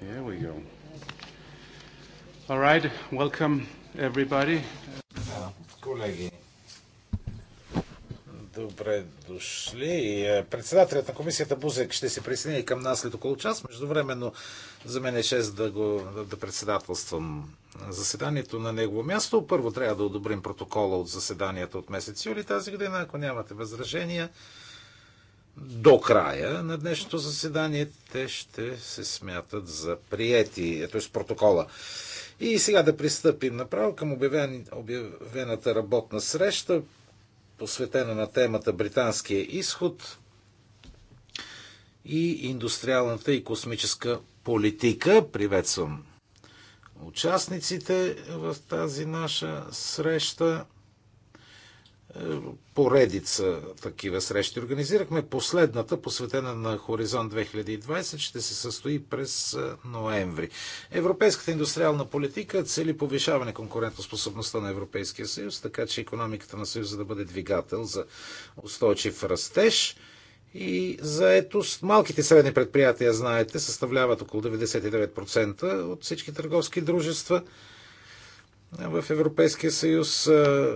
Here we go. All right, welcome everybody. Колеги, добре дошли. Председателят на комисията Бузек ще се присъедини към нас след около час. Междувременно за мен е чест да, го, да председателствам заседанието на негово място. Първо трябва да одобрим протокола от заседанията от месец юли тази година. Ако нямате възражения, до края на днешното заседание те ще се смятат за приети, е, т.е. протокола. И сега да пристъпим направо към обявен, обявената работна среща, посветена на темата Британския изход и индустриалната и космическа политика. Приветствам участниците в тази наша среща. Е, поредица такива срещи организирахме. Последната, посветена на Хоризонт 2020, ще се състои през е, ноември. Европейската индустриална политика цели повишаване конкурентоспособността на Европейския съюз, така че економиката на съюза да бъде двигател за устойчив растеж и заетост. Малките средни предприятия, знаете, съставляват около 99% от всички търговски дружества в Европейския съюз е,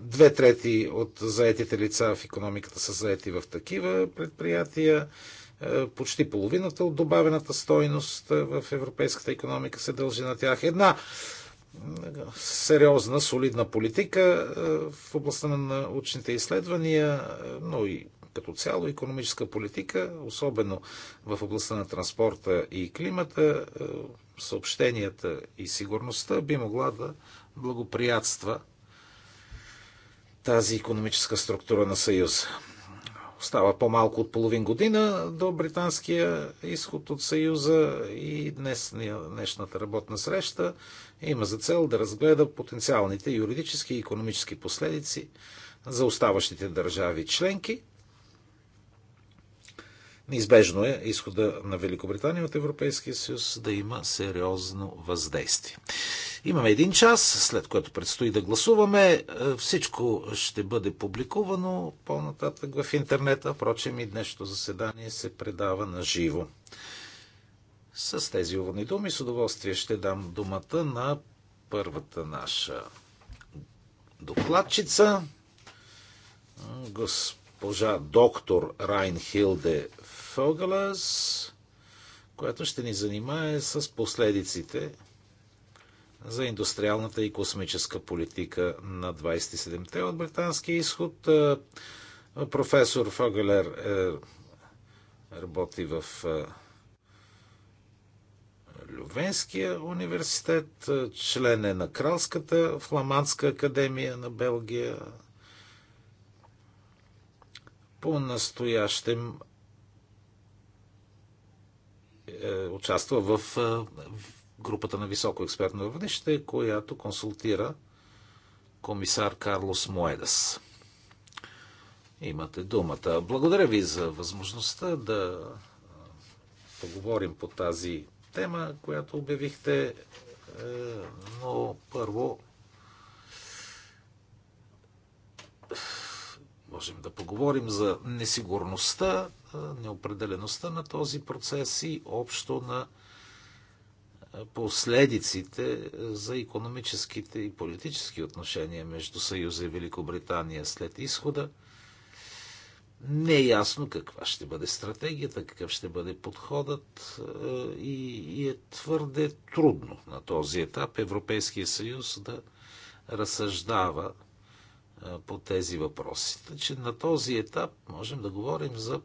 две трети от заетите лица в економиката са заети в такива предприятия. Е, почти половината от добавената стойност е, в европейската економика се дължи на тях. Една е, сериозна, солидна политика в областта на научните изследвания, но и като цяло економическа политика, особено в областта на транспорта и климата, съобщенията и сигурността би могла да благоприятства тази економическа структура на Съюза. Остава по-малко от половин година до британския изход от Съюза и днес, днешната работна среща има за цел да разгледа потенциалните юридически и економически последици за оставащите държави членки – Неизбежно е изхода на Великобритания от Европейския съюз да има сериозно въздействие. Имаме един час, след което предстои да гласуваме. Всичко ще бъде публикувано по-нататък в интернета. Впрочем и днешното заседание се предава на живо. С тези уводни думи с удоволствие ще дам думата на първата наша докладчица, госпожа доктор Райнхилде Фогалас, която ще ни занимае с последиците за индустриалната и космическа политика на 27-те от британския изход. Професор Фогелер е, работи в е, Лювенския университет, член е на Кралската фламандска академия на Белгия. По-настоящем е, участва е, в групата на високо експертно въвнище, която консултира комисар Карлос Моедас. Имате думата. Благодаря ви за възможността да е, поговорим по тази тема, която обявихте, но първо можем да поговорим за несигурността неопределеността на този процес и общо на последиците за економическите и политически отношения между Съюза и Великобритания след изхода. Не е ясно каква ще бъде стратегията, какъв ще бъде подходът и, и е твърде трудно на този етап Европейския съюз да разсъждава по тези въпроси. Че на този етап можем да говорим за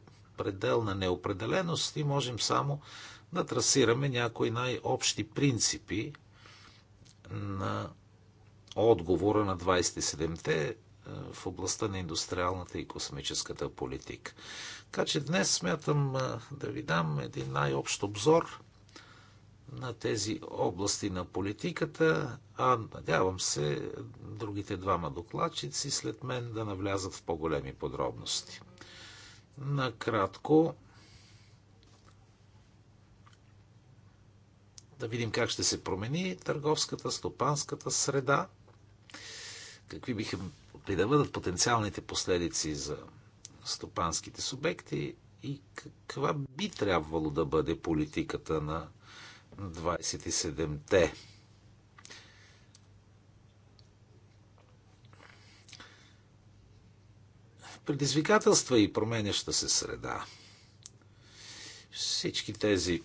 на неопределеност и можем само да трасираме някои най-общи принципи на отговора на 27-те е, в областта на индустриалната и космическата политика. Така че днес смятам е, да ви дам един най-общ обзор на тези области на политиката, а надявам се другите двама докладчици след мен да навлязат в по-големи подробности накратко да видим как ще се промени търговската, стопанската среда, какви биха би да бъдат потенциалните последици за стопанските субекти и каква би трябвало да бъде политиката на 27-те. предизвикателства и променяща се среда. Всички тези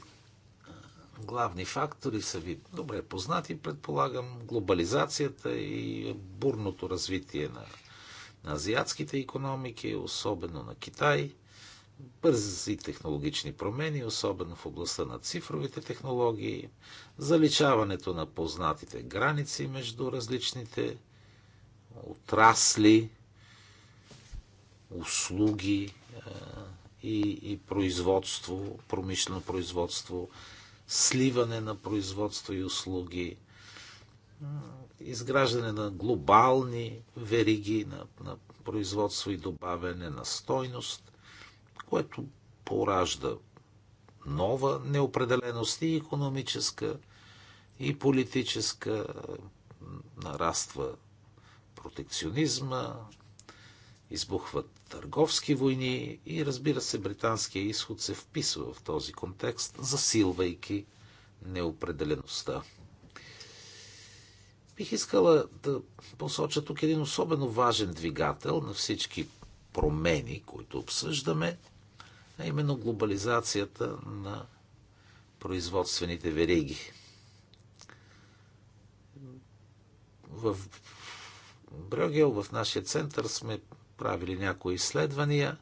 главни фактори са ви добре познати, предполагам, глобализацията и бурното развитие на, на азиатските економики, особено на Китай, бързи технологични промени, особено в областта на цифровите технологии, заличаването на познатите граници между различните отрасли, услуги е, и, и производство, промишлено производство, сливане на производство и услуги, е, изграждане на глобални вериги на, на производство и добавяне на стойност, което поражда нова неопределеност и економическа, и политическа, е, нараства протекционизма, избухват търговски войни и разбира се, британския изход се вписва в този контекст, засилвайки неопределеността. Бих искала да посоча тук един особено важен двигател на всички промени, които обсъждаме, а именно глобализацията на производствените вериги. В Брюгел, в нашия център, сме правили някои изследвания,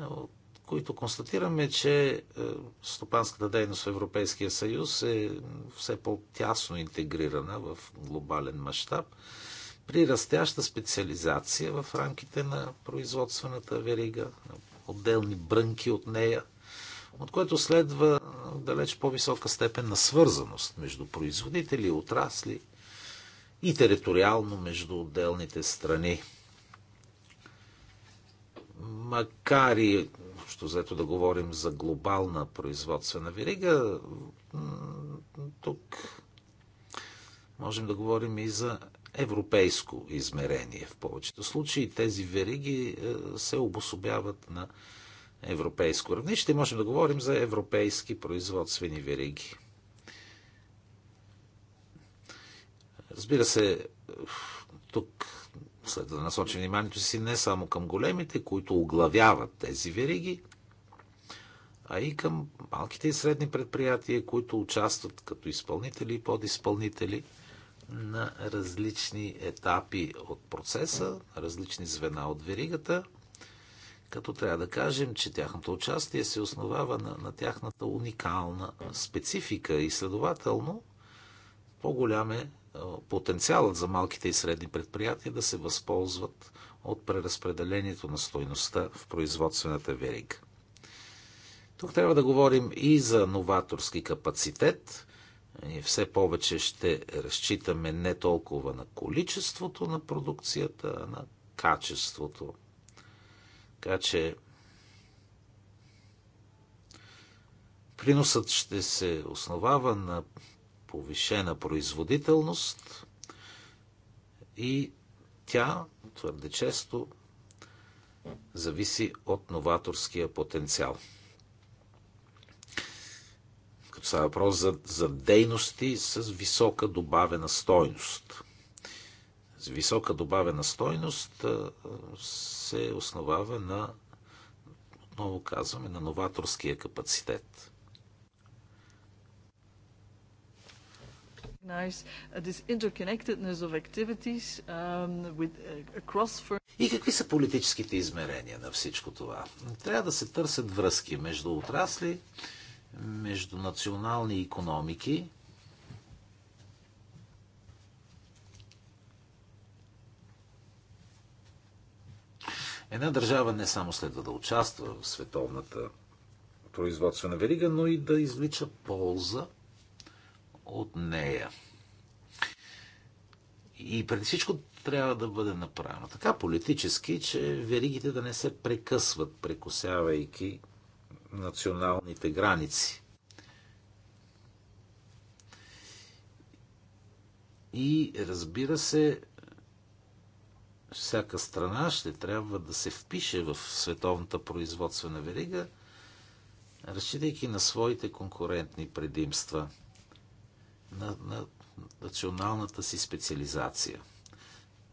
от които констатираме, че е, стопанската дейност в Европейския съюз е все по-тясно интегрирана в глобален мащаб при растяща специализация в рамките на производствената верига, отделни брънки от нея, от което следва далеч по-висока степен на свързаност между производители, отрасли и териториално между отделните страни макар и общо взето да говорим за глобална производствена верига, тук можем да говорим и за европейско измерение. В повечето случаи тези вериги е, се обособяват на европейско равнище. Можем да говорим за европейски производствени вериги. Разбира се, тук Следва да насочи вниманието си не само към големите, които оглавяват тези вериги, а и към малките и средни предприятия, които участват като изпълнители и подизпълнители на различни етапи от процеса, различни звена от веригата, като трябва да кажем, че тяхното участие се основава на, на тяхната уникална специфика и следователно по-голям е потенциалът за малките и средни предприятия да се възползват от преразпределението на стойността в производствената верига. Тук трябва да говорим и за новаторски капацитет. И все повече ще разчитаме не толкова на количеството на продукцията, а на качеството. Така че приносът ще се основава на повишена производителност и тя твърде често зависи от новаторския потенциал. Като става въпрос за, за дейности с висока добавена стойност. С висока добавена стойност се основава на, отново казваме, на новаторския капацитет. Uh, um, uh, и какви са политическите измерения на всичко това? Трябва да се търсят връзки между отрасли, между национални економики, Една държава не само следва да участва в световната производствена верига, но и да извлича полза от нея. И преди всичко трябва да бъде направено така политически, че веригите да не се прекъсват, прекосявайки националните граници. И разбира се, всяка страна ще трябва да се впише в световната производствена верига, разчитайки на своите конкурентни предимства – на, на националната си специализация.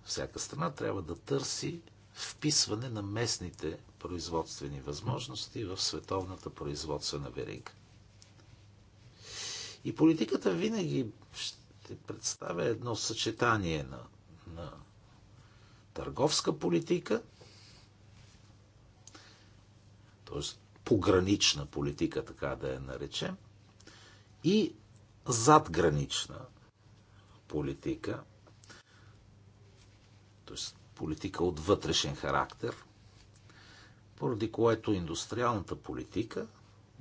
Всяка страна трябва да търси вписване на местните производствени възможности в световната производствена верига. И политиката винаги ще представя едно съчетание на, на търговска политика, т.е. погранична политика, така да я наречем, и задгранична политика, т.е. политика от вътрешен характер, поради което индустриалната политика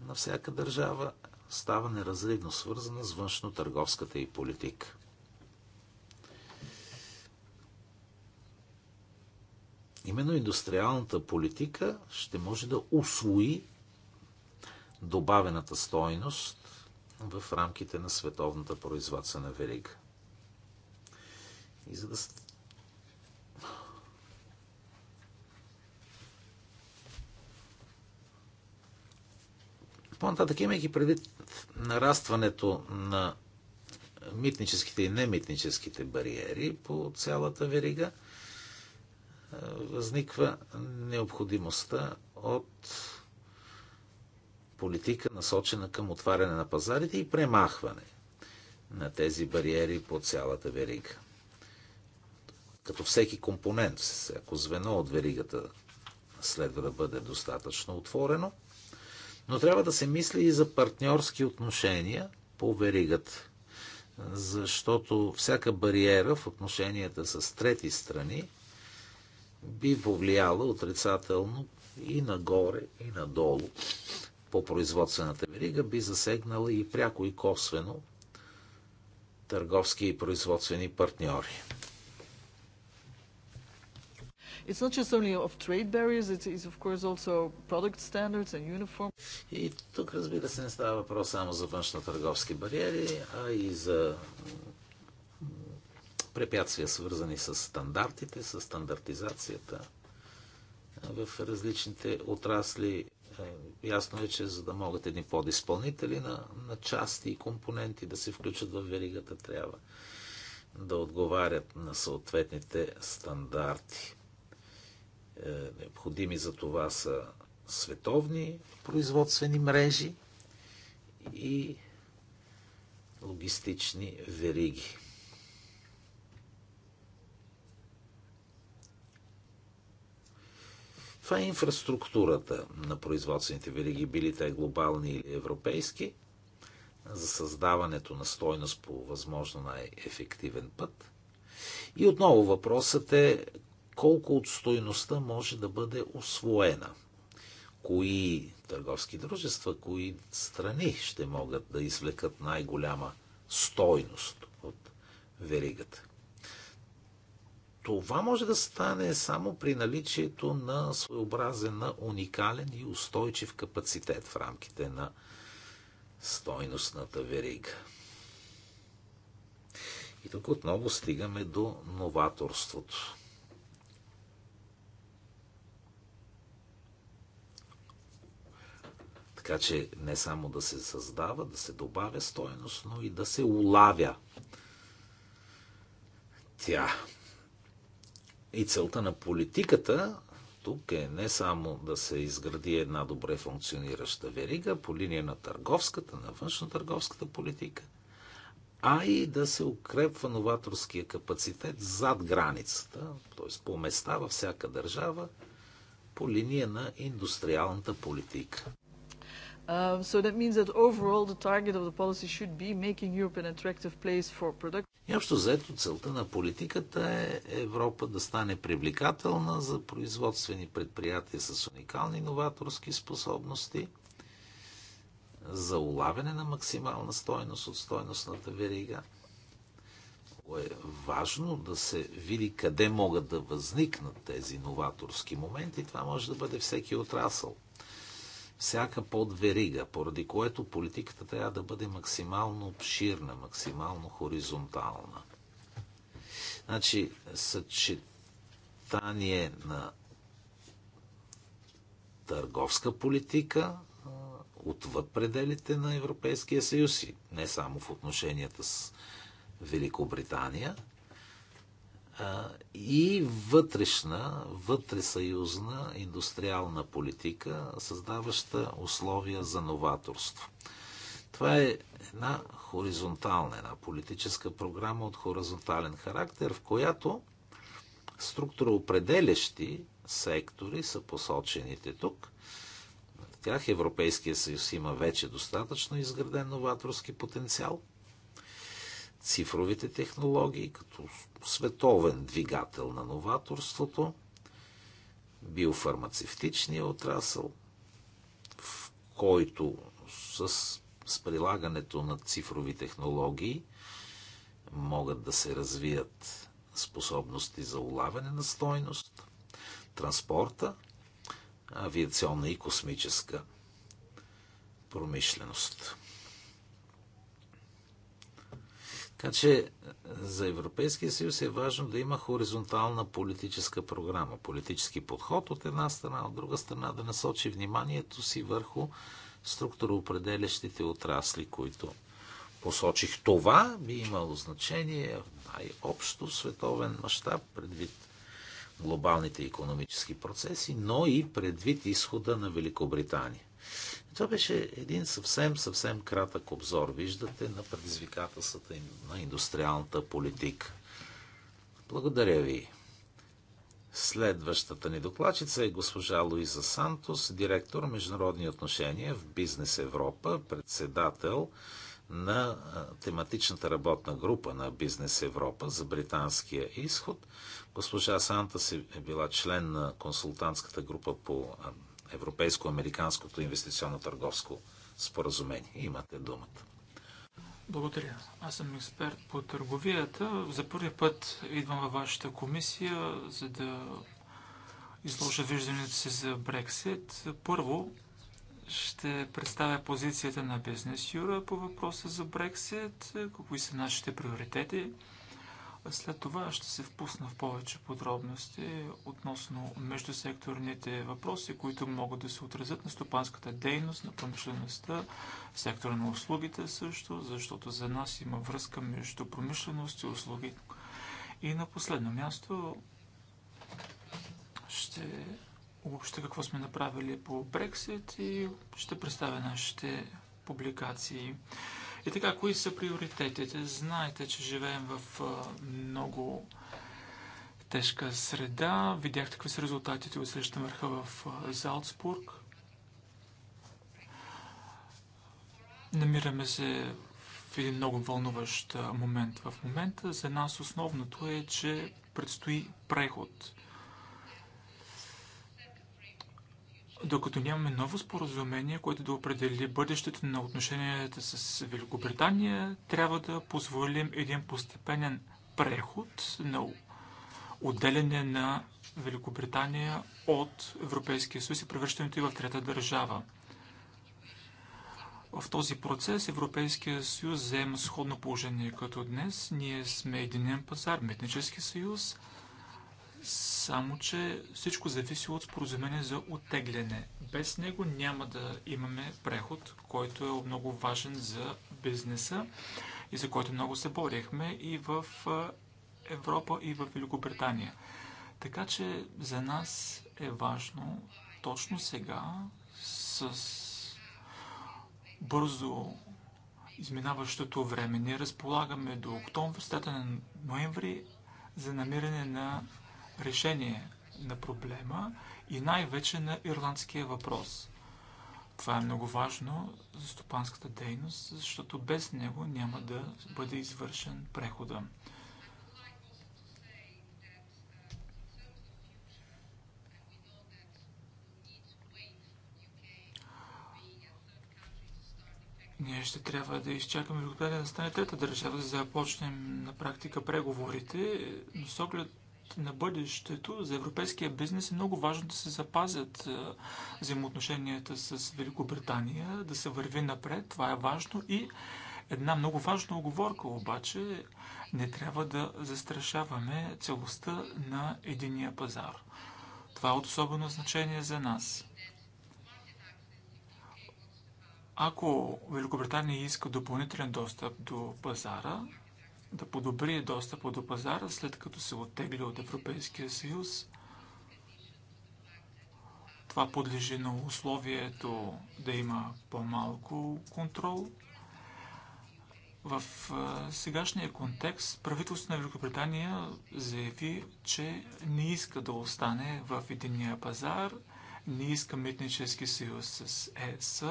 на всяка държава става неразривно свързана с външно-търговската и политика. Именно индустриалната политика ще може да усвои добавената стойност в рамките на световната производствена верига. И за да По-нататък, имайки предвид нарастването на митническите и немитническите бариери по цялата верига, е, възниква необходимостта от политика насочена към отваряне на пазарите и премахване на тези бариери по цялата верига. Като всеки компонент, всяко звено от веригата следва да бъде достатъчно отворено, но трябва да се мисли и за партньорски отношения по веригата. Защото всяка бариера в отношенията с трети страни би повлияла отрицателно и нагоре, и надолу по производствената верига би засегнала и пряко и косвено търговски и производствени партньори. It's not just only of trade barriers, it is of course also product standards and uniform. И тук разбира се не става въпрос само за външно-търговски бариери, а и за препятствия свързани с стандартите, с стандартизацията в различните отрасли е, ясно е, че за да могат едни подизпълнители на, на части и компоненти да се включат в веригата, трябва да отговарят на съответните стандарти. Е, необходими за това са световни производствени мрежи и логистични вериги. Това е инфраструктурата на производствените вериги, били те глобални или европейски, за създаването на стойност по възможно най-ефективен път. И отново въпросът е колко от стойността може да бъде освоена. Кои търговски дружества, кои страни ще могат да извлекат най-голяма стойност от веригата това може да стане само при наличието на своеобразен, на уникален и устойчив капацитет в рамките на стойностната верига. И тук отново стигаме до новаторството. Така че не само да се създава, да се добавя стойност, но и да се улавя тя. И целта на политиката тук е не само да се изгради една добре функционираща верига по линия на търговската, на външно-търговската политика, а и да се укрепва новаторския капацитет зад границата, т.е. по места във всяка държава, по линия на индустриалната политика. Um, so that means that overall the target of the policy should be making Europe an attractive place for product. И общо заето целта на политиката е Европа да стане привлекателна за производствени предприятия с уникални новаторски способности, за улавяне на максимална стойност от стойностната верига. Е важно да се види къде могат да възникнат тези новаторски моменти. Това може да бъде всеки отрасъл – всяка подверига, поради което политиката трябва да бъде максимално обширна, максимално хоризонтална. Значи, съчетание на търговска политика отвъд пределите на Европейския съюз и не само в отношенията с Великобритания – и вътрешна, вътресъюзна индустриална политика, създаваща условия за новаторство. Това е една хоризонтална, една политическа програма от хоризонтален характер, в която структуроопределящи сектори са посочените тук. В тях Европейския съюз има вече достатъчно изграден новаторски потенциал – цифровите технологии като световен двигател на новаторството, биофармацевтичния отрасъл, в който с, с прилагането на цифрови технологии могат да се развият способности за улавяне на стойност, транспорта, авиационна и космическа промишленост. Така че е, за Европейския съюз е важно да има хоризонтална политическа програма, политически подход от една страна, от друга страна да насочи вниманието си върху структуроопределящите отрасли, които посочих. Това би имало значение в най-общо световен мащаб, предвид глобалните економически процеси, но и предвид изхода на Великобритания. Това беше един съвсем, съвсем кратък обзор, виждате, на предизвикателствата на индустриалната политика. Благодаря ви. Следващата ни докладчица е госпожа Луиза Сантос, директор Международни отношения в Бизнес Европа, председател на тематичната работна група на Бизнес Европа за британския изход. Госпожа Сантос е, е била член на консултантската група по Европейско-Американското инвестиционно-търговско споразумение. Имате думата. Благодаря. Аз съм експерт по търговията. За първи път идвам във вашата комисия, за да изложа виждането си за Брексит. Първо ще представя позицията на бизнес Юра по въпроса за Брексит, какви са нашите приоритети. След това ще се впусна в повече подробности относно междусекторните въпроси, които могат да се отразят на стопанската дейност, на промишлеността, сектора на услугите също, защото за нас има връзка между промишленост и услуги. И на последно място ще обобща какво сме направили по Брексит и ще представя нашите публикации. И така, кои са приоритетите? Знаете, че живеем в много тежка среда. Видяхте какви са резултатите от среща върха в Залцбург. Намираме се в един много вълнуващ момент в момента. За нас основното е, че предстои преход. докато нямаме ново споразумение, което да определи бъдещето на отношенията с Великобритания, трябва да позволим един постепенен преход на отделяне на Великобритания от Европейския съюз и превръщането й в трета държава. В този процес Европейския съюз взема сходно положение като днес. Ние сме единен пазар, митнически съюз – само, че всичко зависи от споразумение за оттегляне. Без него няма да имаме преход, който е много важен за бизнеса и за който много се борихме и в Европа, и в Великобритания. Така че за нас е важно точно сега с бързо изминаващото време. Ние разполагаме до октомври, стата на ноември за намиране на решение на проблема и най-вече на ирландския въпрос. Това е много важно за стопанската дейност, защото без него няма да бъде извършен прехода. Ние ще трябва да изчакаме Великобритания да стане трета държава, за да започнем на практика преговорите, но с оглед на бъдещето за европейския бизнес е много важно да се запазят е, взаимоотношенията с Великобритания, да се върви напред. Това е важно и една много важна оговорка обаче не трябва да застрашаваме целостта на единия пазар. Това е от особено значение за нас. Ако Великобритания иска допълнителен достъп до пазара, да подобри достъпа до пазара, след като се оттегли от Европейския съюз. Това подлежи на условието да има по-малко контрол. В сегашния контекст правителството на Великобритания заяви, че не иска да остане в единия пазар, не иска митнически съюз с ЕС.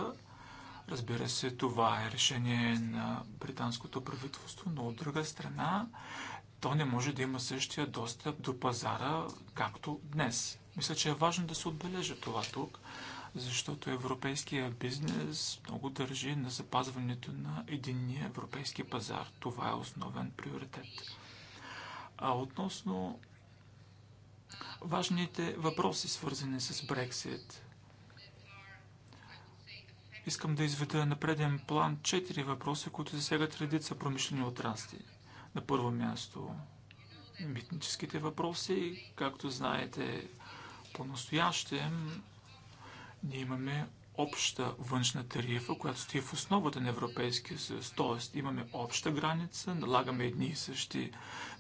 Разбира се, това е решение на британското правителство, но от друга страна то не може да има същия достъп до пазара, както днес. Мисля, че е важно да се отбележа това тук, защото европейския бизнес много държи на запазването на единния европейски пазар. Това е основен приоритет. А относно важните въпроси, свързани с Брексит – Искам да изведа на преден план четири въпроса, които засягат редица промишлени отрасти. На първо място митническите въпроси. Както знаете, по-настоящем ние имаме обща външна тарифа, която стои в основата на Европейския съюз. Тоест имаме обща граница, налагаме едни и същи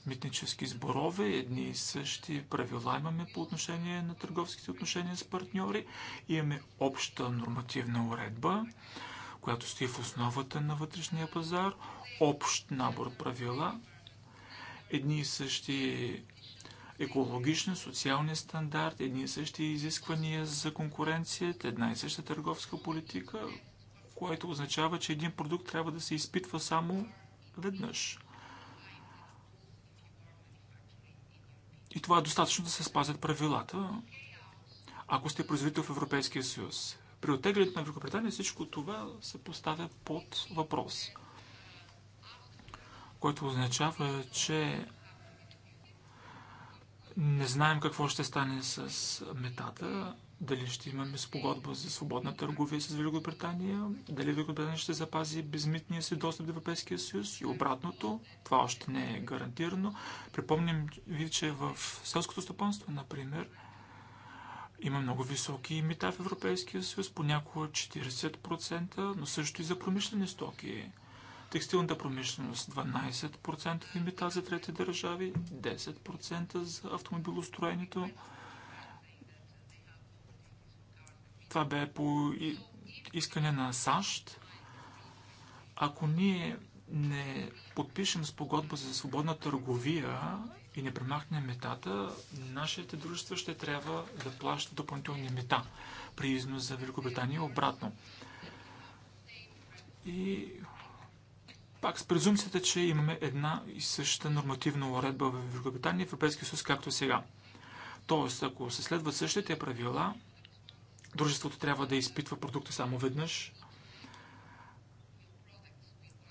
митнически сборове, едни и същи правила имаме по отношение на търговските отношения с партньори. Имаме обща нормативна уредба, която стои в основата на вътрешния пазар, общ набор правила, едни и същи екологични, социални стандарти, едни и същи изисквания за конкуренцията, една и съща търговска политика, което означава, че един продукт трябва да се изпитва само веднъж. И това е достатъчно да се спазят правилата, ако сте производител в Европейския съюз. При отеглянето на Великобритания всичко това се поставя под въпрос, което означава, че не знаем какво ще стане с метата, дали ще имаме спогодба за свободна търговия с Великобритания, дали Великобритания ще запази безмитния си достъп до Европейския съюз и обратното. Това още не е гарантирано. Припомним, ви, че в селското стопанство, например, има много високи мита в Европейския съюз, понякога 40%, но също и за промишлени стоки текстилната промишленост 12% мита за трети държави, 10% за автомобилостроението. Това бе по искане на САЩ. Ако ние не подпишем спогодба за свободна търговия и не премахнем метата, нашите дружества ще трябва да плащат допълнителни мета при износ за Великобритания и обратно. И пак с презумцията, че имаме една и съща нормативна уредба в Великобритания и Европейския съюз, както е сега. Тоест, ако се следват същите правила, дружеството трябва да изпитва продукта само веднъж,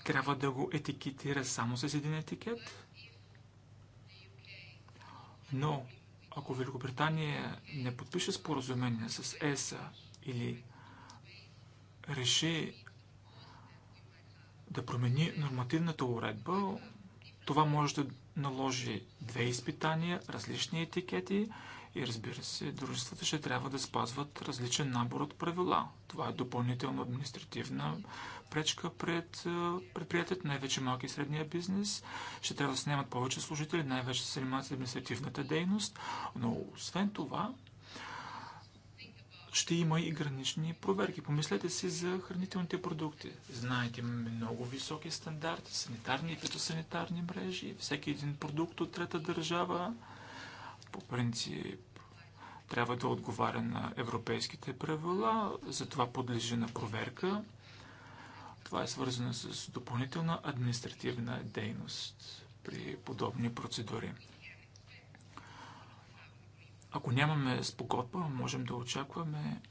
трябва да го етикетира само с един етикет. Но ако Великобритания не подпише споразумение с ЕСА или реши да промени нормативната уредба. Това може да наложи две изпитания, различни етикети и разбира се, дружествата ще трябва да спазват различен набор от правила. Това е допълнително административна пречка пред предприятието, най-вече малки и средния бизнес. Ще трябва да снимат повече служители, най-вече се занимават с административната дейност. Но освен това, ще има и гранични проверки. Помислете си за хранителните продукти. Знаете, имаме много високи стандарти, санитарни и фитосанитарни мрежи. Всеки един продукт от трета държава по принцип трябва да отговаря на европейските правила, затова подлежи на проверка. Това е свързано с допълнителна административна дейност при подобни процедури. Ако нямаме спогодба, можем да очакваме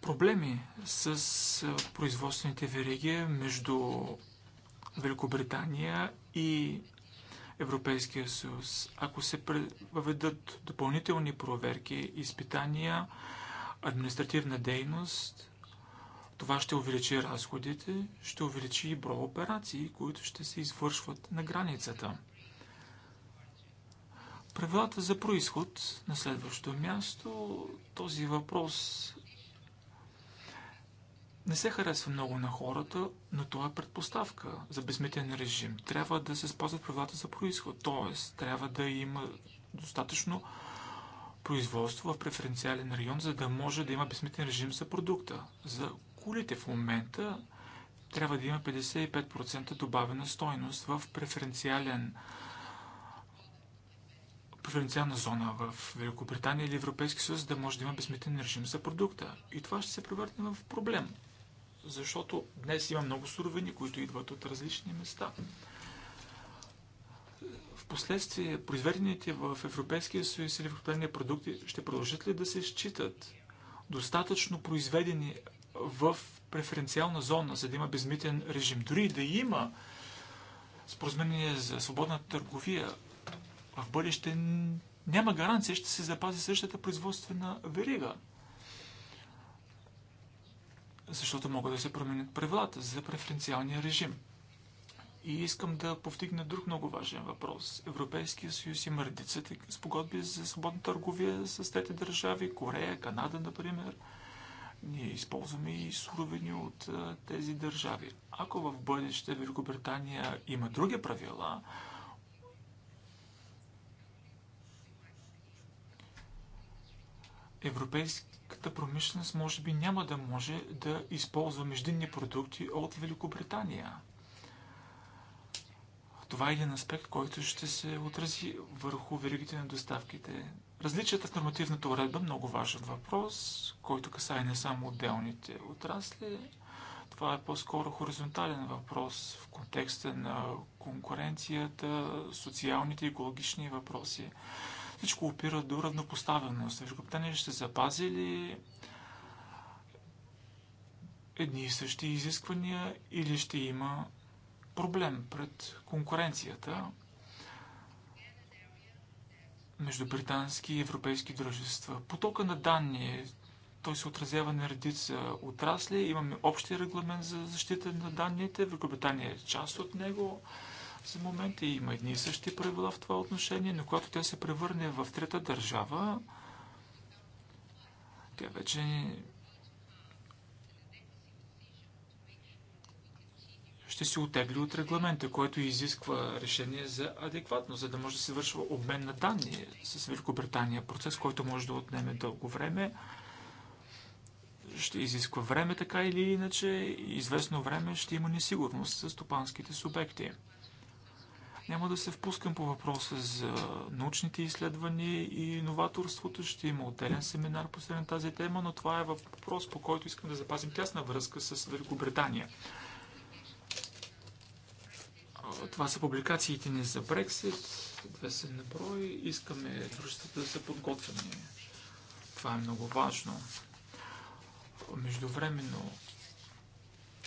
проблеми с производствените вериги между Великобритания и Европейския съюз. Ако се въведат допълнителни проверки, изпитания, административна дейност, това ще увеличи разходите, ще увеличи и броя операции, които ще се извършват на границата. Правилата за происход на следващото място, този въпрос не се харесва много на хората, но това е предпоставка за безмитен режим. Трябва да се спазват правилата за происход, т.е. трябва да има достатъчно производство в преференциален район, за да може да има безмитен режим за продукта, за колите в момента трябва да има 55% добавена стойност в преференциален преференциална зона в Великобритания или Европейски съюз, да може да има безмитен режим за продукта. И това ще се превърне в проблем. Защото днес има много суровини, които идват от различни места. Впоследствие, произведените в Европейския съюз или в продукти ще продължат ли да се считат достатъчно произведени в преференциална зона, за да има безмитен режим. Дори да има споразумение за свободна търговия, а в бъдеще няма гаранция, ще се запази същата производствена верига. Защото могат да се променят правилата за преференциалния режим. И искам да повдигна друг много важен въпрос. Европейския съюз има редица спогодби за свободна търговия с трети държави, Корея, Канада, например – ние използваме и суровини от тези държави. Ако в бъдеще Великобритания има други правила, европейската промишленост може би няма да може да използва междинни продукти от Великобритания. Това е един аспект, който ще се отрази върху веригите на доставките Различията в нормативната уредба е много важен въпрос, който касае не само отделните отрасли. Това е по-скоро хоризонтален въпрос в контекста на конкуренцията, социалните и екологични въпроси. Всичко опира до равнопоставеност. Великобритания ще запази ли едни и същи изисквания или ще има проблем пред конкуренцията – между британски и европейски дружества. Потока на данни, той се отразява на редица отрасли. Имаме общия регламент за защита на данните. Великобритания е част от него за момента и има едни и същи правила в това отношение, но когато тя се превърне в трета държава, тя вече ще се отегли от регламента, който изисква решение за адекватно, за да може да се вършва обмен на данни с Великобритания. Процес, който може да отнеме дълго време, ще изисква време, така или иначе, известно време ще има несигурност за стопанските субекти. Няма да се впускам по въпроса за научните изследвания и новаторството. Ще има отделен семинар по тази тема, но това е въпрос, по който искам да запазим тясна връзка с Великобритания. Това са публикациите ни за Брексит. Две са на брой. Искаме дружествата да са подготвени. Това е много важно. Междувременно,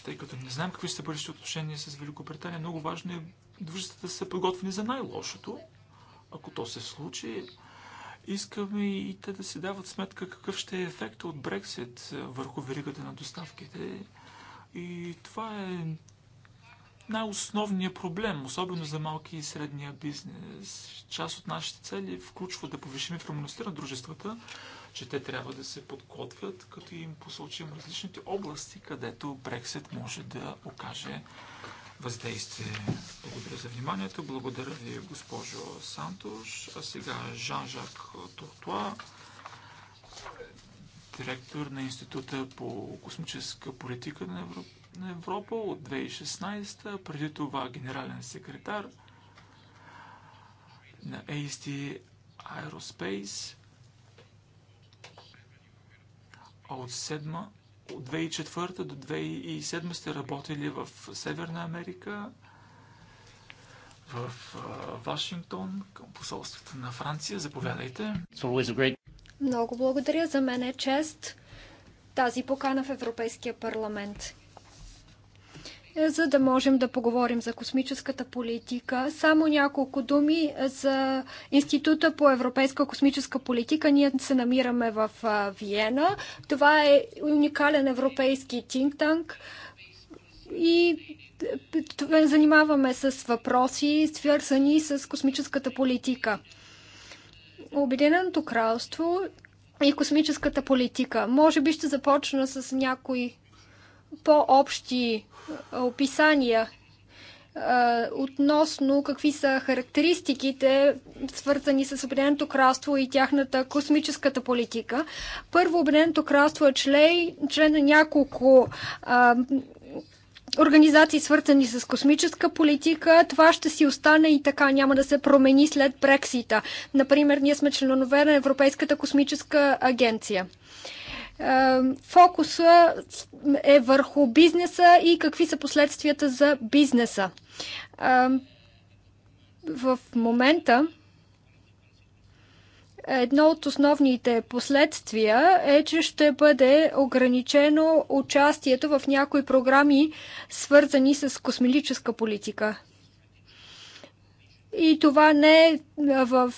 тъй като не знам какви са бъдещи отношения с Великобритания, много важно е дружествата да са подготвени за най-лошото. Ако то се случи, искаме и те да си дават сметка какъв ще е ефектът от Брексит върху веригата на доставките. И това е най основния проблем, особено за малки и средния бизнес. Част от нашите цели включва да повишим информираността на дружествата, че те трябва да се подготвят, като им посочим различните области, където Брексит може да окаже въздействие. Благодаря за вниманието. Благодаря ви, госпожо Сантош. А сега Жан-Жак Туртуа, директор на Института по космическа политика на Европа на Европа от 2016, преди това генерален секретар на AST Aerospace, а от 7 от 2004 до 2007 сте работили в Северна Америка, в Вашингтон, към посолствата на Франция. Заповядайте. Много благодаря. За мен е чест тази покана в Европейския парламент за да можем да поговорим за космическата политика. Само няколко думи за Института по европейска космическа политика. Ние се намираме в Виена. Това е уникален европейски think tank и занимаваме с въпроси, свързани с космическата политика. Обединеното кралство и космическата политика. Може би ще започна с някои по-общи описания относно какви са характеристиките, свързани с Обединеното кралство и тяхната космическата политика. Първо, Обединеното кралство е член, член на няколко а, организации, свързани с космическа политика. Това ще си остане и така, няма да се промени след Брексита. Например, ние сме членове на Европейската космическа агенция. Е, фокуса е върху бизнеса и какви са последствията за бизнеса. Е, в момента едно от основните последствия е, че ще бъде ограничено участието в някои програми, свързани с космическа политика и това не е в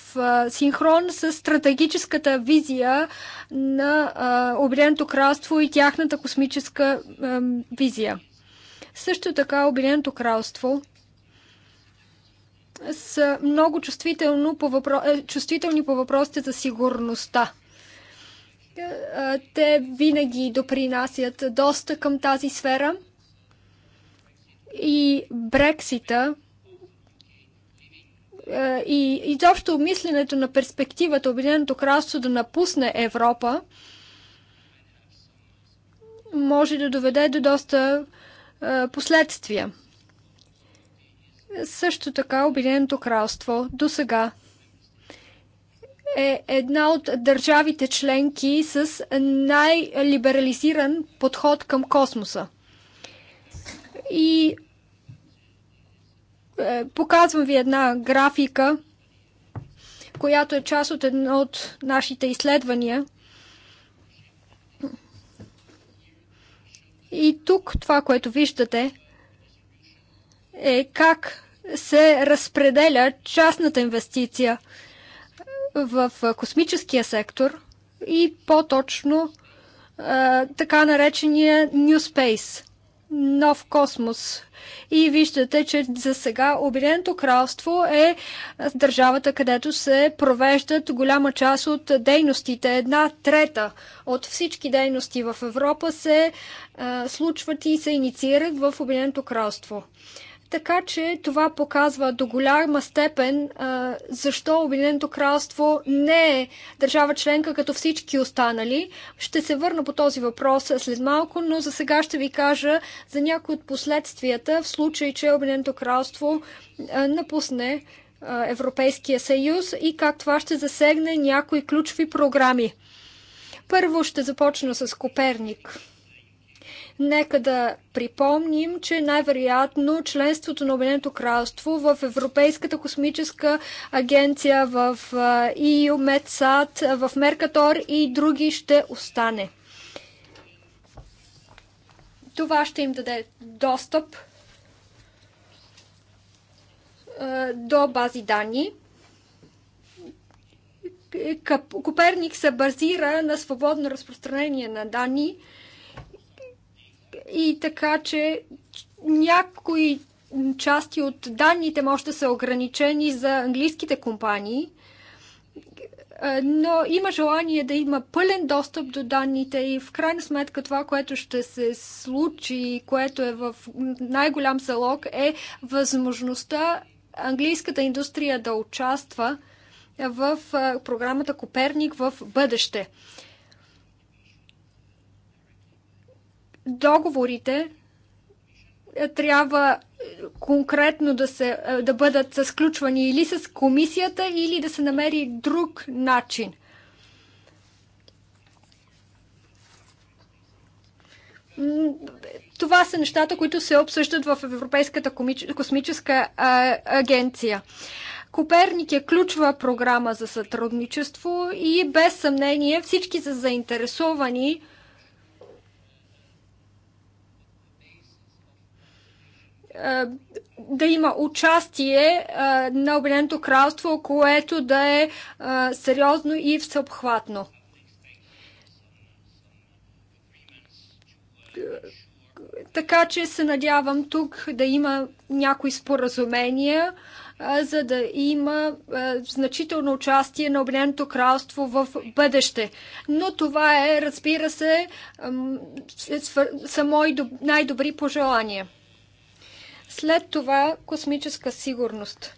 синхрон с стратегическата визия на Обединеното кралство и тяхната космическа визия. Също така Обединеното кралство са много чувствително по въпро... Е, чувствителни по въпросите за сигурността. Те винаги допринасят доста към тази сфера. И Брексита е, и изобщо мисленето на перспективата Обединеното кралство да напусне Европа може да доведе до доста е, последствия. Също така Обединеното кралство до сега е една от държавите членки с най-либерализиран подход към космоса. И е, показвам ви една графика, която е част от едно от нашите изследвания. И тук това, което виждате, е как се разпределя частната инвестиция в е, космическия сектор и по-точно е, така наречения New Space – нов космос. И виждате, че за сега Обединеното кралство е държавата, където се провеждат голяма част от дейностите. Една трета от всички дейности в Европа се е, случват и се инициират в Обединеното кралство. Така че това показва до голяма степен а, защо Обединеното кралство не е държава членка като всички останали. Ще се върна по този въпрос след малко, но за сега ще ви кажа за някои от последствията в случай, че Обединеното кралство а, напусне а, Европейския съюз и как това ще засегне някои ключови програми. Първо ще започна с Коперник. Нека да припомним, че най-вероятно членството на Обединеното кралство в Европейската космическа агенция, в EU, Медсад, в Меркатор и други ще остане. Това ще им даде достъп до бази данни. Коперник се базира на свободно разпространение на данни и така, че някои части от данните може да са ограничени за английските компании, но има желание да има пълен достъп до данните и в крайна сметка това, което ще се случи което е в най-голям залог е възможността английската индустрия да участва в програмата Коперник в бъдеще. договорите е, трябва е, конкретно да, се, е, да бъдат сключвани или с комисията, или да се намери друг начин. Това са нещата, които се обсъждат в Европейската космическа агенция. Коперник е ключова програма за сътрудничество и без съмнение всички са заинтересовани да има участие на Обединеното кралство, което да е сериозно и всеобхватно. Така че се надявам тук да има някои споразумения, за да има значително участие на Обединеното кралство в бъдеще. Но това е, разбира се, е са мои най-добри пожелания. След това космическа сигурност.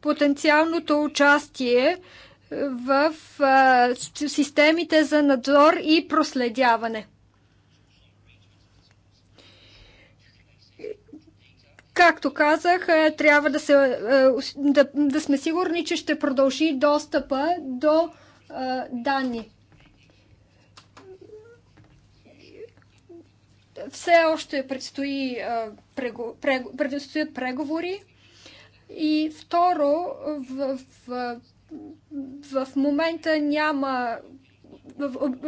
Потенциалното участие в а, системите за надзор и проследяване. Както казах, е, трябва да, се, е, да, да сме сигурни, че ще продължи достъпа до а, е, данни. все още предстои, предстоят преговори. И второ, в, в, в момента няма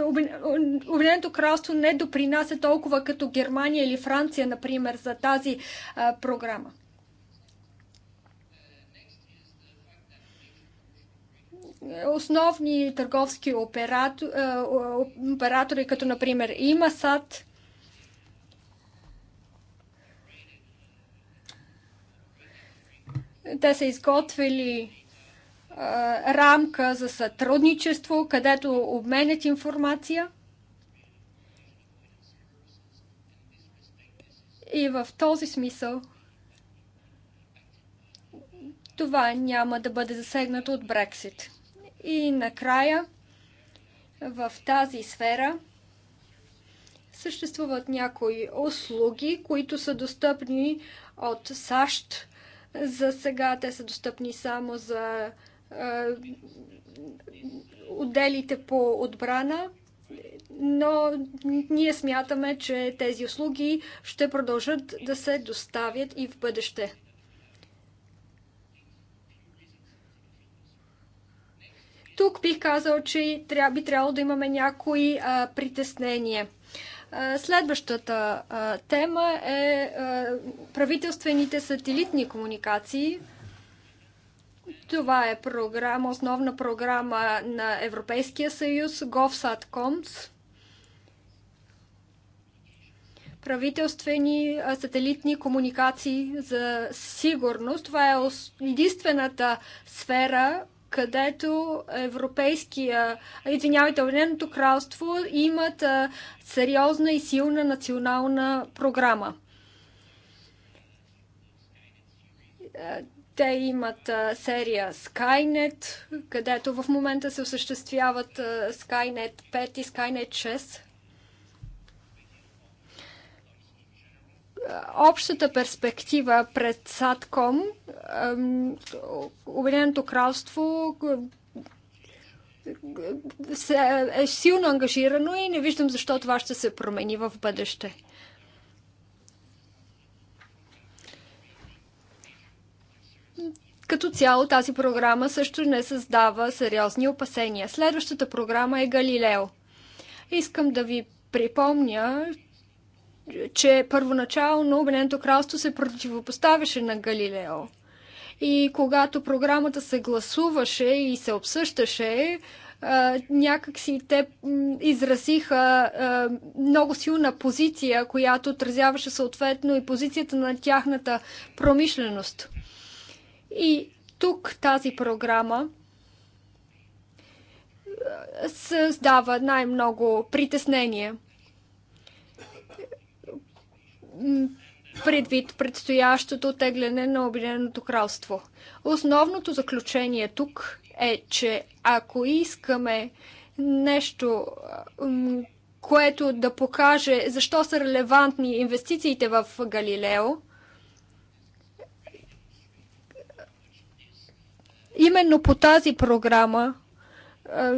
Обединеното кралство не допринася толкова като Германия или Франция, например, за тази а, програма. Основни търговски оператори, оператори като например ИМАСАД, Те са изготвили рамка за сътрудничество, където обменят информация. И в този смисъл това няма да бъде засегнато от Брексит. И накрая, в тази сфера съществуват някои услуги, които са достъпни от САЩ за сега те са достъпни само за отделите по отбрана, но ние смятаме, че тези услуги ще продължат да се доставят и в бъдеще. Тук бих казал, че би трябвало да имаме някои а, притеснения. Следващата тема е правителствените сателитни комуникации. Това е програма, основна програма на Европейския съюз GovSatComs. Правителствени сателитни комуникации за сигурност. Това е единствената сфера, където Европейския, извинявайте, Обединеното кралство имат сериозна и силна национална програма. Те имат серия Skynet, където в момента се осъществяват Skynet 5 и Skynet 6. общата перспектива пред САДКОМ, Обединеното кралство е силно ангажирано и не виждам защо това ще се промени в бъдеще. Като цяло тази програма също не създава сериозни опасения. Следващата програма е Галилео. Искам да ви припомня, че първоначално Обединеното кралство се противопоставяше на Галилео. И когато програмата се гласуваше и се обсъщаше, някакси те изразиха много силна позиция, която отразяваше съответно и позицията на тяхната промишленост. И тук тази програма създава най-много притеснение – предвид предстоящото тегляне на Обединеното кралство. Основното заключение тук е, че ако искаме нещо, което да покаже защо са релевантни инвестициите в Галилео, именно по тази програма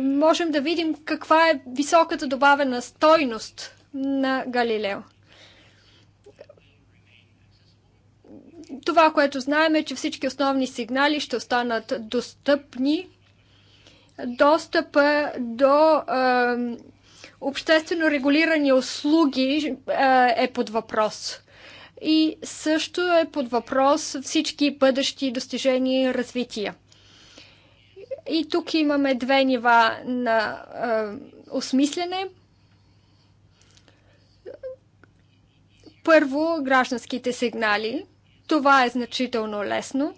можем да видим каква е високата добавена стойност на Галилео. Това, което знаем е, че всички основни сигнали ще останат достъпни. Достъпа до е, обществено регулирани услуги е, е под въпрос. И също е под въпрос всички бъдещи достижения и развития. И тук имаме две нива на е, осмислене. Първо, гражданските сигнали – това е значително лесно,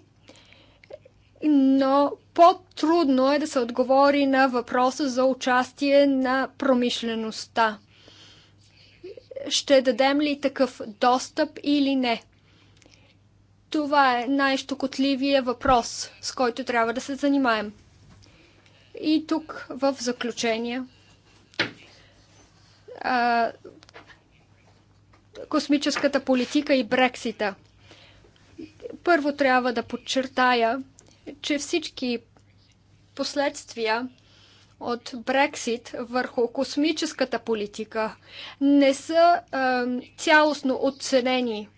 но по-трудно е да се отговори на въпроса за участие на промишлеността. Ще дадем ли такъв достъп или не? Това е най-щокотливия въпрос, с който трябва да се занимаем. И тук в заключение. космическата политика и Брексита – първо трябва да подчертая, че всички последствия от Брексит върху космическата политика не са е, цялостно оценени.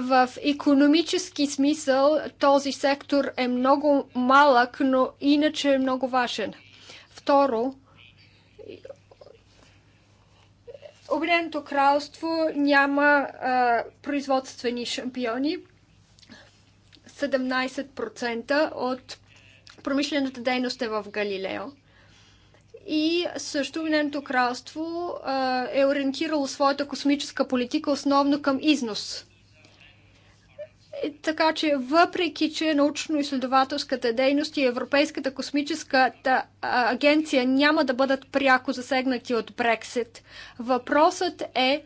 В економически смисъл този сектор е много малък, но иначе е много важен. Второ, Обединеното кралство няма а, производствени шампиони, 17% от промишлената дейност е в Галилео. И също Виненото кралство е ориентирало своята космическа политика основно към износ. Е, така че, въпреки че научно-изследователската дейност и Европейската космическа агенция няма да бъдат пряко засегнати от Брексит, въпросът е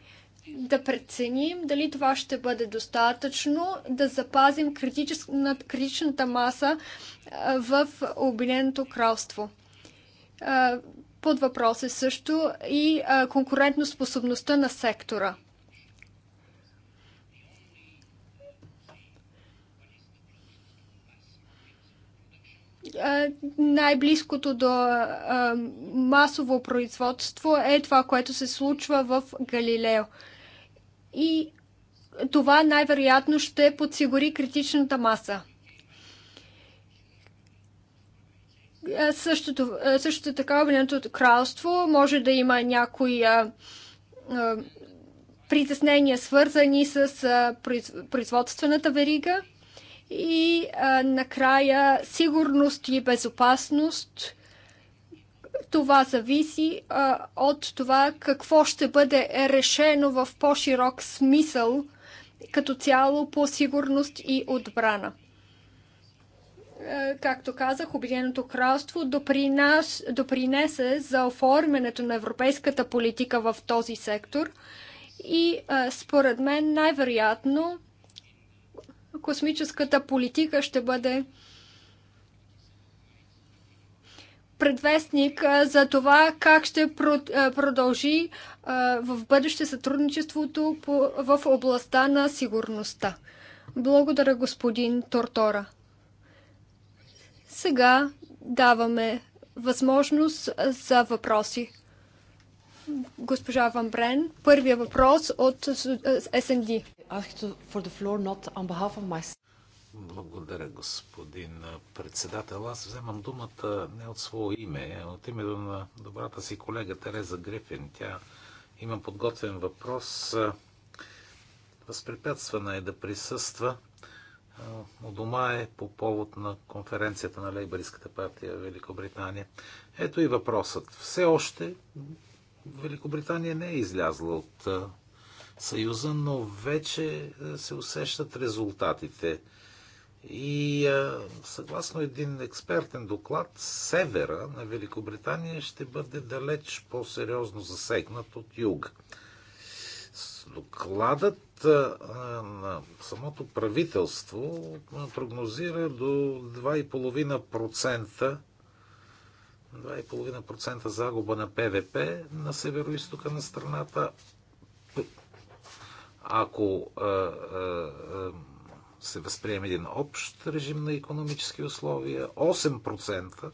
да преценим дали това ще бъде достатъчно, да запазим критичната, маса в Обединеното кралство. Под въпрос е също и конкурентоспособността на сектора. най-близкото до масово производство е това, което се случва в Галилео и това най-вероятно ще подсигури критичната маса. Същото, също така Обединеното кралство може да има някои а, а, притеснения, свързани с а, производствената верига и а, накрая сигурност и безопасност – това зависи а, от това какво ще бъде решено в по-широк смисъл като цяло по сигурност и отбрана. Е, както казах, Обединеното кралство допринес, допринесе за оформянето на европейската политика в този сектор и е, според мен най-вероятно космическата политика ще бъде предвестник за това как ще продължи в бъдеще сътрудничеството в областта на сигурността. Благодаря, господин Тортора. Сега даваме възможност за въпроси. Госпожа Ван Брен, първия въпрос от СНД. Благодаря, господин председател. Аз вземам думата не от свое име, а от името на добрата си колега Тереза Грифин. Тя има подготвен въпрос. Възпрепятствана е да присъства. У дома е по повод на конференцията на Лейбористската партия в Великобритания. Ето и въпросът. Все още Великобритания не е излязла от Съюза, но вече се усещат резултатите и а, съгласно един експертен доклад, севера на Великобритания ще бъде далеч по-сериозно засегнат от юга. Докладът а, на самото правителство прогнозира до 2,5%, 2,5% загуба на ПВП на северо на страната. Ако а, а, се възприеме един общ режим на економически условия, 8%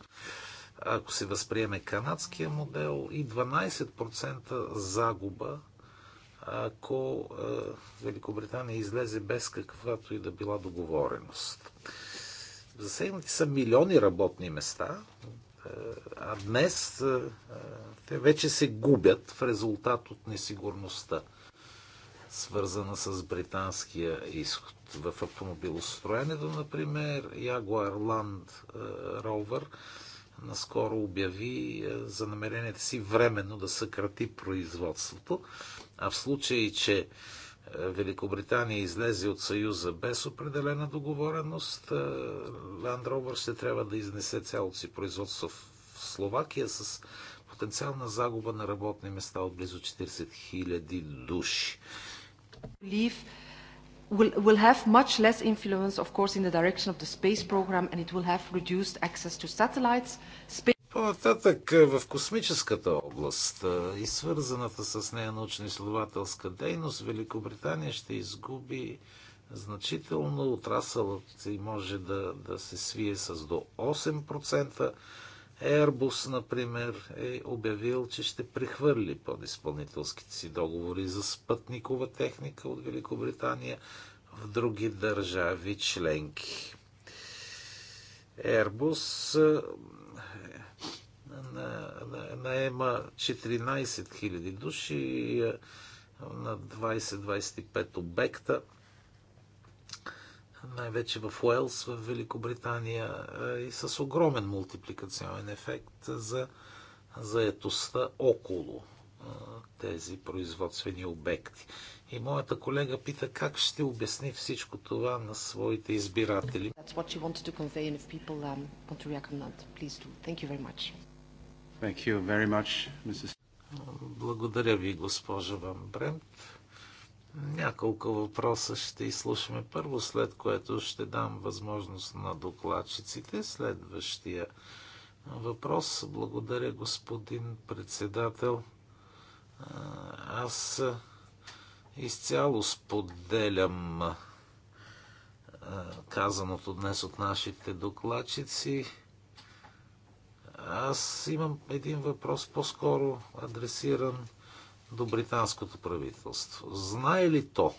ако се възприеме канадския модел и 12% загуба, ако е, Великобритания излезе без каквато и да била договореност. Засегнати са милиони работни места, е, а днес е, те вече се губят в резултат от несигурността, свързана с британския изход в автомобилостроенето, например. Jaguar Land е, Rover наскоро обяви е, за намерението си временно да съкрати производството, а в случай, че е, Великобритания излезе от Съюза без определена договореност, Land Rover ще трябва да изнесе цялото си производство в Словакия с потенциална загуба на работни места от близо 40 000 души will, will have much less influence, of course, in the direction of the space program, and it will have reduced access to satellites. Space... По-нататък е, в космическата област е, и свързаната с нея научно-изследователска дейност, Великобритания ще изгуби значително. Отрасълът и може да, да се свие с до 8%. Airbus, например, е обявил, че ще прехвърли подиспълнителските си договори за спътникова техника от Великобритания в други държави членки. Airbus е, наема 14 000 души е, на 20-25 обекта най-вече в Уелс, в Великобритания и с огромен мултипликационен ефект за заетостта около тези производствени обекти. И моята колега пита как ще обясни всичко това на своите избиратели. Um, Благодаря ви, госпожа Ван Бремт. Няколко въпроса ще изслушаме първо, след което ще дам възможност на докладчиците. Следващия въпрос. Благодаря, господин председател. Аз изцяло споделям казаното днес от нашите докладчици. Аз имам един въпрос по-скоро адресиран до британското правителство. Знае ли то?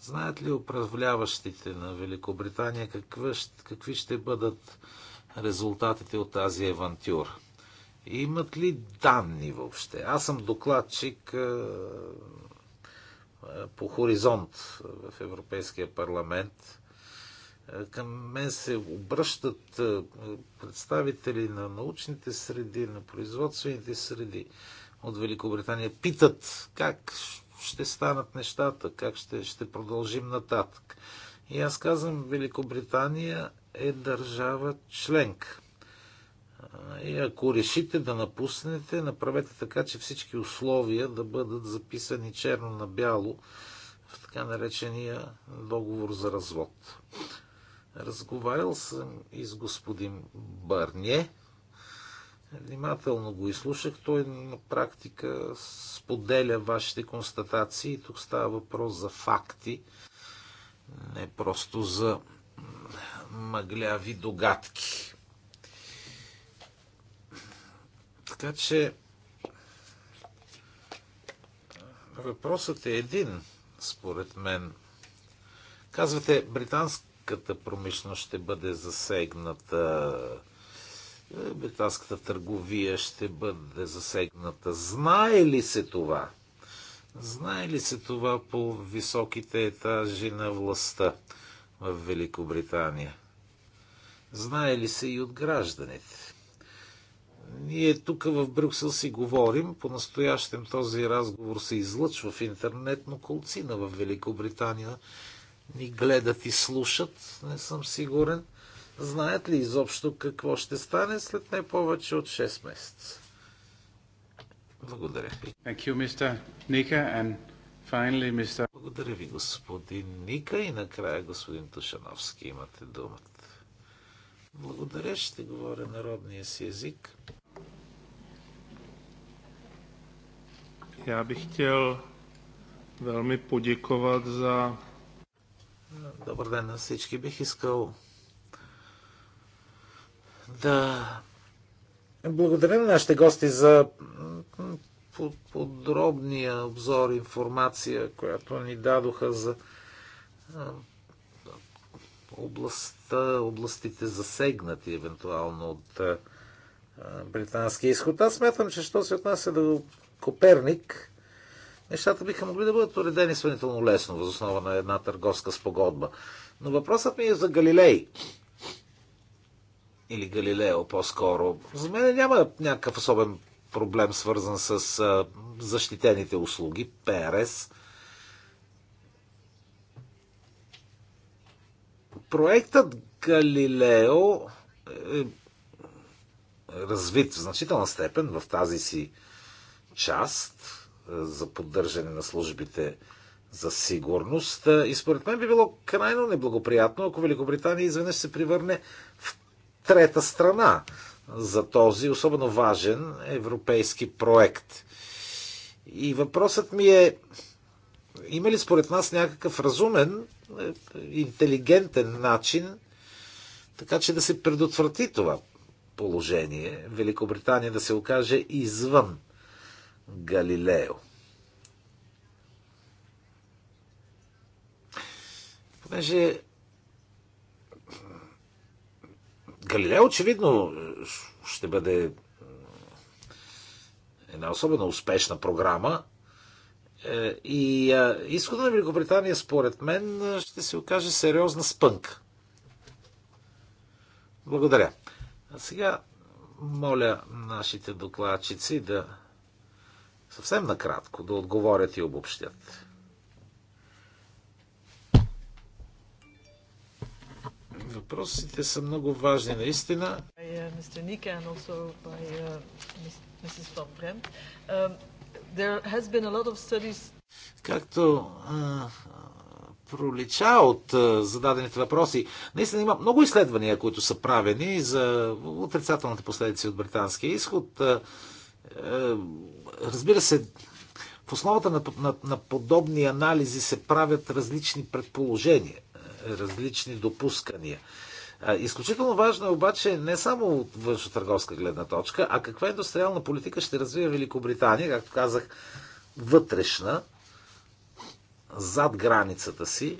Знаят ли управляващите на Великобритания какви, какви ще бъдат резултатите от тази авантюра? Имат ли данни въобще? Аз съм докладчик по хоризонт в Европейския парламент. Към мен се обръщат представители на научните среди, на производствените среди от Великобритания питат как ще станат нещата, как ще, ще продължим нататък. И аз казвам, Великобритания е държава членка. И ако решите да напуснете, направете така, че всички условия да бъдат записани черно на бяло в така наречения договор за развод. Разговарял съм и с господин Бърне, Внимателно го изслушах. Той на практика споделя вашите констатации. Тук става въпрос за факти, не просто за мъгляви догадки. Така че въпросът е един, според мен. Казвате, британската промишленост ще бъде засегната британската търговия ще бъде засегната. Знае ли се това? Знае ли се това по високите етажи на властта в Великобритания? Знае ли се и от гражданите? Ние тук в Брюксел си говорим, по-настоящем този разговор се излъчва в интернет, но колцина в Великобритания ни гледат и слушат, не съм сигурен знаят ли изобщо какво ще стане след не повече от 6 месеца? Благодаря ви. Благодаря ви, господин Ника. И накрая, господин Тушановски, имате думата. Благодаря, ще говоря народния си език. Я бих хотел велми подиковат за. Добър ден на всички. Бих искал да. Благодаря на нашите гости за подробния обзор, информация, която ни дадоха за областта, областите засегнати евентуално от британския изход. Аз смятам, че що се отнася до Коперник, нещата биха могли да бъдат уредени сравнително лесно, възоснова на една търговска спогодба. Но въпросът ми е за Галилей или Галилео по-скоро. За мен няма някакъв особен проблем, свързан с защитените услуги, ПРС. Проектът Галилео е развит в значителна степен в тази си част за поддържане на службите за сигурност. И според мен би било крайно неблагоприятно, ако Великобритания изведнъж се превърне в трета страна за този особено важен европейски проект. И въпросът ми е, има ли според нас някакъв разумен, е, интелигентен начин, така че да се предотврати това положение, Великобритания да се окаже извън Галилео? Понеже Галилея очевидно е, ще бъде е, една особено успешна програма. Е, и изхода на Великобритания, според мен, ще се окаже сериозна спънка. Благодаря. А сега моля нашите докладчици да съвсем накратко да отговорят и обобщят. Въпросите са много важни, наистина. Uh, uh, um, Както пролича от зададените въпроси, наистина има много изследвания, които са правени за отрицателните последици от британския изход. разбира се, в основата на, на, на подобни анализи се правят различни предположения различни допускания. Изключително важно е обаче не само от външно-търговска гледна точка, а каква индустриална политика ще развие Великобритания, както казах, вътрешна, зад границата си.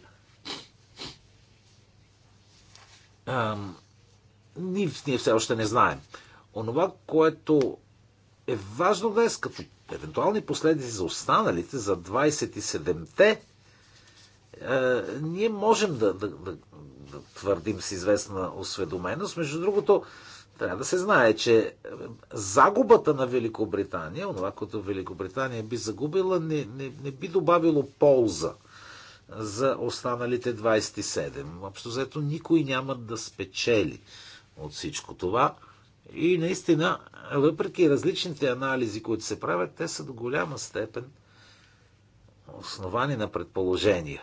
Ам, ние, ние все още не знаем. Онова, което е важно днес като евентуални последици за останалите, за 27-те е, ние можем да, да, да, да твърдим с известна осведоменост. Между другото, трябва да се знае, че загубата на Великобритания, онова, което Великобритания би загубила, не, не, не би добавило полза за останалите 27. Общо заето никой няма да спечели от всичко това. И наистина, въпреки различните анализи, които се правят, те са до голяма степен основани на предположения.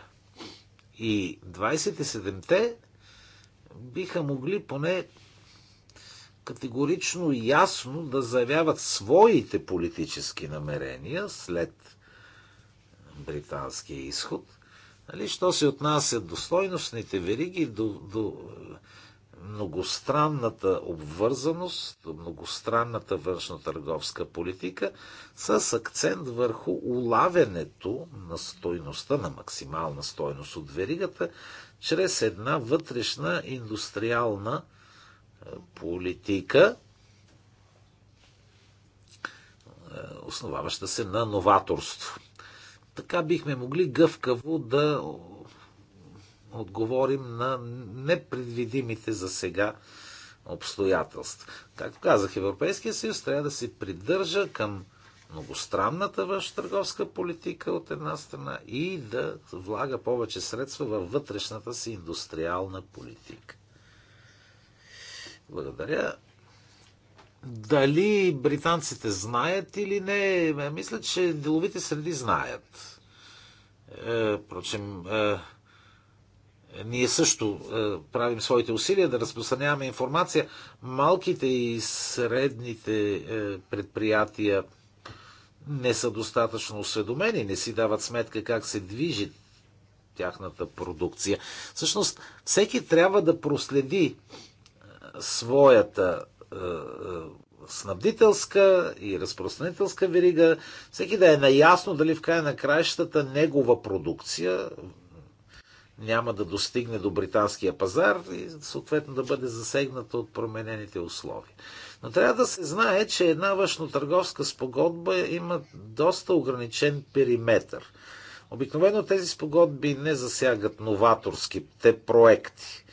И 27-те биха могли поне категорично и ясно да заявяват своите политически намерения след британския изход. Нали, що се отнася до стойностните вериги, до, до многостранната обвързаност, многостранната външно-търговска политика с акцент върху улавянето на стойността, на максимална стойност от веригата, чрез една вътрешна индустриална е, политика, е, основаваща се на новаторство. Така бихме могли гъвкаво да отговорим на непредвидимите за сега обстоятелства. Както казах, Европейския съюз трябва да се придържа към многостранната външно-търговска политика от една страна и да влага повече средства във вътрешната си индустриална политика. Благодаря. Дали британците знаят или не, мисля, че деловите среди знаят. Е, впрочем, е, ние също е, правим своите усилия да разпространяваме информация. Малките и средните е, предприятия не са достатъчно осведомени, не си дават сметка как се движи тяхната продукция. Всъщност, всеки трябва да проследи е, своята снабдителска и разпространителска верига, всеки да е наясно дали в края на краищата негова продукция няма да достигне до британския пазар и съответно да бъде засегната от променените условия. Но трябва да се знае, че една външно-търговска спогодба има доста ограничен периметр. Обикновено тези спогодби не засягат новаторските проекти.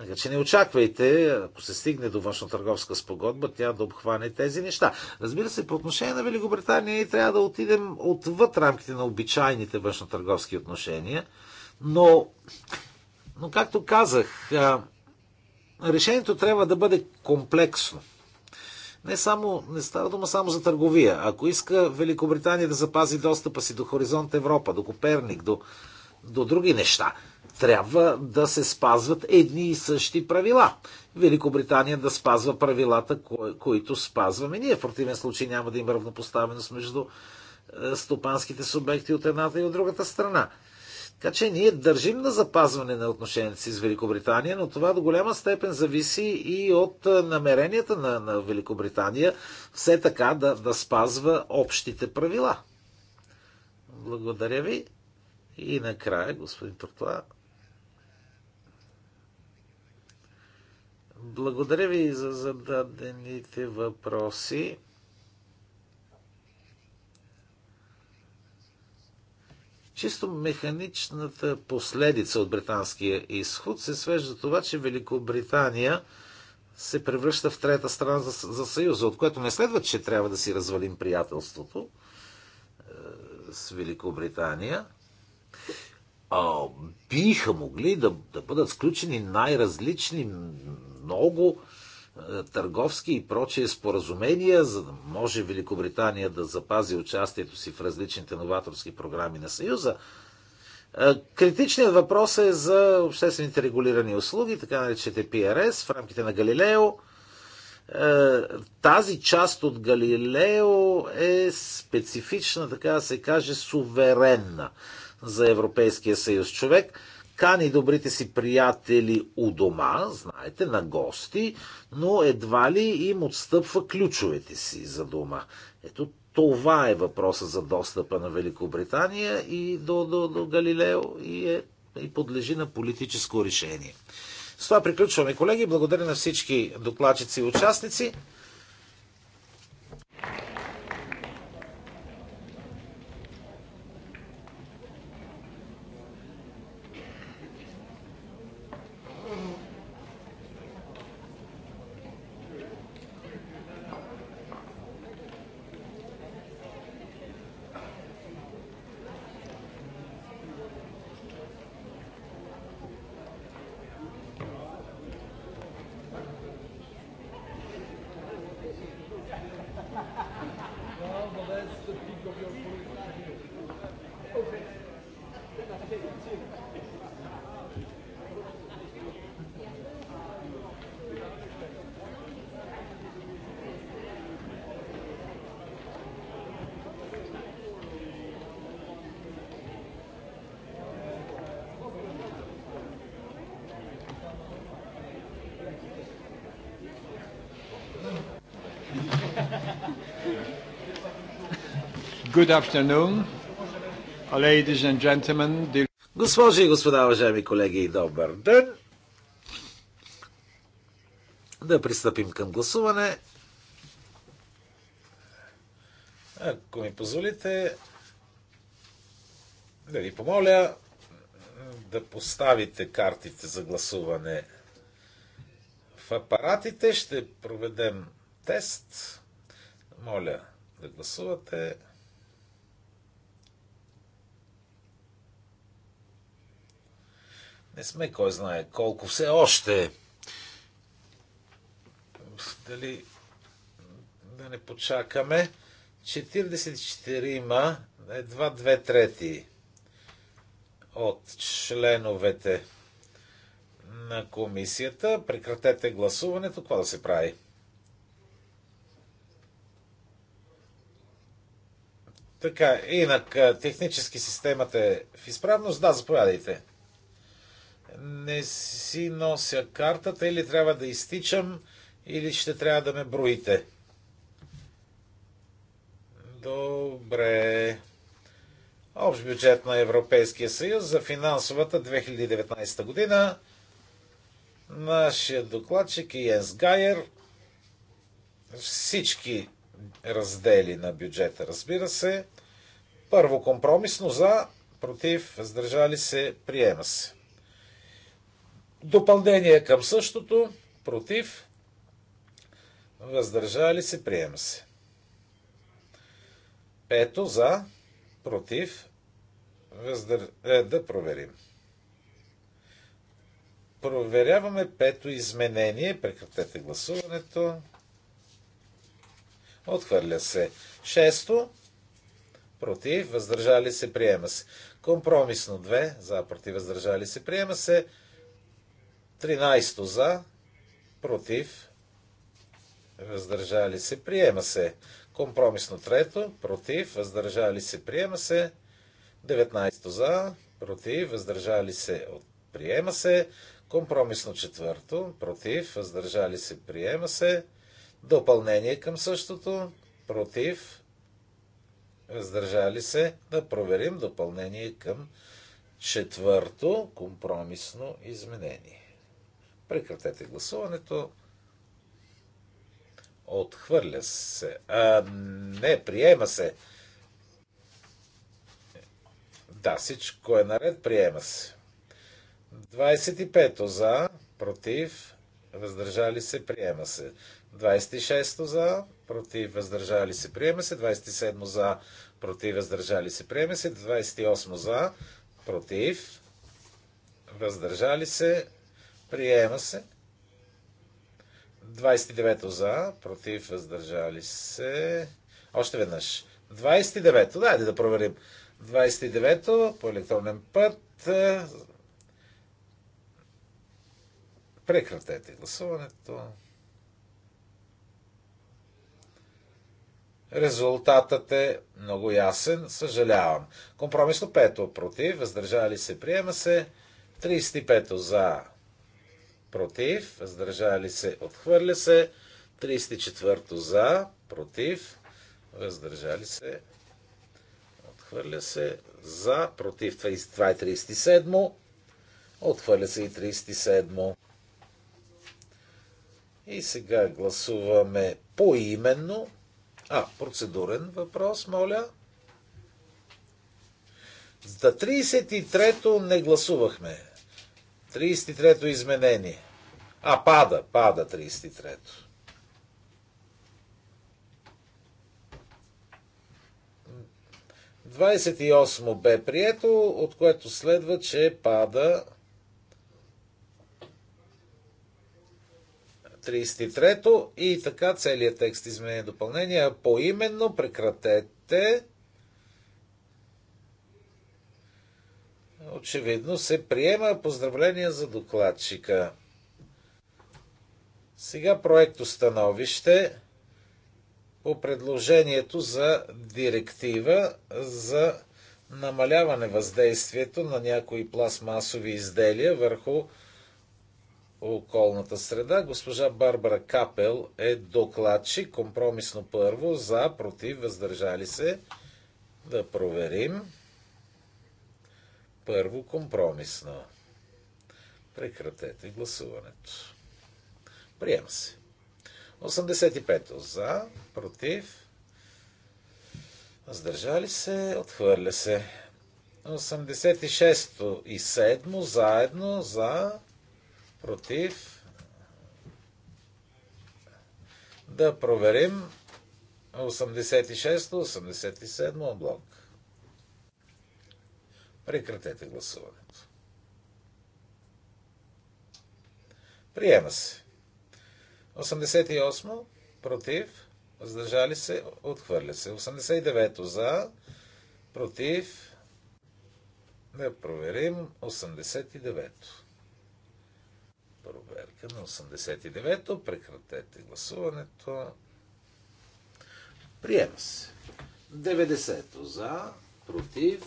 Така че не очаквайте, ако се стигне до външно-търговска спогодба, тя да обхване тези неща. Разбира се, по отношение на Великобритания ние трябва да отидем отвъд рамките на обичайните външно-търговски отношения – но, но както казах, решението трябва да бъде комплексно. Не, само, не става дума само за търговия. Ако иска Великобритания да запази достъпа си до Хоризонт Европа, до Коперник, до, до други неща, трябва да се спазват едни и същи правила. Великобритания да спазва правилата, кои, които спазваме ние. В противен случай няма да има равнопоставеност между е, стопанските субекти от едната и от другата страна. Така че ние държим на запазване на отношенията си с Великобритания, но това до голяма степен зависи и от намеренията на, на Великобритания все така да, да спазва общите правила. Благодаря ви. И накрая, господин Тортуа. Благодаря ви за зададените въпроси. Чисто механичната последица от британския изход се свежда до това, че Великобритания се превръща в трета страна за, за Съюза, от което не следва, че трябва да си развалим приятелството е, с Великобритания. А, биха могли да, да бъдат включени най-различни, много е, търговски и прочие споразумения, за да може Великобритания да запази участието си в различните новаторски програми на Съюза. Е, критичният въпрос е за обществените регулирани услуги, така наречете ПРС в рамките на Галилео. Е, тази част от Галилео е специфична, така да се каже, суверенна за Европейския съюз. Човек, кани добрите си приятели у дома, знаете, на гости, но едва ли им отстъпва ключовете си за дома. Ето това е въпроса за достъпа на Великобритания и до, до, до Галилео и, е, и подлежи на политическо решение. С това приключваме, колеги. Благодаря на всички докладчици и участници. Good afternoon, ladies and gentlemen. Госпожи и господа, уважаеми колеги, добър ден! Да пристъпим към гласуване. Ако ми позволите, да ви помоля да поставите картите за гласуване в апаратите. Ще проведем тест. Моля да гласувате. Не сме кой знае колко. Все още. Дали да не почакаме. 44-ма, едва две трети от членовете на комисията. Прекратете гласуването. Какво да се прави? Така, инак технически системата е в изправност. Да, заповядайте не си нося картата или трябва да изтичам, или ще трябва да ме броите. Добре. Общ бюджет на Европейския съюз за финансовата 2019 година. Нашия докладчик е Йенс Гайер. Всички раздели на бюджета, разбира се. Първо компромисно за, против, въздържали се, приема се. Допълнение към същото, против, въздържали се, приема се. Пето за, против, въздър... е, да проверим. Проверяваме пето изменение. Прекратете гласуването. Отхвърля се. Шесто. Против. Въздържали се. Приема се. Компромисно 2. За. Против. Въздържали се. Приема се. 13 за, против, въздържали се, приема се. Компромисно трето, против, въздържали се, приема се. 19 за, против, въздържали се, приема се. Компромисно четвърто, против, въздържали се, приема се. Допълнение към същото, против, въздържали се, да проверим допълнение към четвърто компромисно изменение. Прекратете гласуването. Отхвърля се. А, не, приема се. Да, всичко е наред, приема се. 25-то за, против, въздържали се, приема се. 26-то за, против, въздържали се, приема се. 27-то за, против, въздържали се, приема се. 28-то за, против, въздържали се, Приема се. 29 за, против, въздържали се. Още веднъж. 29-то, дайте да проверим. 29-то по електронен път. Прекратете гласуването. Резултатът е много ясен, съжалявам. Компромисно 5 то против, въздържали се, приема се. 35 за, против, въздържали се, отхвърля се. 34 то за, против, въздържали се, отхвърля се, за, против, това е 37 отхвърля се и 37 И сега гласуваме поименно. А, процедурен въпрос, моля. За 33-то не гласувахме. 33-то изменение. А, пада, пада 33-то. Двадесет и осмо бе прието, от което следва, че пада 33-то и така целият текст изменение допълнение. Поименно прекратете очевидно се приема. Поздравления за докладчика. Сега проекто становище по предложението за директива за намаляване въздействието на някои пластмасови изделия върху околната среда. Госпожа Барбара Капел е докладчик. Компромисно първо за, против, въздържали се. Да проверим. Първо компромисна. Прекратете гласуването. Приема се. 85 за, против, въздържали се, отхвърля се. 86 и 7 заедно за, против. Да проверим 86-87 блок. Прекратете гласуването. Приема се. 88 против, въздържали се, отхвърля се. 89 за, против, да проверим 89-то. Проверка на 89-то. Прекратете гласуването. Приема се. 90-то за, против,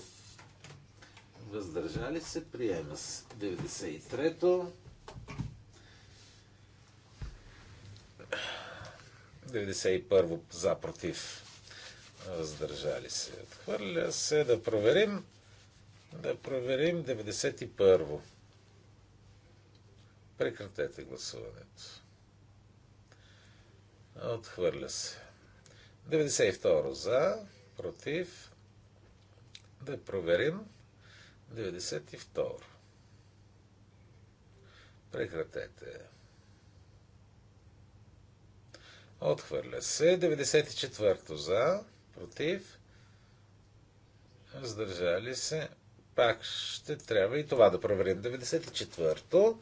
въздържали се, приема се. 93-то. 91 во за против въздържали се. Отхвърля се да проверим. Да проверим 91. Прекратете гласуването. Отхвърля се. 92 за, против. Да проверим. 92. Прекратете. Отхвърля се. 94 за. Против. Сдържали се. Пак ще трябва и това да проверим. 94-то.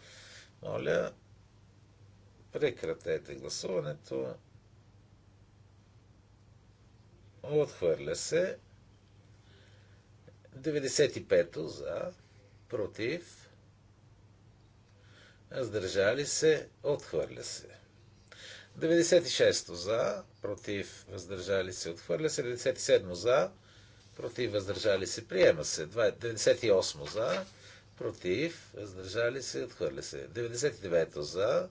Моля, прекратете гласуването. Отхвърля се. 95-то за, против, въздържали се, отхвърля се. 96-то за, против, въздържали се, отхвърля се. 97-то за, против, въздържали се, приема се. 98-то за, против, въздържали се, отхвърля се. 99-то за,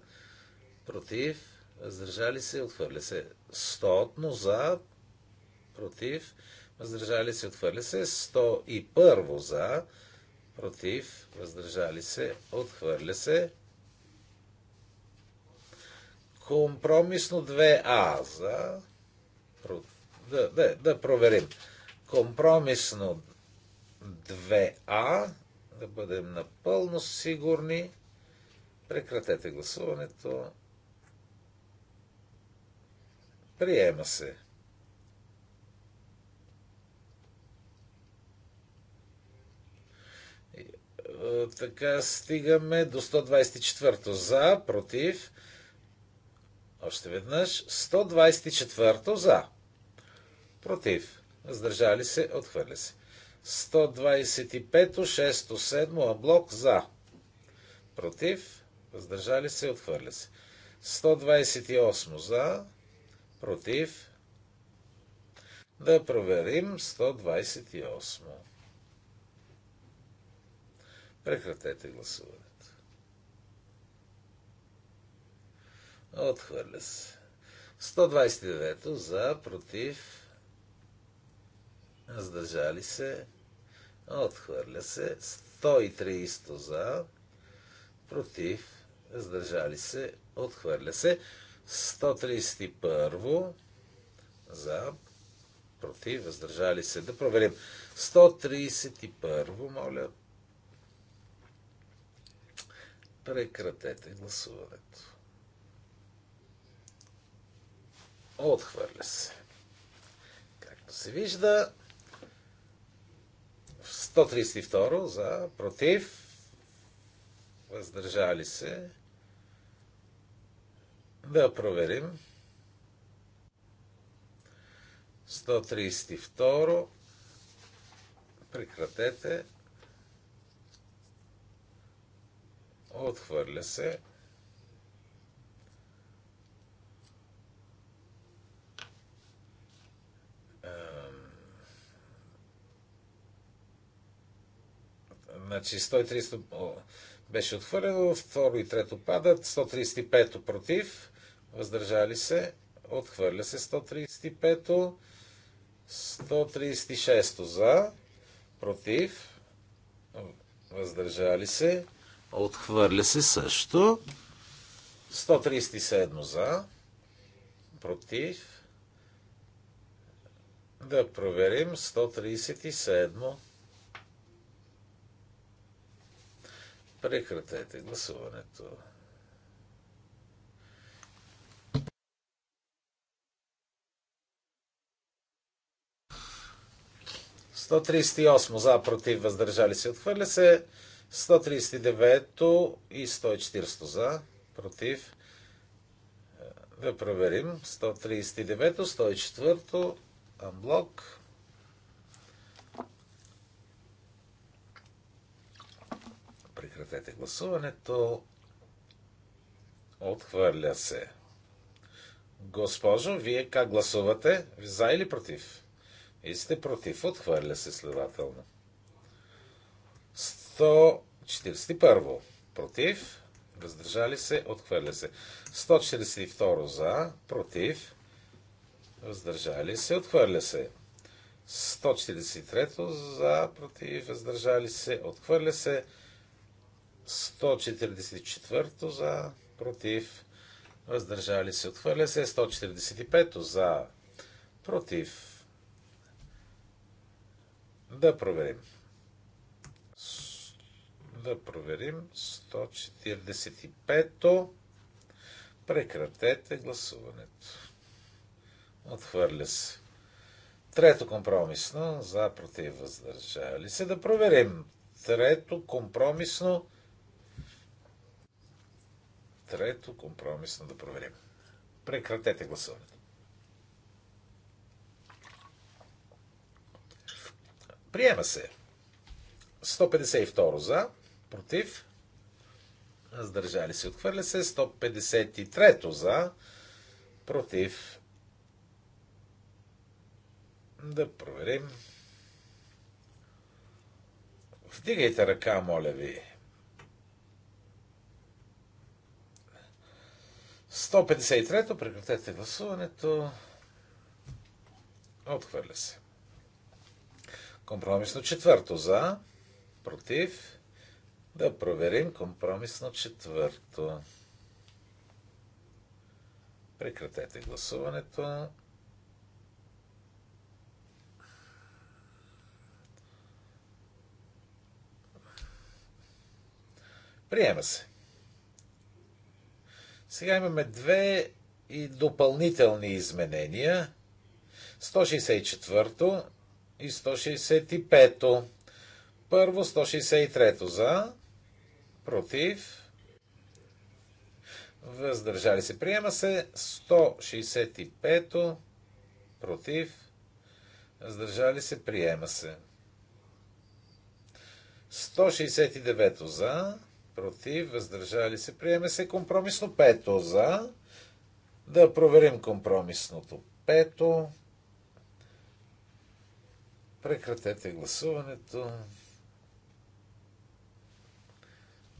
против, въздържали се, отхвърля се. 100-то за, против, въздържали се, въздържали се, отхвърля се. 101 за, против, въздържали се, отхвърля се. Компромисно 2А за. Да, да, да проверим. Компромисно 2А. Да бъдем напълно сигурни. Прекратете гласуването. Приема се. Е, така стигаме до 124 за, против. Още веднъж. 124 за. Против. Въздържали се, отхвърля се. 125, 6, 7 блок за. Против. Въздържали се, отхвърля се. 128 за. Против. Да проверим 128. Прекратете гласуването. Отхвърля се. 129 за, против, Сдържали се. Отхвърля се. 130 за. Против. Сдържали се. Отхвърля се. 131 за. Против. Въздържали се. Да проверим. 131, моля. Прекратете гласуването. Отхвърля се. Както се вижда, 132 за, против, въздържали се. Да проверим. 132. Прекратете. Отхвърля се. Значи 130 беше отхвърлено, второ и трето падат, 135 против, въздържали се, отхвърля се 135 136 за, против, въздържали се, Отхвърля се също. 137 за. Против. Да проверим 137. Прекратете гласуването. Сто за, против, въздържали се, отхвърля се. 139 и 140 за, против. Да проверим. 139, 104, амблок. Прекратете гласуването. Отхвърля се. Госпожо, вие как гласувате? За или против? И сте против. Отхвърля се следователно. 141 против, въздържали се, отхвърля се. 142 за, против, въздържали се, отхвърля се. 143 за, против, въздържали се, отхвърля се. 144 за, против, въздържали се, отхвърля се. 145 за, против. Да проверим да проверим 145-то. Прекратете гласуването. Отхвърля се. Трето компромисно за против въздържали се. Да проверим. Трето компромисно. Трето компромисно да проверим. Прекратете гласуването. Приема се. 152 за против, Сдържали се, отхвърля се. 153 за, против. Да проверим. Вдигайте ръка, моля ви. 153-то, прекратете гласуването. Отхвърля се. Компромисно четвърто за, против, да проверим компромисно четвърто. Прекратете гласуването. Приема се. Сега имаме две и допълнителни изменения. 164 то и 165. то Първо 163 то за против, въздържали се. Приема се 165 то против, въздържали се, приема се. 169 за, против, въздържали се, приема се. Компромисно 5 за. Да проверим компромисното 5. Прекратете гласуването.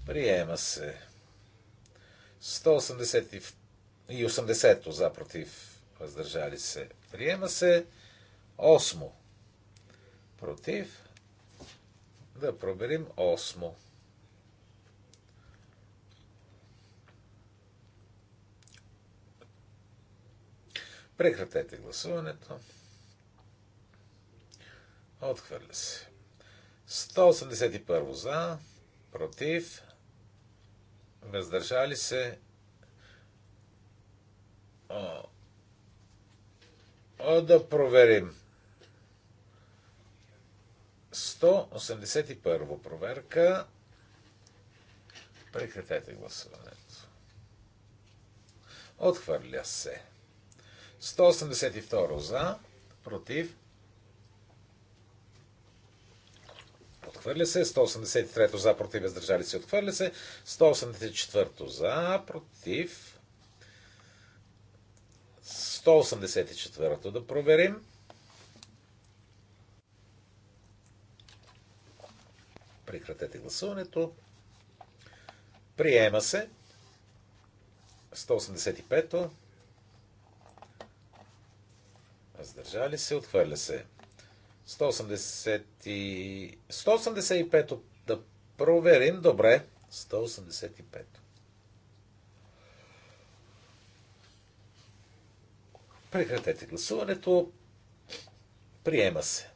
Приема се. 180 и 80 за против. Въздържали се. Приема се. Осмо. Против. Да проверим 8. Прекратете гласуването. Отхвърля се. 181 за, против, въздържали се. О, о да проверим. 181 проверка. Прекратете гласуването. Отхвърля се. 182 за, против, отхвърля се. 183 за, против, въздържали се, отхвърля се. 184 то за, против. 184 то да проверим. Прекратете гласуването. Приема се. 185-то. Въздържали се, отхвърля се. 180 то 185 да проверим. Добре. 185. Прекратете гласуването. Приема се.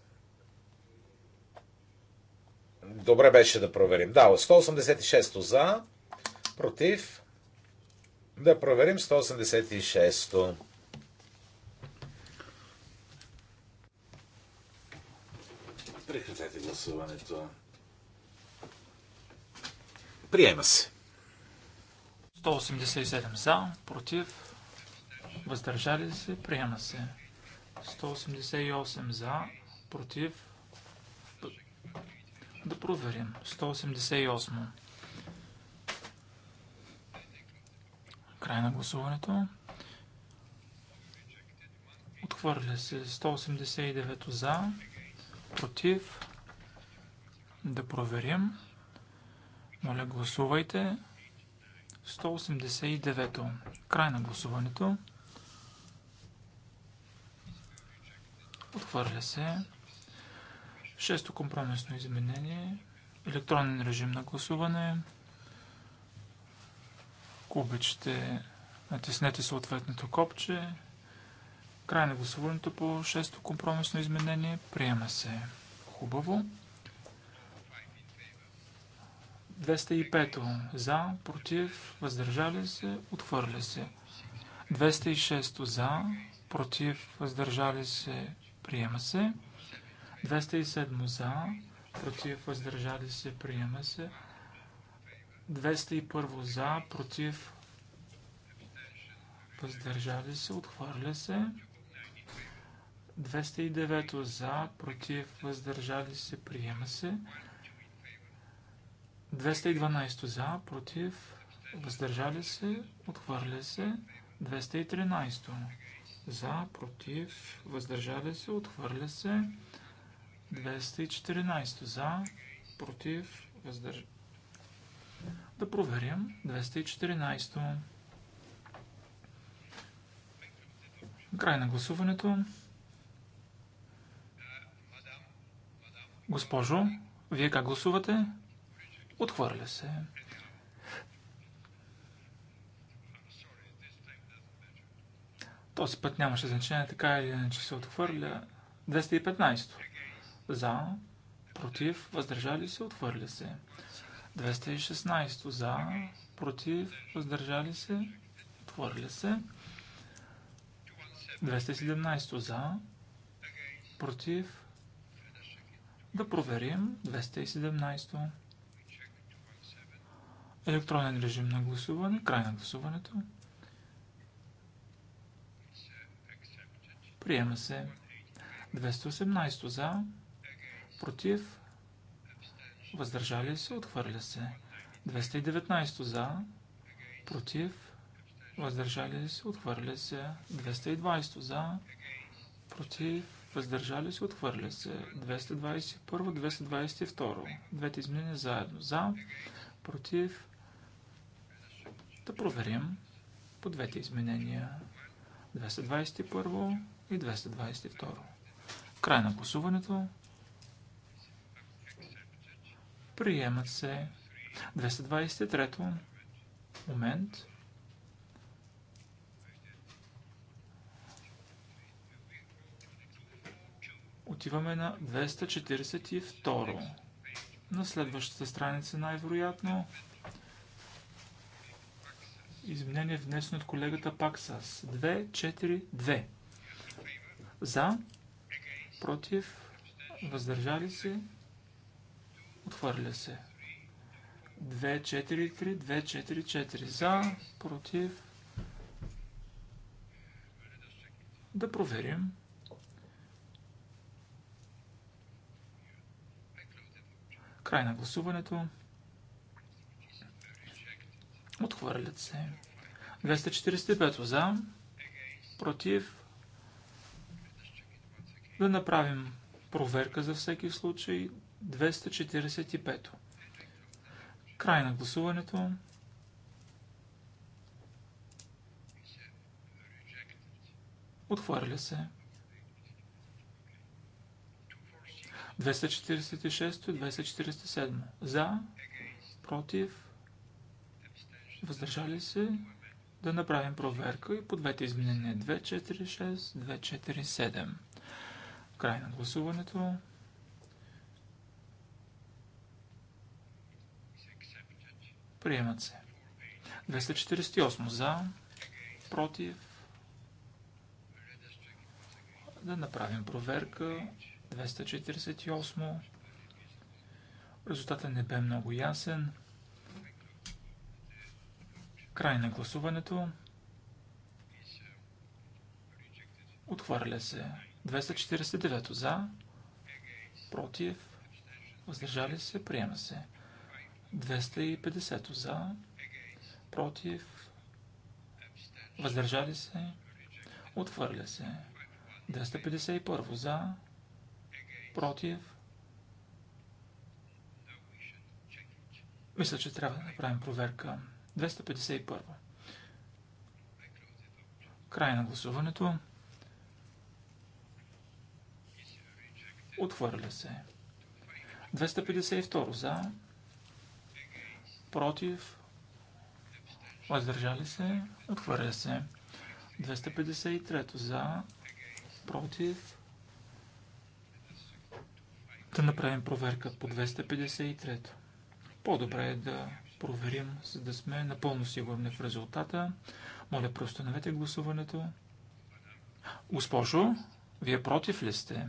Добре беше да проверим. Да, 186 за, против. Да проверим 186. гласуването. Приема се. 187 за, против, въздържали се, приема се. 188 за, против. Да проверим. 188. Край на гласуването. Отхвърля се 189 за, против, да проверим. Моля, гласувайте. 189-то. Край на гласуването. Отхвърля се. Шесто компромисно изменение. Електронен режим на гласуване. Кубичите. Натиснете съответното копче. Край на гласуването по шесто компромисно изменение. Приема се. Хубаво. 205 за, против, въздържали се, отхвърля се. 206 за, против, въздържали се, приема се. 207 за, против, въздържали се, приема се. 201 за, против, въздържали се, отхвърля се. 209 за, против, въздържали се, приема се. 212 за, против, въздържали се, отхвърля се. 213 за, против, въздържали се, отхвърля се. 214 за, против, въздържали Да проверим. 214 Край на гласуването. Госпожо, вие как гласувате? Отхвърля се. Този път нямаше значение, така или иначе се отхвърля. 215. За, против, въздържали се, отхвърля се. 216. За, против, въздържали се, отхвърля се. 217. За, против, да проверим. 217. Електронен режим на гласуване. Край на гласуването. Приема се. 218 за. Против. Въздържали се. Отхвърля се. 219 за. Против. Въздържали се. Отхвърля се. 220 за. Против. Въздържали се. Отхвърля се. 221, 222. Двете изменения заедно. За. Против да проверим по двете изменения 221 и 222. Край на гласуването. Приемат се 223. Момент. Отиваме на 242. На следващата страница най-вероятно изменение внесено от колегата пак с 2-4-2. За, против, въздържали се, отхвърля се. 2-4-3, 2-4-4. За, против. Да проверим. Край на гласуването. Отхвърлят се. 245 за. Против. Да направим проверка за всеки случай. 245. Край на гласуването. Отхвърля се. 246 и 247. За. Против въздържали се, да направим проверка и по двете изменения 246, 247. Край на гласуването. Приемат се. 248 за, против. Да направим проверка. 248. Резултатът не бе много ясен. Край на гласуването. Отхвърля се. 249 за, против, въздържали се, приема се. 250 за, против, въздържали се, отхвърля се. 251 за, против. Мисля, че трябва да направим проверка. 251. Край на гласуването. Отхвърля се. 252 за. Против. Въздържали се. Отхвърля се. 253 за. Против. Да направим проверка по 253. По-добре е да проверим, за да сме напълно сигурни в резултата. Моля, преустановете гласуването. Госпожо, вие против ли сте?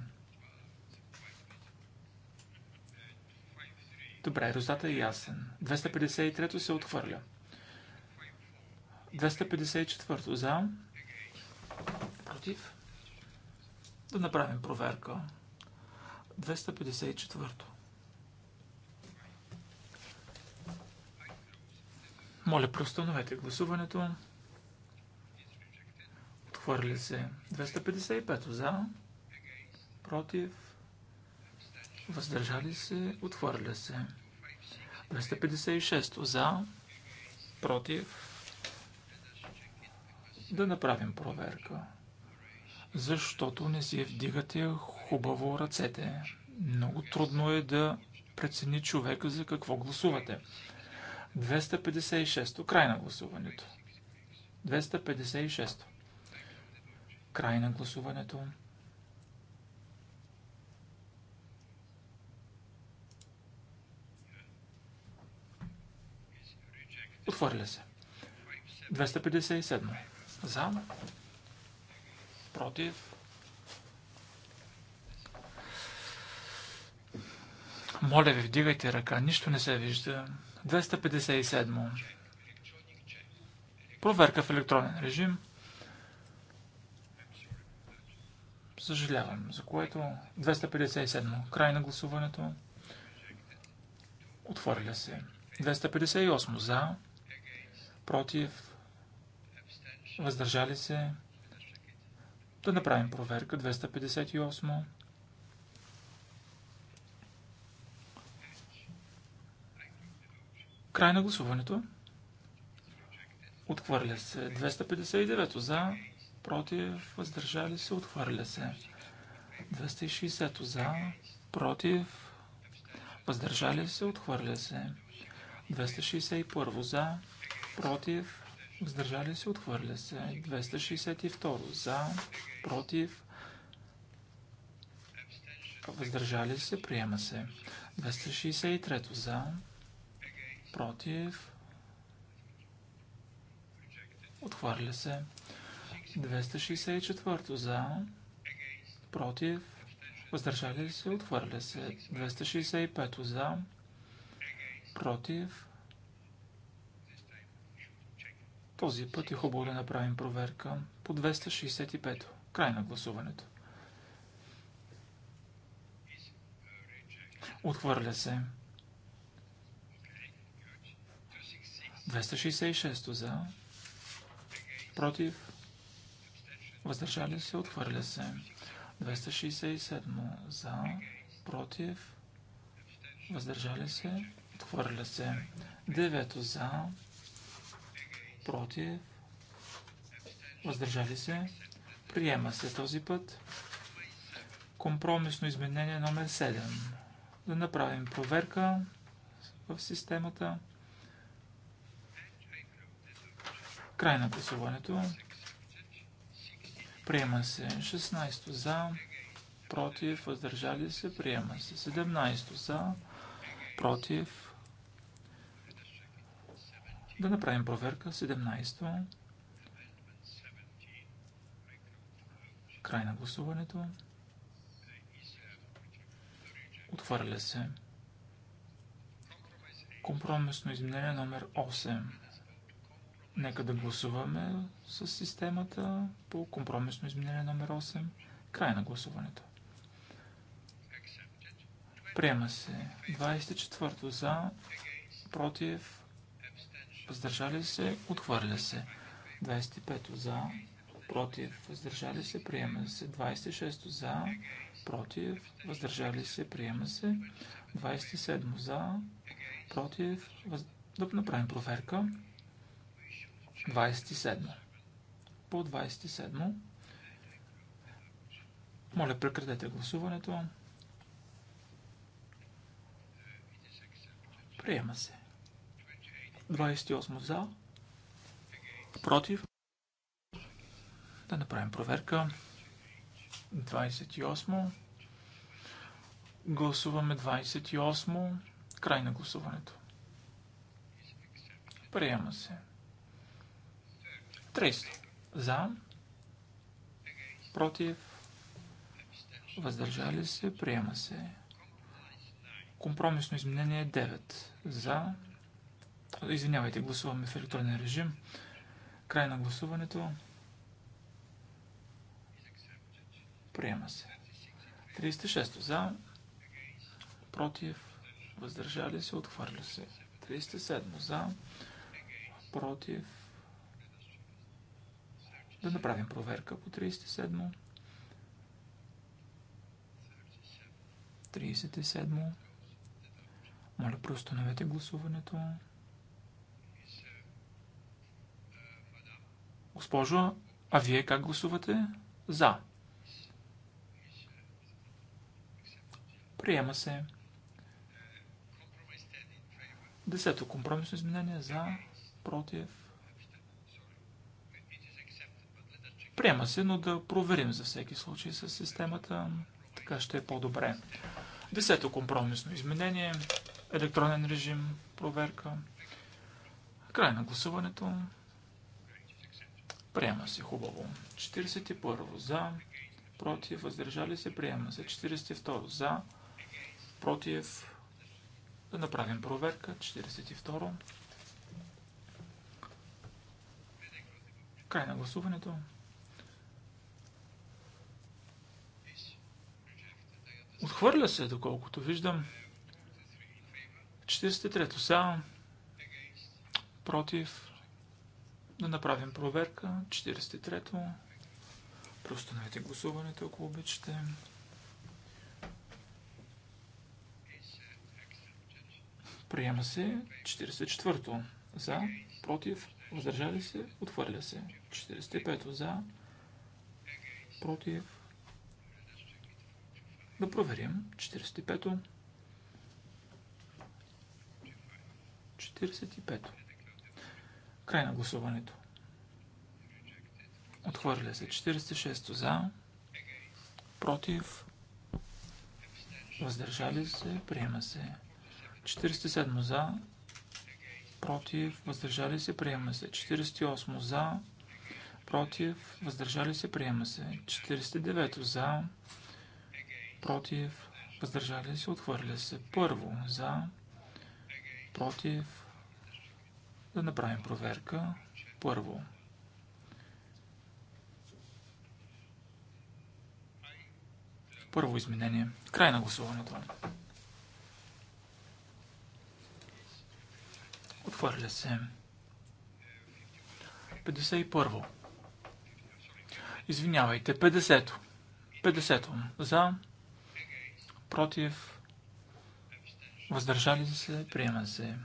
Добре, резултата е ясен. 253-то се отхвърля. 254-то за. Против. Да направим проверка. 254-то. Моля, преустановете гласуването. Отхвърли се 255 за, против, въздържали се, отхвърля се. 256 за, против, да направим проверка. Защото не си вдигате хубаво ръцете. Много трудно е да прецени човека за какво гласувате. 256. Край на гласуването. 256. Край на гласуването. Отворя се. 257. За. Против. Моля ви, вдигайте ръка. Нищо не се вижда. 257. Проверка в електронен режим. Съжалявам, за което 257. Край на гласуването. Отхвърля се. 258 за, против, въздържали се. Да направим проверка. 258. Край на гласуването. Отхвърля се. 259 за, против, въздържали се, отхвърля се. 260 за, против, въздържали се, отхвърля се. 261 за, против, въздържали се, отхвърля се. 262 за, против, въздържали се, приема се. 263 за, против, отхвърля се. 264 за, против, въздържали се, отхвърля се. 265 за, против. Този път е хубаво да направим проверка по 265. Край на гласуването. Отхвърля се. 266 за. Против. Въздържали се. Отхвърля се. 267 за. Против. Въздържали се. Отхвърля се. 9 за. Против. Въздържали се. Приема се този път. Компромисно изменение номер 7. Да направим проверка в системата. Край на гласуването. Приема се 16 за, против, въздържали се, приема се 17 за, против. Да направим проверка 17. то Край на гласуването. Отхвърля се. Компромисно изменение номер 8. Нека да гласуваме с системата по компромисно изменение номер 8. Край на гласуването. Приема се 24 за, против, въздържали се, отхвърля се. 25 за, против, въздържали се, приема се. 26 за, против, въздържали се, приема се. 27 за, против, въз... да направим проверка. 27. По 27. Моля, прекратете гласуването. Приема се. 28 за. Против. Да направим проверка. 28. Гласуваме 28. Край на гласуването. Приема се. 30. За. Против. Въздържали се. Приема се. Компромисно изменение 9. За. Извинявайте, гласуваме в електронен режим. Край на гласуването. Приема се. 36. За. Против. Въздържали се. Отхвърля се. 37. За. Против да направим проверка по 37. 37. Моля, навете гласуването. Госпожо, а вие как гласувате? За. Приема се. Десето компромисно изменение за, против, Приема се, но да проверим за всеки случай с системата. Така ще е по-добре. Десето компромисно изменение. Електронен режим. Проверка. Край на гласуването. Приема се хубаво. 41 за, против, въздържали се, приема се. 42 за, против, да направим проверка. 42. Край на гласуването. Отхвърля се, доколкото виждам. 43-то са против. Да направим проверка. 43-то. Простановете гласуването, ако обичате. Приема се 44-то. За, против, въздържали се, отхвърля се. 45-то за, против, да проверим. 45-то. 45-то. Край на гласуването. Отхвърля се. 46-то за. Против. Въздържали се. Приема се. 47 за. Против. Въздържали се. Приема се. 48 за. Против. Въздържали се. Приема се. 49 за. Против против, въздържали се, отхвърля се. Първо, за, против, да направим проверка. Първо. Първо изменение. Край на гласуването. Отхвърля се. 51. Извинявайте, 50 50-то. За против, въздържали се, приема се.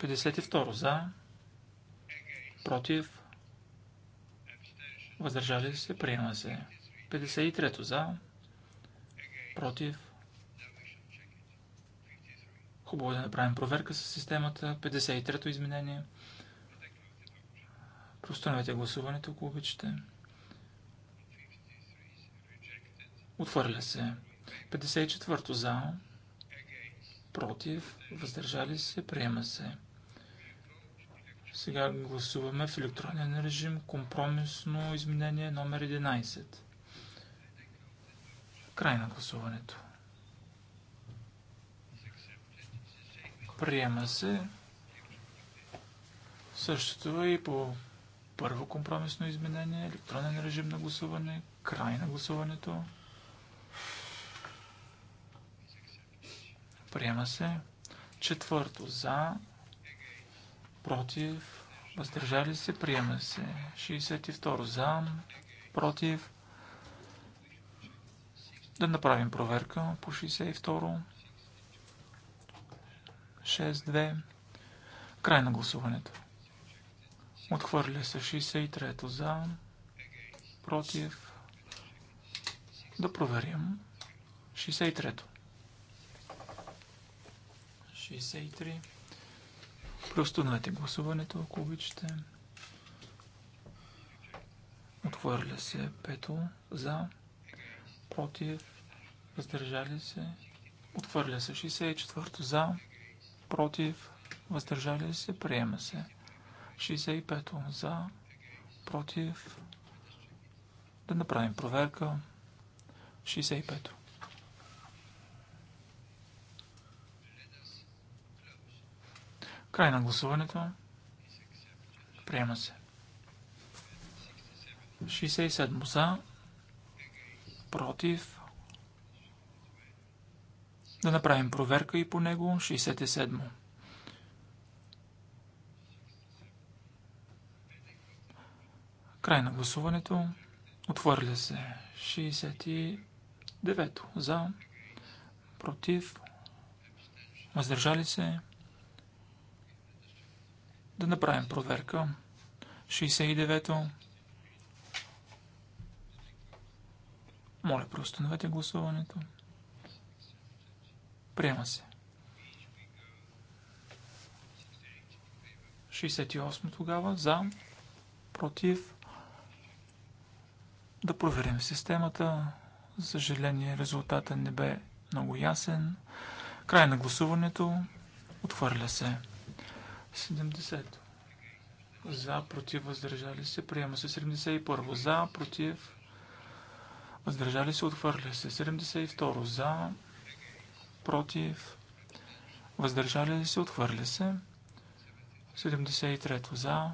52 за, против, въздържали се, приема се. 53 за, против, хубаво е да направим проверка с системата, 53-то изменение. Простановете гласуването, ако обичате. Отвърля се. 54-то за. Против. Въздържали се. Приема се. Сега гласуваме в електронен режим компромисно изменение номер 11. Край на гласуването. Приема се. Същото е и по първо компромисно изменение, електронен режим на гласуване, край на гласуването. Приема се. Четвърто за. Против. Въздържали се. Приема се. 62 за. Против. Да направим проверка по 62. 6-2. Край на гласуването. Отхвърля се 63-то за. Против. Да проверим. 63-то. 63. Простанете гласуването, ако обичате. Отхвърля се пето за, против, въздържали се. Отхвърля се 64 за, против, въздържали се, приема се. 65 за, против, да направим проверка. 65 -то. Край на гласуването. Приема се. 67 за. Против. Да направим проверка и по него. 67. Край на гласуването. Отвърля се. 69 за. Против. Въздържали се. Да направим проверка. 69-то. Моля, преустановете гласуването. Приема се. 68 тогава. За. Против. Да проверим системата. За съжаление, резултата не бе много ясен. Край на гласуването. Отхвърля се. 70. За, против, въздържали се. Приема се 71. За, против, въздържали се. Отхвърля се. 72. За, против, въздържали се. Отхвърля се. 73. За,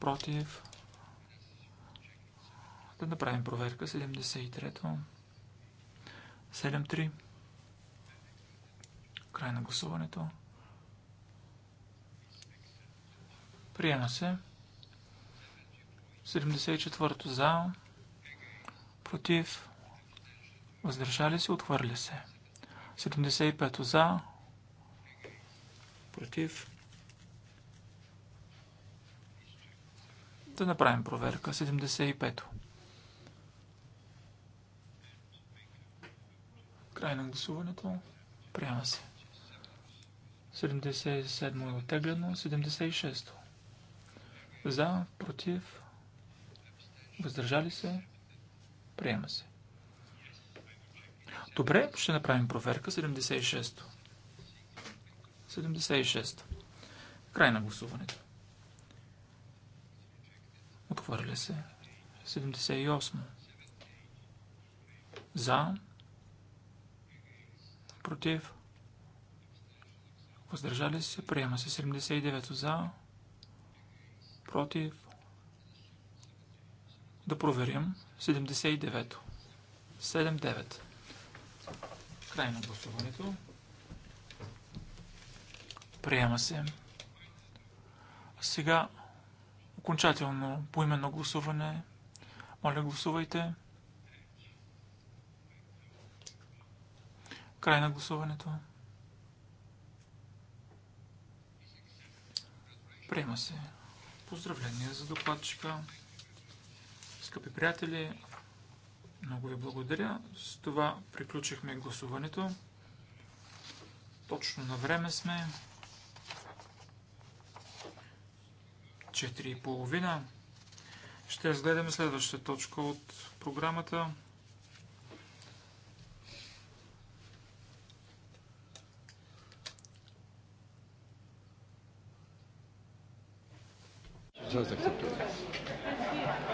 против. Да направим проверка. 73. 7-3. Край на гласуването. Приема се. 74 за. Против. Въздържали се. Отхвърля се. 75 то за. Против. Да направим проверка. 75 Край на гласуването. Приема се. 77 е оттеглено. 76 то за, против, въздържали се, приема се. Добре, ще направим проверка. 76-то. 76-то. Край на гласуването. Отхвърля се. 78. За. Против. Въздържали се. Приема се. 79 за против. Да проверим. 79-то. 7-9. Край на гласуването. Приема се. Сега окончателно поименно гласуване. Моля, гласувайте. Край на гласуването. Приема се. Поздравления за докладчика. Скъпи приятели, много ви благодаря. С това приключихме гласуването. Точно на време сме. 4.30. Ще разгледаме следващата точка от програмата.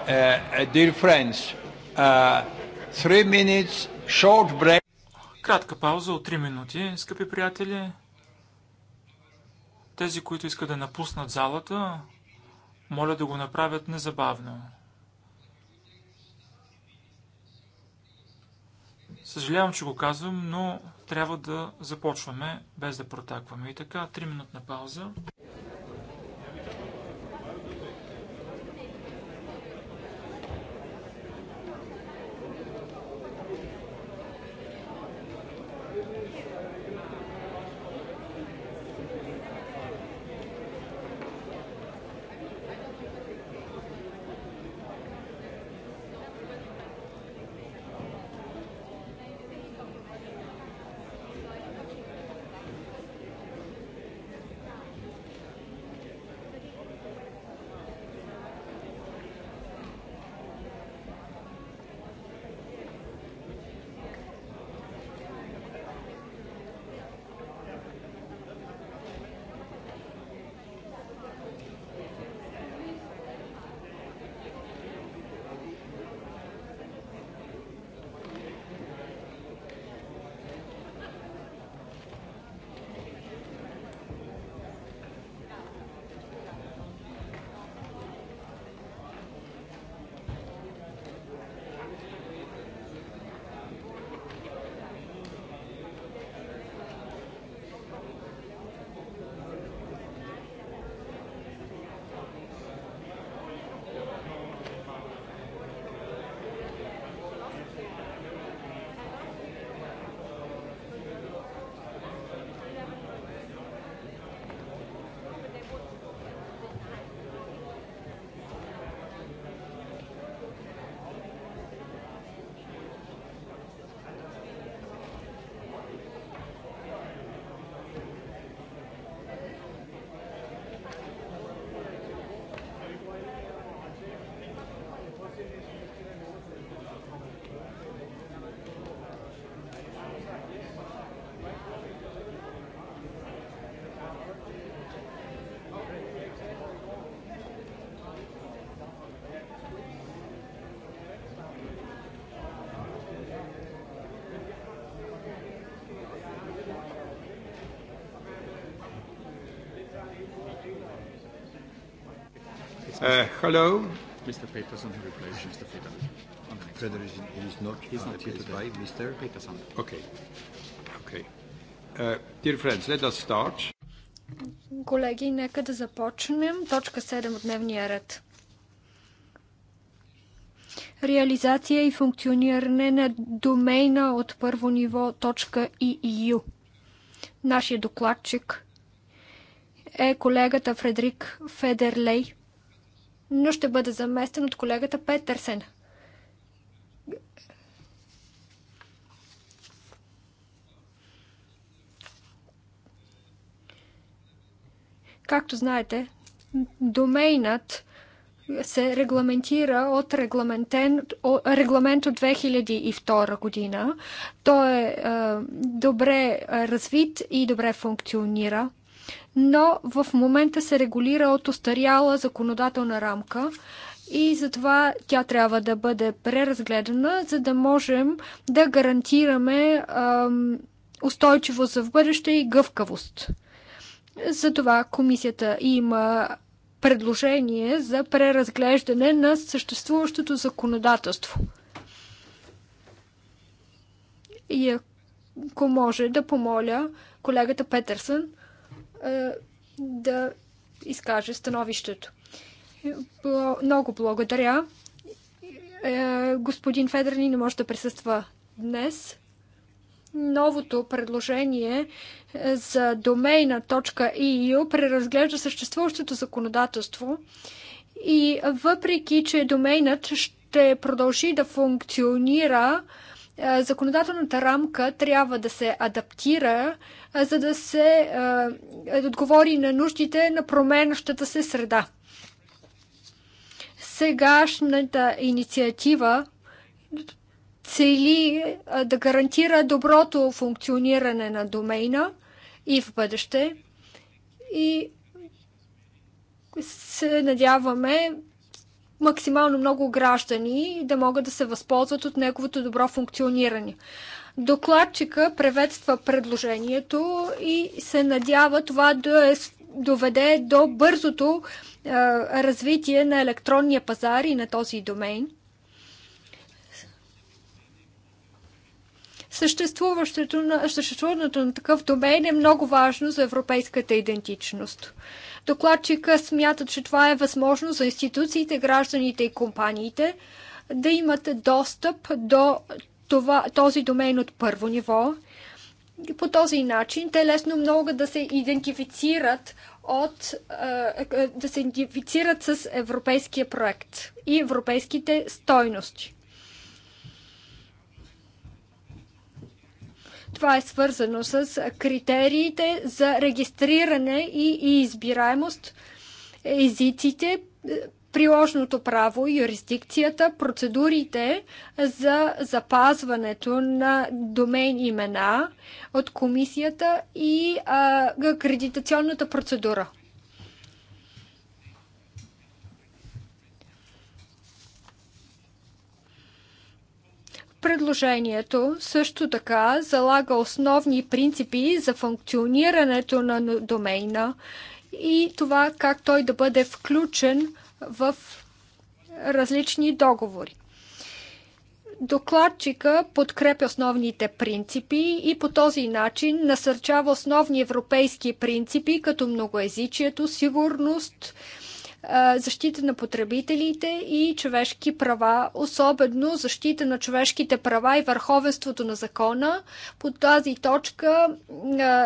Е, е, е, Кратка пауза от 3 минути, скъпи приятели. Тези, които искат да напуснат залата, моля да го направят незабавно. Съжалявам, че го казвам, но трябва да започваме без да протакваме. И така, 3 минутна пауза. Uh, hello. Mr. Peterson Mr. is, is not, He's not here today. Mr. Peterson. Okay. Okay. Uh, dear friends, let us start. Колеги, нека да започнем. Точка 7 от дневния ред. Реализация и функциониране на домейна от първо ниво точка .eu. Нашия докладчик е колегата Фредерик Федерлей но ще бъде заместен от колегата Петърсен. Както знаете, домейнат се регламентира от регламент от 2002 година. Той е, е добре е, развит и добре функционира но в момента се регулира от остаряла законодателна рамка и затова тя трябва да бъде преразгледана, за да можем да гарантираме ам, устойчивост в бъдеще и гъвкавост. Затова комисията има предложение за преразглеждане на съществуващото законодателство. И ако може да помоля колегата Петърсън да изкаже становището. Много благодаря. Е, господин Федерни не може да присъства днес. Новото предложение е, за domaina.eu преразглежда съществуващото законодателство и въпреки, че домейнът ще продължи да функционира, е, законодателната рамка трябва да се адаптира за да се е, отговори на нуждите на променящата се среда. Сегашната инициатива цели да гарантира доброто функциониране на домейна и в бъдеще. И се надяваме максимално много граждани да могат да се възползват от неговото добро функциониране. Докладчика приветства предложението и се надява това да е доведе до бързото е, развитие на електронния пазар и на този домейн. Съществуването на, съществуването на такъв домейн е много важно за европейската идентичност. Докладчика смятат, че това е възможно за институциите, гражданите и компаниите да имат достъп до това, този домен от първо ниво. и По този начин те лесно могат да се идентифицират от, да се идентифицират с европейския проект и европейските стойности. Това е свързано с критериите за регистриране и избираемост, езиците, приложното право, юрисдикцията, процедурите за запазването на домен имена от комисията и а, акредитационната процедура. Предложението също така залага основни принципи за функционирането на домейна и това как той да бъде включен в различни договори. Докладчика подкрепя основните принципи и по този начин насърчава основни европейски принципи, като многоезичието, сигурност, защита на потребителите и човешки права, особено защита на човешките права и върховенството на закона. По тази точка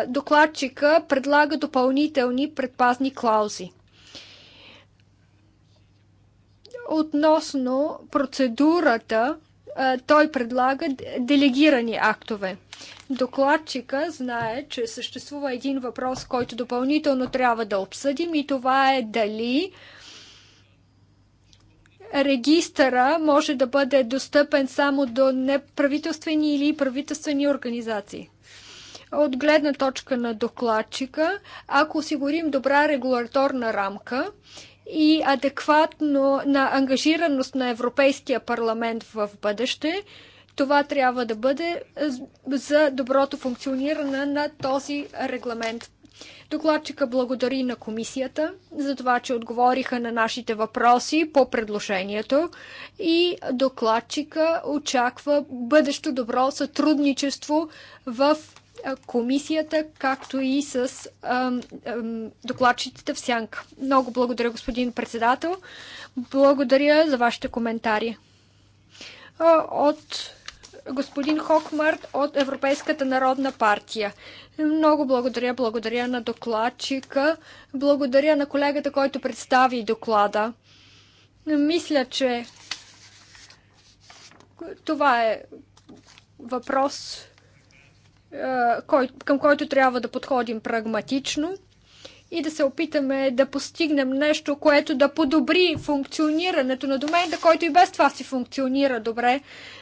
докладчика предлага допълнителни предпазни клаузи. Относно процедурата, той предлага делегирани актове. Докладчика знае, че съществува един въпрос, който допълнително трябва да обсъдим и това е дали регистъра може да бъде достъпен само до неправителствени или правителствени организации. От гледна точка на докладчика, ако осигурим добра регулаторна рамка и адекватно на ангажираност на Европейския парламент в бъдеще. Това трябва да бъде е, за доброто функциониране на този регламент. Докладчика благодари на комисията за това, че отговориха на нашите въпроси по предложението и докладчика очаква бъдещо добро сътрудничество в комисията, както и с докладчиците в сянка. Много благодаря, господин председател. Благодаря за вашите коментари. От господин Хокмарт от Европейската народна партия. Много благодаря, благодаря на докладчика, благодаря на колегата, който представи доклада. Мисля, че това е въпрос, към който трябва да подходим прагматично и да се опитаме да постигнем нещо, което да подобри функционирането на домейна, който и без това си функционира добре.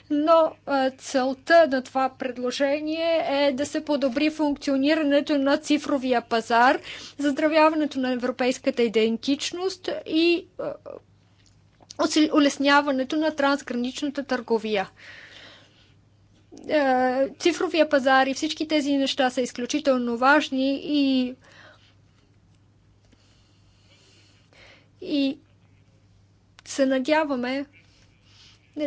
Но целта на това предложение е да се подобри функционирането на цифровия пазар, заздравяването на европейската идентичност и улесняването на трансграничната търговия. Е, цифровия пазар и всички тези неща са изключително важни и и се надяваме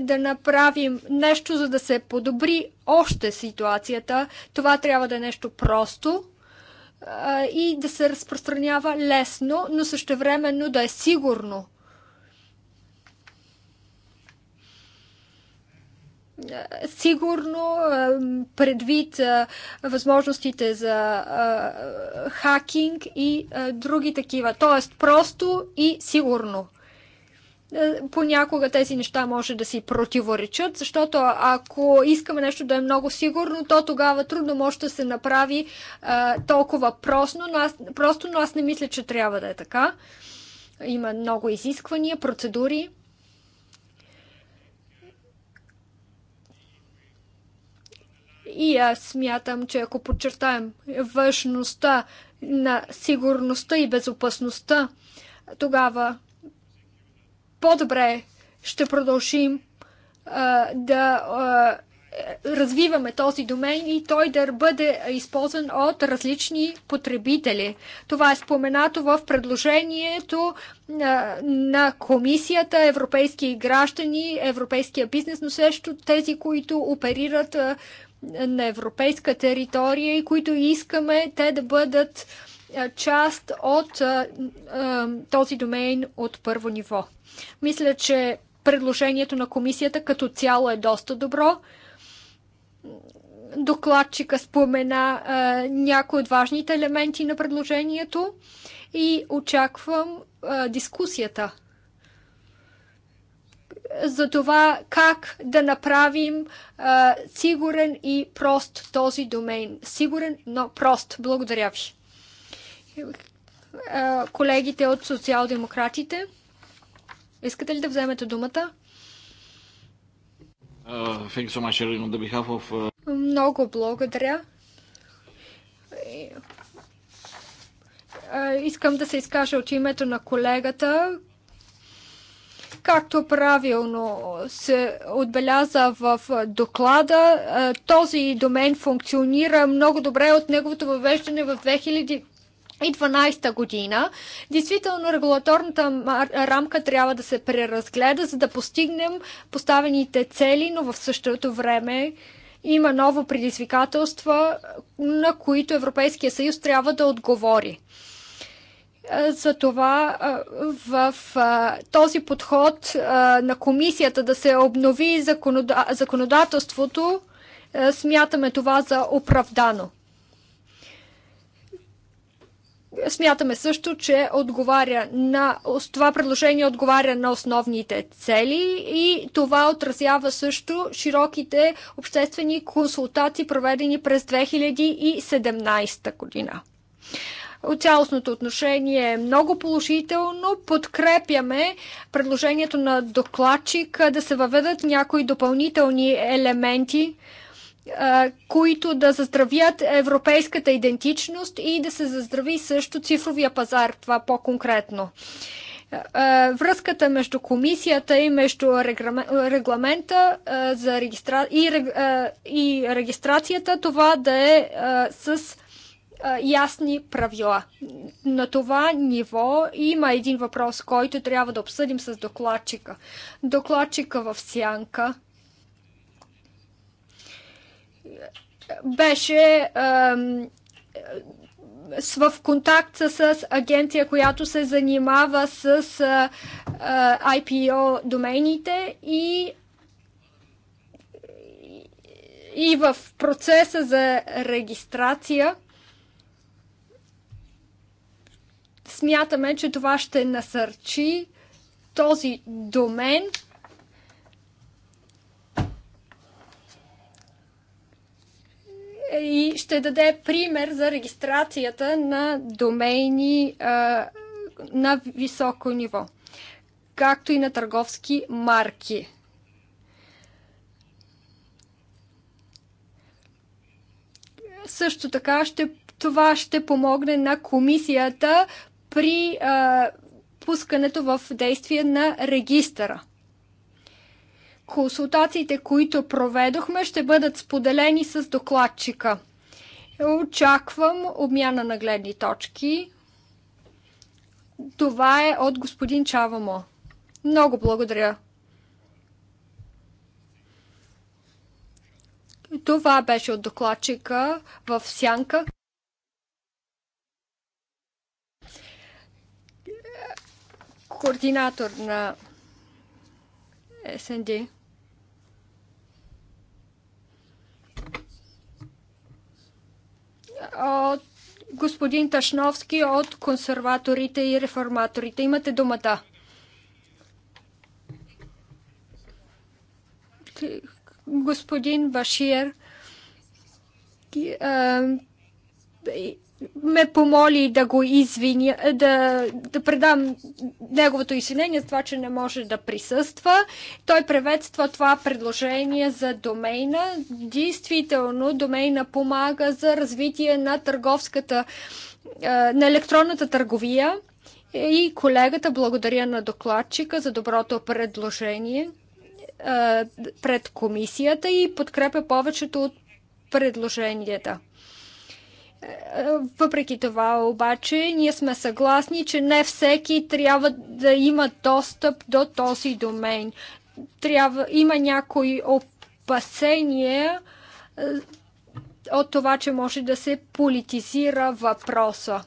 да направим нещо, за да се подобри още ситуацията. Това трябва да е нещо просто е, и да се разпространява лесно, но същевременно да е сигурно. сигурно предвид възможностите за хакинг и други такива. Тоест просто и сигурно. Понякога тези неща може да си противоречат, защото ако искаме нещо да е много сигурно, то тогава трудно може да се направи толкова просто но, аз, просто, но аз не мисля, че трябва да е така. Има много изисквания, процедури И аз смятам, че ако подчертаем важността на сигурността и безопасността, тогава по-добре ще продължим а, да а, развиваме този домен и той да бъде използван от различни потребители. Това е споменато в предложението на, на комисията Европейски граждани, Европейския бизнес, но също тези, които оперират на европейска територия и които искаме те да бъдат част от този домейн от първо ниво. Мисля, че предложението на комисията като цяло е доста добро. Докладчика спомена някои от важните елементи на предложението и очаквам дискусията за това как да направим а, сигурен и прост този домейн. Сигурен, но прост. Благодаря ви. А, колегите от социал-демократите, искате ли да вземете думата? Uh, so much, of, uh... Много благодаря. искам да се изкажа от името на колегата, Както правилно се отбеляза в доклада, този домен функционира много добре от неговото въвеждане в 2000 и 12 година. Действително регулаторната рамка трябва да се преразгледа, за да постигнем поставените цели, но в същото време има ново предизвикателства, на които Европейския съюз трябва да отговори. Затова в този подход на комисията да се обнови законодателството, смятаме това за оправдано. Смятаме също, че отговаря на, това предложение отговаря на основните цели и това отразява също широките обществени консултации, проведени през 2017 година. Цялостното отношение е много положително. Подкрепяме предложението на докладчик да се въведат някои допълнителни елементи, които да заздравят европейската идентичност и да се заздрави също цифровия пазар, това по-конкретно връзката между комисията и между регламента за регистра... и регистрацията, това да е с ясни правила. На това ниво има един въпрос, който трябва да обсъдим с докладчика. Докладчика в сянка беше в контакт с агенция, която се занимава с IPO домените и и в процеса за регистрация – Смятаме, че това ще насърчи този домен и ще даде пример за регистрацията на домейни а, на високо ниво, както и на търговски марки. Също така ще, това ще помогне на комисията при а, пускането в действие на регистъра. Консултациите, които проведохме, ще бъдат споделени с докладчика. Очаквам обмяна на гледни точки. Това е от господин Чавамо. Много благодаря. Това беше от докладчика в Сянка. координатор на СНД. От господин Ташновски от консерваторите и реформаторите. Имате думата. Господин Башиер, ме помоли да го извиня, да, да предам неговото извинение за това, че не може да присъства. Той приветства това предложение за домейна. Действително, домейна помага за развитие на търговската, е, на електронната търговия. И колегата благодаря на докладчика за доброто предложение е, пред комисията и подкрепя повечето от предложенията. Е, е, въпреки това обаче, ние сме съгласни, че не всеки трябва да има достъп до този домен. Трябва, има някои опасения е, от това, че може да се политизира въпроса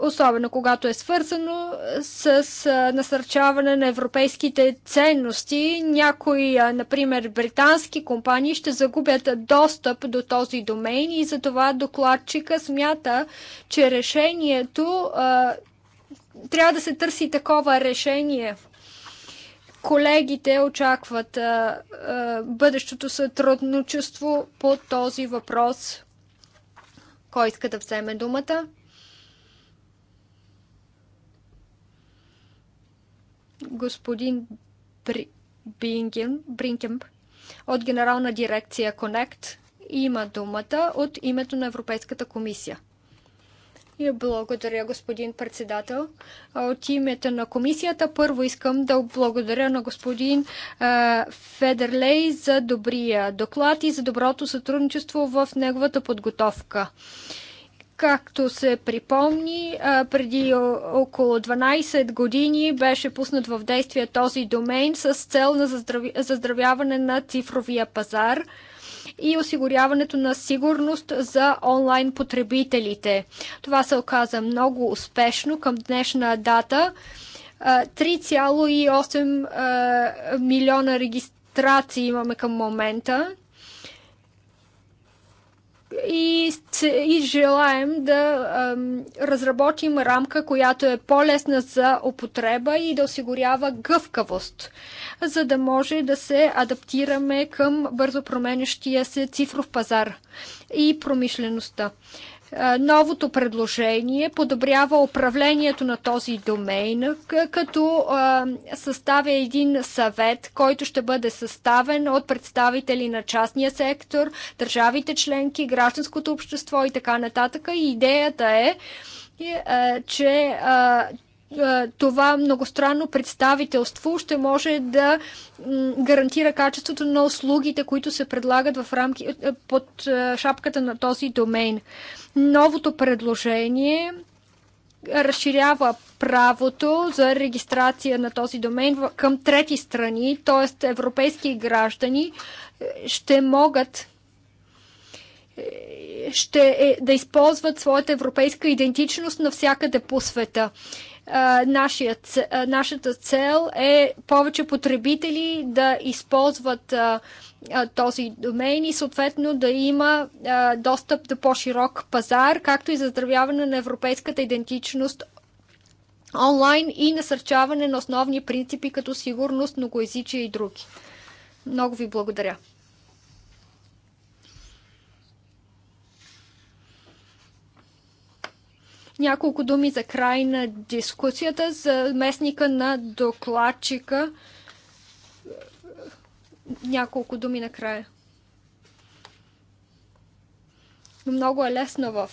особено когато е свързано с насърчаване на европейските ценности. Някои, например, британски компании ще загубят достъп до този домейн и затова докладчика смята, че решението трябва да се търси такова решение. Колегите очакват а, а, бъдещото сътрудничество по този въпрос. Кой иска да вземе думата? господин Бри... Бингем... Бринкем от Генерална дирекция Connect има думата от името на Европейската комисия. И благодаря, господин председател. От името на комисията първо искам да благодаря на господин Федерлей за добрия доклад и за доброто сътрудничество в неговата подготовка. Както се припомни, преди около 12 години беше пуснат в действие този домейн с цел на заздравяване на цифровия пазар и осигуряването на сигурност за онлайн потребителите. Това се оказа много успешно към днешна дата. 3,8 милиона регистрации имаме към момента и, и желаем да ам, разработим рамка, която е по-лесна за употреба и да осигурява гъвкавост, за да може да се адаптираме към бързо променящия се цифров пазар и промишлеността. Е, новото предложение подобрява управлението на този домейн, като е, съставя един съвет, който ще бъде съставен от представители на частния сектор, държавите членки, гражданското общество и така нататък. И идеята е, е че е, това многостранно представителство ще може да гарантира качеството на услугите, които се предлагат в рамки, е, е, под шапката на този домейн. Новото предложение разширява правото за регистрация на този домен към трети страни, т.е. европейски граждани ще могат ще е, да използват своята европейска идентичност навсякъде по света нашата цел е повече потребители да използват този домейн и съответно да има достъп до по-широк пазар, както и заздравяване на европейската идентичност онлайн и насърчаване на основни принципи като сигурност, многоязичие и други. Много ви благодаря. Няколко думи за край на дискусията за местника на докладчика. Няколко думи накрая. Много е лесно в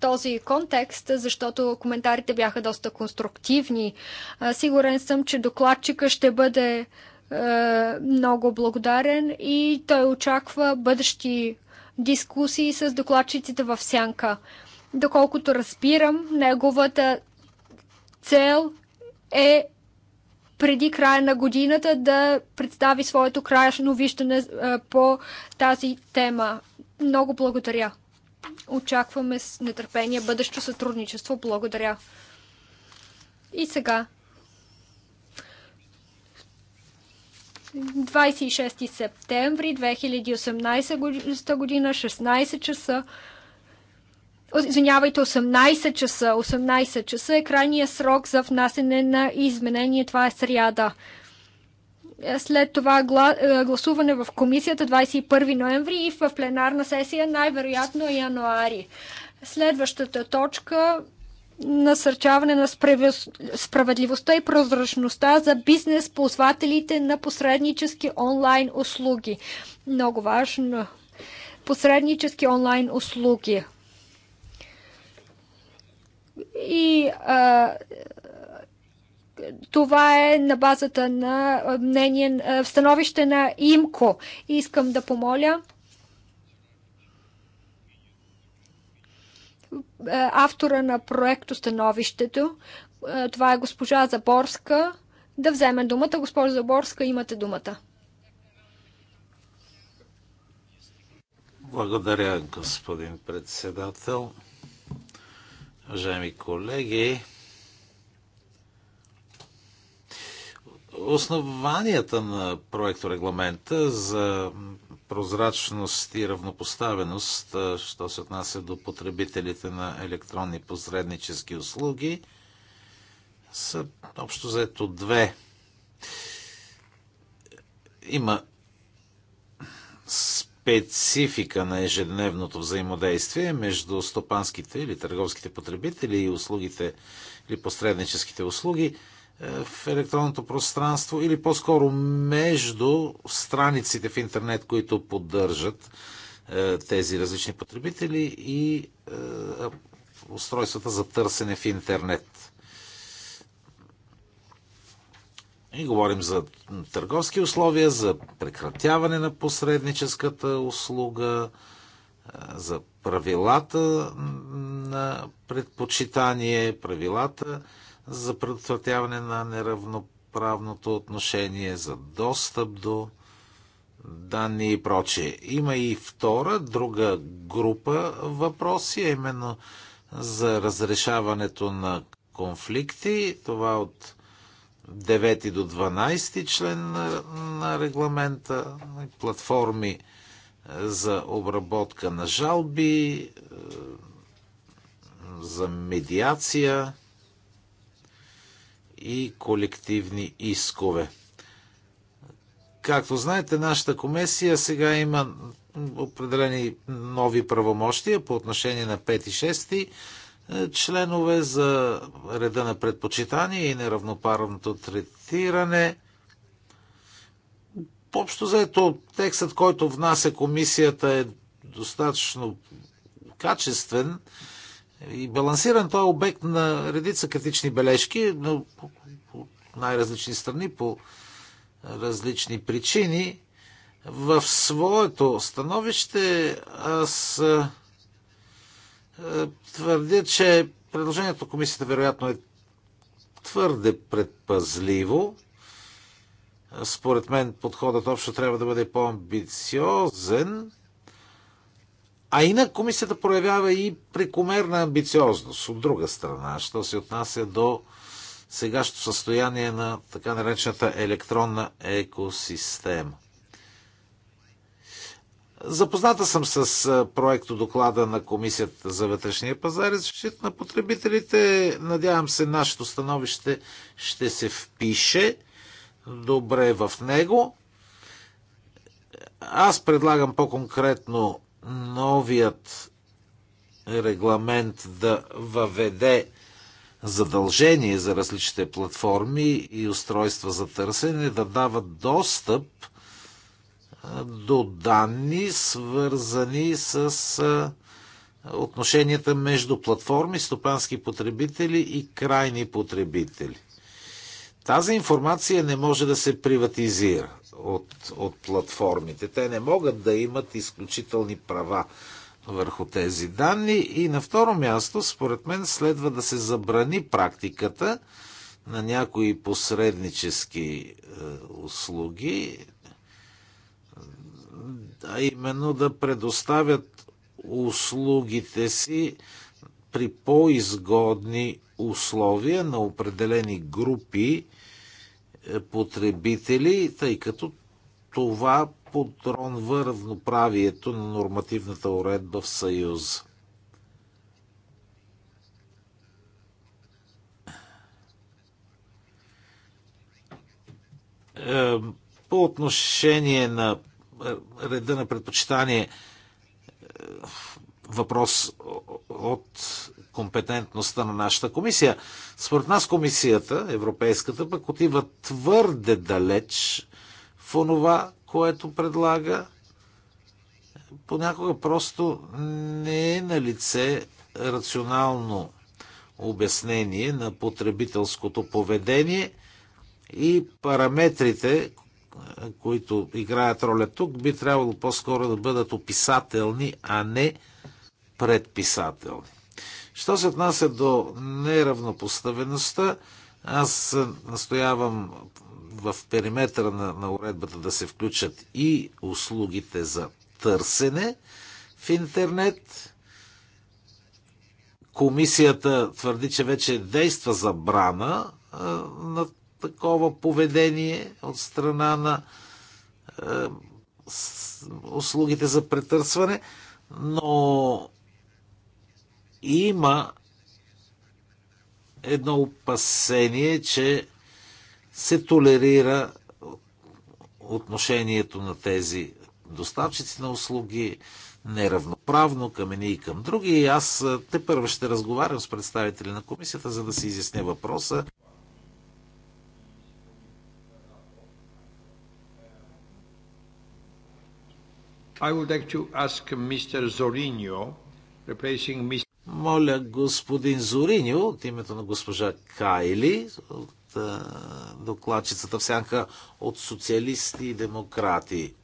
този контекст, защото коментарите бяха доста конструктивни. Сигурен съм, че докладчика ще бъде много благодарен и той очаква бъдещи дискусии с докладчиците в сянка. Доколкото разбирам, неговата цел е преди края на годината да представи своето краешно виждане по тази тема. Много благодаря. Очакваме с нетърпение бъдещо сътрудничество. Благодаря. И сега. 26 септември 2018 година, 16 часа. Извинявайте, 18 часа. 18 часа е крайния срок за внасене на изменение. Това е сряда. Е, след това е, гласуване в комисията 21 ноември и в пленарна сесия най-вероятно януари. Следващата точка насърчаване на справедливостта и прозрачността за бизнес ползвателите на посреднически онлайн услуги. Много важно. Посреднически онлайн услуги. И а, това е на базата на мнение, становище на ИМКО. Искам да помоля автора на проекто становището, това е госпожа Заборска, да вземе думата. Госпожа Заборска, имате думата. Благодаря, господин председател. Уважаеми колеги, основанията на проекто регламента за прозрачност и равнопоставеност, що се отнася до потребителите на електронни посреднически услуги, са общо заето две. Има специфика на ежедневното взаимодействие между стопанските или търговските потребители и услугите или посредническите услуги е, в електронното пространство или по-скоро между страниците в интернет, които поддържат е, тези различни потребители и е, устройствата за търсене в интернет. И говорим за търговски условия, за прекратяване на посредническата услуга, е, за правилата на предпочитание, правилата за предотвратяване на неравноправното отношение, за достъп до данни и прочее. Има и втора, друга група въпроси, а именно за разрешаването на конфликти. Това от 9 до 12 член на регламента, платформи е, за обработка на жалби, е, за медиация и колективни искове. Както знаете, нашата комисия сега има определени нови правомощия по отношение на 5 и 6 е, членове за реда на предпочитание и неравнопарното третиране. Общо заето текстът, който внася комисията е достатъчно качествен и балансиран. Той е обект на редица критични бележки, но от най-различни страни по различни причини. В своето становище аз е, твърдя, че предложението на комисията вероятно е твърде предпазливо. Според мен подходът общо трябва да бъде по-амбициозен. А инак комисията проявява и прекомерна амбициозност от друга страна, що се отнася до сегашното състояние на така наречената електронна екосистема. Запозната съм с проекто доклада на Комисията за вътрешния пазар и защита на потребителите. Надявам се, нашето становище ще се впише добре в него. Аз предлагам по-конкретно новият регламент да въведе задължение за различните платформи и устройства за търсене да дават достъп до данни, свързани с отношенията между платформи, стопански потребители и крайни потребители. Тази информация не може да се приватизира от, от платформите. Те не могат да имат изключителни права върху тези данни. И на второ място, според мен, следва да се забрани практиката на някои посреднически е, услуги, а именно да предоставят услугите си при по-изгодни условия на определени групи е, потребители, тъй като това подронва равноправието на нормативната уредба в Съюз. Е, по отношение на е, реда на предпочитание е, въпрос от компетентността на нашата комисия. Според нас комисията, европейската, пък отива твърде далеч в онова, което предлага. Понякога просто не е на лице рационално обяснение на потребителското поведение и параметрите, които играят роля тук, би трябвало по-скоро да бъдат описателни, а не предписателни. Що се отнася до неравнопоставеността, аз настоявам в периметъра на, на уредбата да се включат и услугите за търсене в интернет. Комисията твърди, че вече действа забрана на такова поведение от страна на е, услугите за претърсване, но има едно опасение, че се толерира отношението на тези доставчици на услуги неравноправно към едни и към други. аз е, те първо ще разговарям с представители на комисията, за да се изясня въпроса. I would like to ask Mr. replacing Mr. Моля господин Зориньо от името на госпожа Кайли, от е, докладчицата в сянка от социалисти и демократи.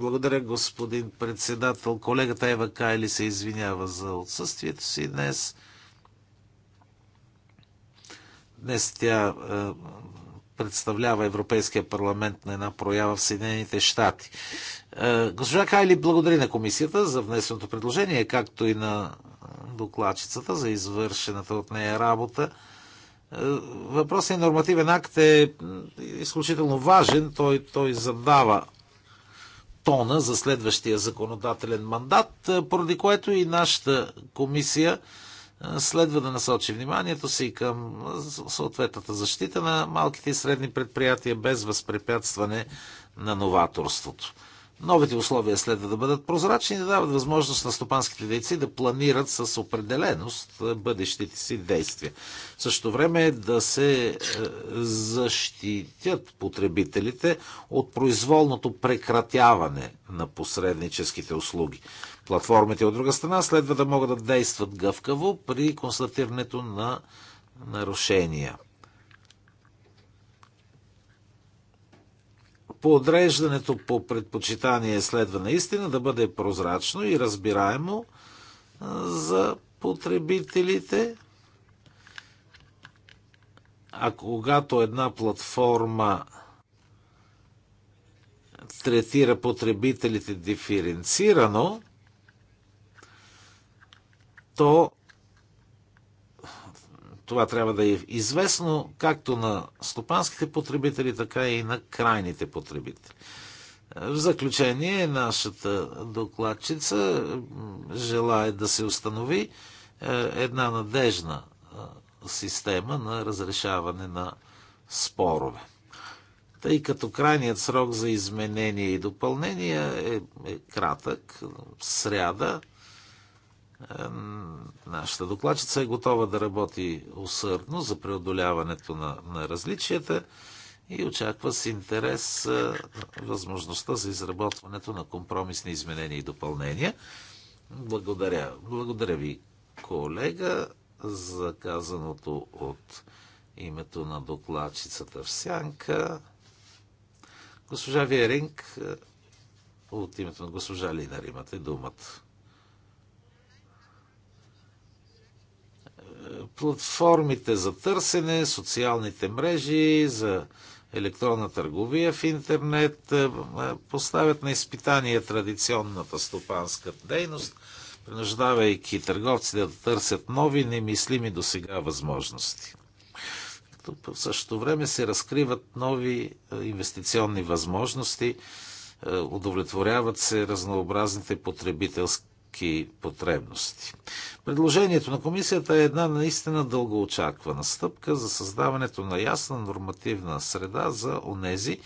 Благодаря, господин председател. Колегата Ева Кайли се извинява за отсъствието си днес. Днес тя представлява Европейския парламент на една проява в Съединените щати. Е, госпожа Кайли благодари на комисията за внесеното предложение, както и на докладчицата за извършената от нея работа. Е, Въпросният нормативен акт е изключително важен. Той, той задава тона за следващия законодателен мандат, е, поради което и нашата комисия следва да насочи вниманието си към съответната защита на малките и средни предприятия без възпрепятстване на новаторството. Новите условия следва да бъдат прозрачни и да дават възможност на стопанските дейци да планират с определеност бъдещите си действия. В същото време е да се е, защитят потребителите от произволното прекратяване на посредническите услуги. Платформите, от друга страна, следва да могат да действат гъвкаво при констатирането на нарушения. Подреждането по предпочитание следва наистина да бъде прозрачно и разбираемо за потребителите. А когато една платформа третира потребителите диференцирано, то това трябва да е известно както на стопанските потребители, така и на крайните потребители. В заключение, нашата докладчица желая да се установи е, една надежна е, система на разрешаване на спорове. Тъй като крайният срок за изменение и допълнение е, е кратък, сряда, Нашата докладчица е готова да работи усърдно за преодоляването на, на различията и очаква с интерес е, възможността за изработването на компромисни изменения и допълнения. Благодаря. Благодаря ви, колега, за казаното от името на докладчицата в Сянка. Госпожа Виеринг, е, от името на госпожа Линар имате думата. платформите за търсене, социалните мрежи, за електронна търговия в интернет, е, е, поставят на изпитание традиционната стопанска дейност, принуждавайки търговците да търсят нови, немислими до сега възможности. Като в същото време се разкриват нови е, инвестиционни възможности, удовлетворяват се разнообразните потребителски човешки потребности. Предложението на комисията е една наистина дългоочаквана стъпка за създаването на ясна нормативна среда за онези,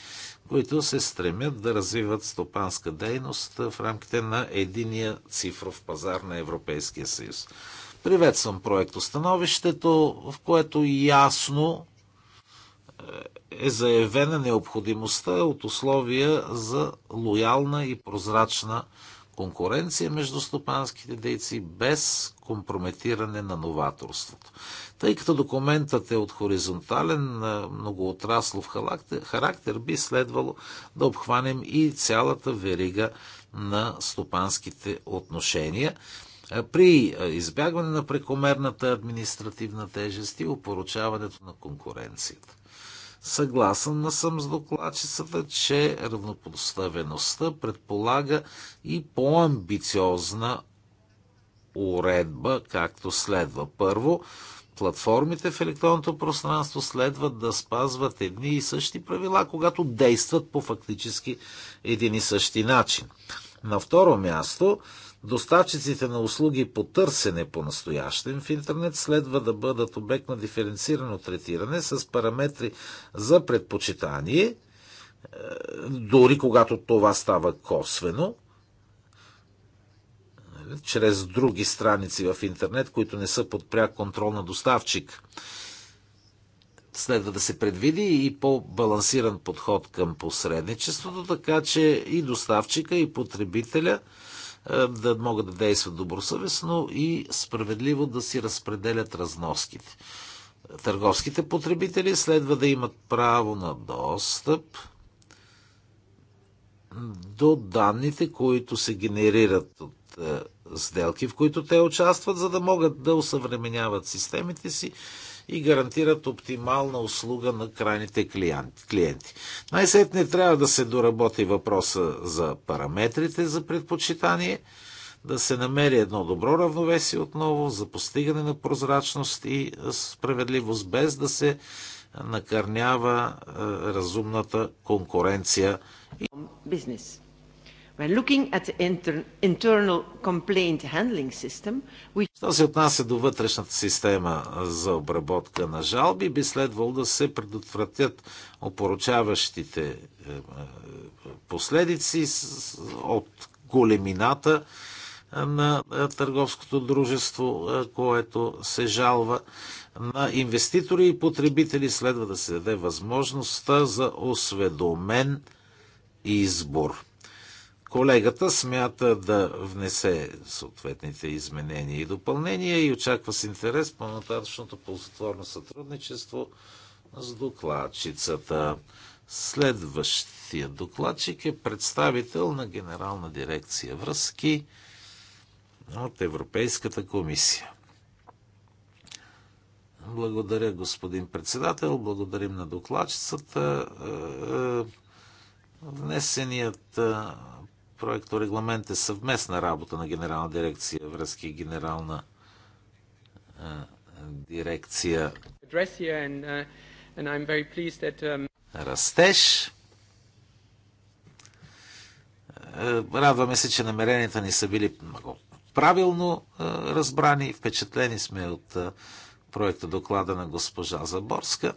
които се стремят да развиват стопанска дейност в рамките на единия цифров пазар на Европейския съюз. Приветствам проект проектостановището, в което ясно е, е заявена необходимостта от условия за лоялна и прозрачна конкуренция между стопанските дейци без компрометиране на новаторството. Тъй като документът е от хоризонтален, многоотраслов характер, би следвало да обхванем и цялата верига на стопанските отношения при избягване на прекомерната административна тежест и опоручаването на конкуренцията. Съгласен съм с докладчицата, че равнопоставеността предполага и по-амбициозна уредба, както следва. Първо, платформите в електронното пространство следват да спазват едни и същи правила, когато действат по фактически един и същи начин. На второ място, Доставчиците на услуги по търсене по настоящен в интернет следва да бъдат обект на диференцирано третиране с параметри за предпочитание, е, дори когато това става косвено, нали, чрез други страници в интернет, които не са под пряк контрол на доставчик. Следва да се предвиди и по-балансиран подход към посредничеството, така че и доставчика, и потребителя – е, да могат да действат добросъвестно и справедливо да си разпределят разноските. Търговските потребители следва да имат право на достъп до данните, които се генерират от е, сделки, в които те участват, за да могат да усъвременяват системите си и гарантират оптимална услуга на крайните клиенти. Най-сетне трябва да се доработи въпроса за параметрите за предпочитание, да се намери едно добро равновесие отново за постигане на прозрачност и справедливост, без да се накърнява разумната конкуренция. Бизнес. When looking at the inter- internal complaint handling system, we... Що се отнася до вътрешната система за обработка на жалби, би следвало да се предотвратят опоручаващите е, е, последици от големината е, на търговското дружество, което се жалва на инвеститори и потребители следва да се даде възможността за осведомен избор. Колегата смята да внесе съответните изменения и допълнения и очаква с интерес по-нататъчното ползотворно сътрудничество с докладчицата. Следващия докладчик е представител на Генерална дирекция връзки от Европейската комисия. Благодаря, господин председател. Благодарим на докладчицата. Е, е, внесеният е, проекто регламент е съвместна работа на Генерална дирекция връзки и Генерална а, дирекция uh, um, растеж. Е, радваме се, че намеренията ни са били много правилно е, разбрани. Впечатлени сме от е, проекта доклада на госпожа Заборска.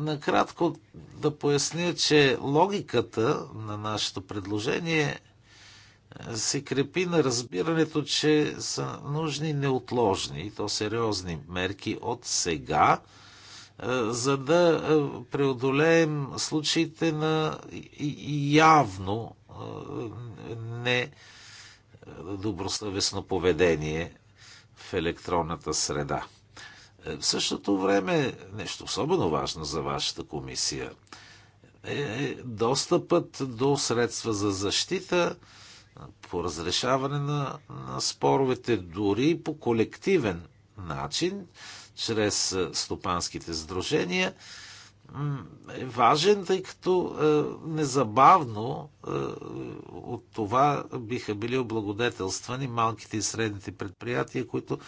накратко да поясня, че логиката на нашето предложение е, се крепи на разбирането, че са нужни неотложни и то сериозни мерки от сега, е, за да е, преодолеем случаите на явно не добросъвестно поведение в електронната среда. Е, в същото време, нещо особено важно за вашата комисия, е, е достъпът до средства за защита по разрешаване на, на споровете, дори по колективен начин, чрез е, стопанските сдружения, е важен, тъй като е, незабавно е, от това биха били облагодетелствани малките и средните предприятия, които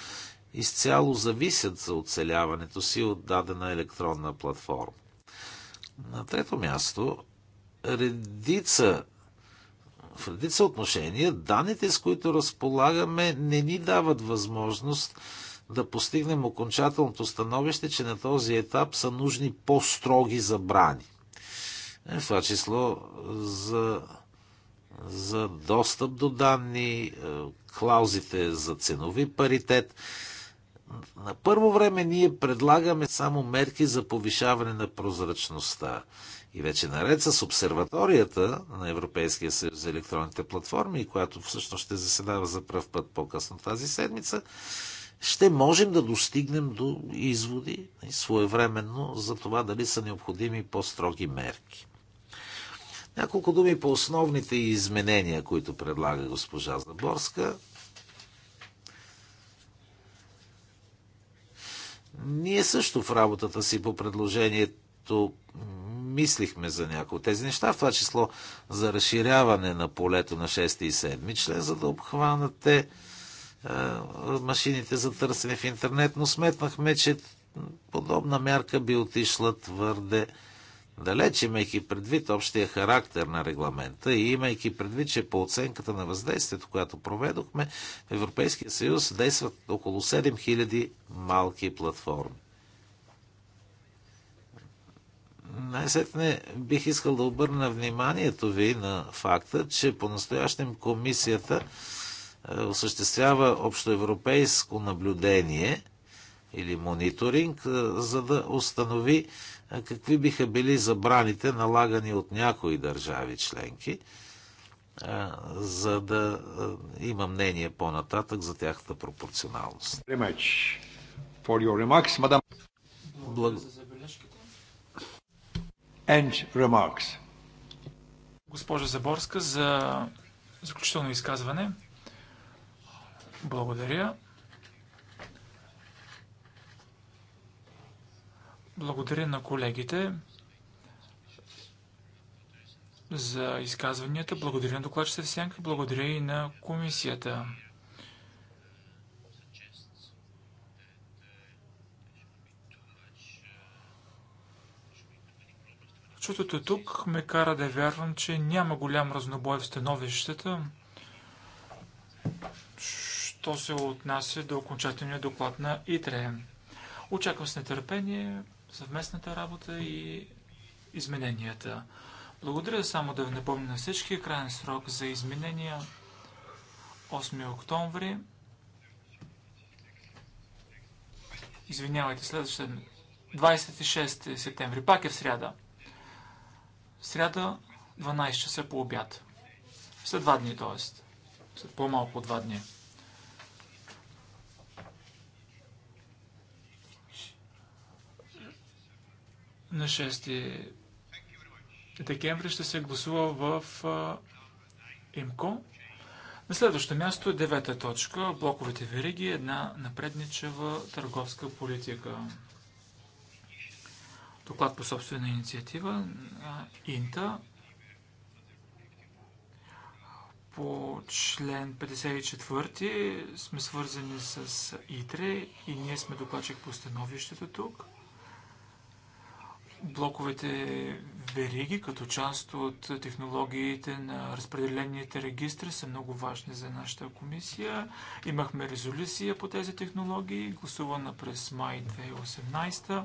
изцяло зависят за оцеляването си от дадена електронна платформа. На трето място, редица в редица отношения данните, с които разполагаме, не ни дават възможност да постигнем окончателното становище, че на този етап са нужни по-строги забрани. Е, в това число за, за достъп до данни, е, клаузите за ценови паритет на първо време ние предлагаме само мерки за повишаване на прозрачността. И вече наред с обсерваторията на Европейския съюз за електронните платформи, която всъщност ще заседава за пръв път по-късно тази седмица, ще можем да достигнем до изводи своевременно за това дали са необходими по-строги мерки. Няколко думи по основните изменения, които предлага госпожа Заборска – Ние също в работата си по предложението мислихме за някои от тези неща, в това число за разширяване на полето на 6 и 7 член, за да обхванате е, машините за търсене в интернет, но сметнахме, че подобна мярка би отишла твърде Далеч имайки предвид общия характер на регламента и имайки предвид, че по оценката на въздействието, която проведохме, в Европейския съюз действат около 7000 малки платформи. Най-сетне бих искал да обърна вниманието ви на факта, че по-настоящем комисията е, осъществява общоевропейско наблюдение или мониторинг, е, за да установи какви биха били забраните, налагани от някои държави членки, за да има мнение по-нататък за тяхната пропорционалност. Благодаря за забележките. Госпожа Заборска за заключително изказване. Благодаря. Благодаря на колегите за изказванията. Благодаря на докладчета в сянка. Благодаря и на комисията. Чутото тук ме кара да вярвам, че няма голям разнобой в становищата, що се отнася до окончателния доклад на ИТРЕ. Очаквам с нетърпение съвместната работа и измененията. Благодаря само да ви напомня на всички. Крайен срок за изменения 8 октомври. Извинявайте, следващата 26 септември. Пак е в сряда. В сряда 12 часа по обяд. След два дни, т.е. След по-малко от два дни. На 6 декември ще се гласува в ИМКО. На следващо място е девета точка. Блоковите вериги – една напредничева търговска политика. Доклад по собствена инициатива Инта по член 54 сме свързани с ИТРЕ и ние сме докладчик по становището тук. Блоковете вериги, като част от технологиите на разпределените регистри, са много важни за нашата комисия. Имахме резолюция по тези технологии, гласувана през май 2018.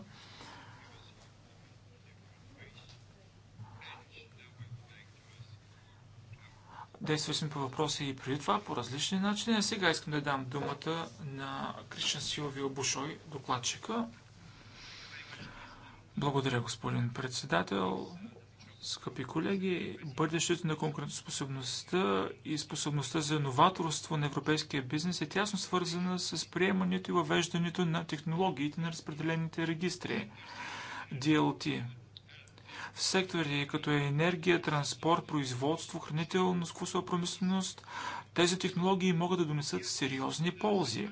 Действали сме по въпроси и преди това по различни начини. А сега искам да дам думата на Кришна Силвио Бушой, докладчика. Благодаря, господин председател. Скъпи колеги, бъдещето на конкурентоспособността и способността за новаторство на европейския бизнес е тясно свързана с приемането и въвеждането на технологиите на разпределените регистри DLT. В сектори като е енергия, транспорт, производство, хранително вкусова промишленост, тези технологии могат да донесат сериозни ползи.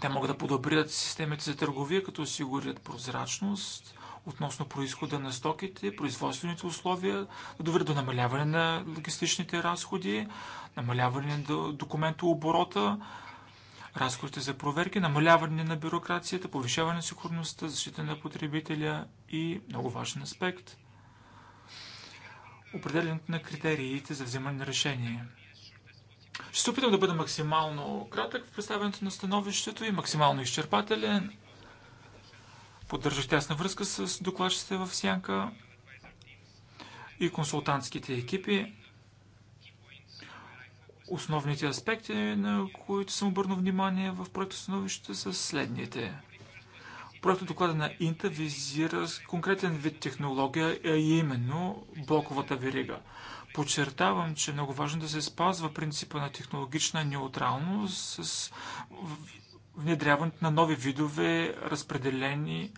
Те могат да подобрят системите за търговия, като осигурят прозрачност относно происхода на стоките, производствените условия, да доведат до намаляване на логистичните разходи, намаляване на документооборота, разходите за проверки, намаляване на бюрокрацията, повишаване на сигурността, защита на потребителя и много важен аспект – определенето на критериите за вземане на решение – ще се опитам да бъда максимално кратък в представянето на становището и максимално изчерпателен. Поддържах тясна връзка с докладчите в Сянка и консултантските екипи. Основните аспекти, на които съм обърнал внимание в проекта становището, са следните. Проектът доклада на Инта визира конкретен вид технология, а именно блоковата верига. Подчертавам, че е много важно да се спазва принципа на технологична неутралност с внедряването на нови видове разпределени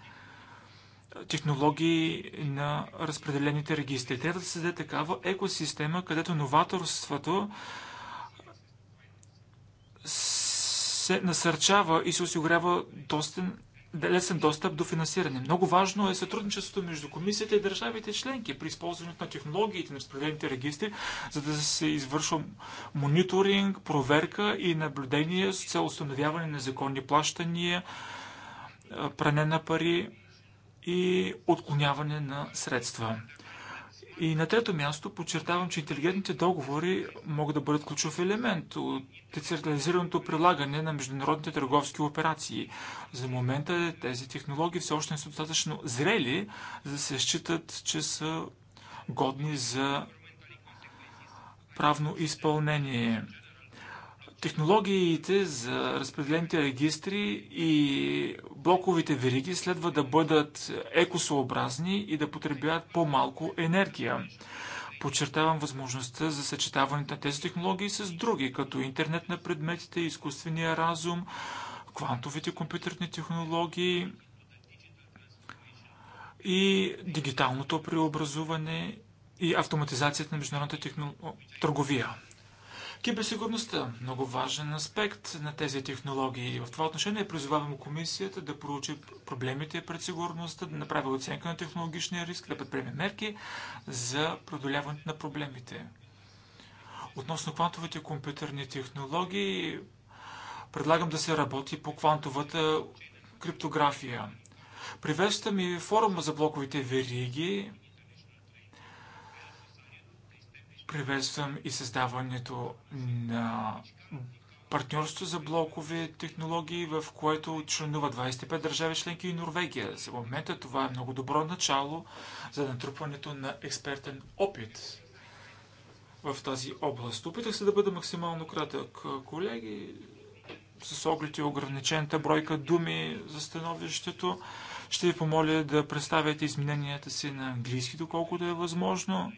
технологии на разпределените регистри. Трябва да се създаде такава екосистема, където новаторството се насърчава и се осигурява достъп лесен достъп до финансиране. Много важно е сътрудничеството между комисията и държавите членки при използването на технологиите на спределените регистри, за да се извършва мониторинг, проверка и наблюдение с цел установяване на законни плащания, пране на пари и отклоняване на средства. И на трето място подчертавам, че интелигентните договори могат да бъдат ключов елемент от децентрализираното прилагане на международните търговски операции. За момента тези технологии все още не са достатъчно зрели, за да се считат, че са годни за правно изпълнение. Технологиите за разпределените регистри и блоковите вериги следва да бъдат екосообразни и да потребяват по-малко енергия. Подчертавам възможността за съчетаването на тези технологии с други, като интернет на предметите, изкуствения разум, квантовите компютърни технологии и дигиталното преобразуване и автоматизацията на международната техно... търговия. Киберсигурността е – много важен аспект на тези технологии. В това отношение призовавам комисията да проучи проблемите пред сигурността, да направи оценка на технологичния риск, да предприеме мерки за преодоляването на проблемите. Относно квантовите компютърни технологии, предлагам да се работи по квантовата криптография. Приветствам и форума за блоковите вериги – Приветствам и създаването на партньорство за блокови технологии, в което членува 25 държави членки и Норвегия. За момента това е много добро начало за натрупването на експертен опит в тази област. Опитах се да бъда максимално кратък, колеги, с оглед и ограничената бройка думи за становището. Ще ви помоля да представяте измененията си на английски, доколкото да е възможно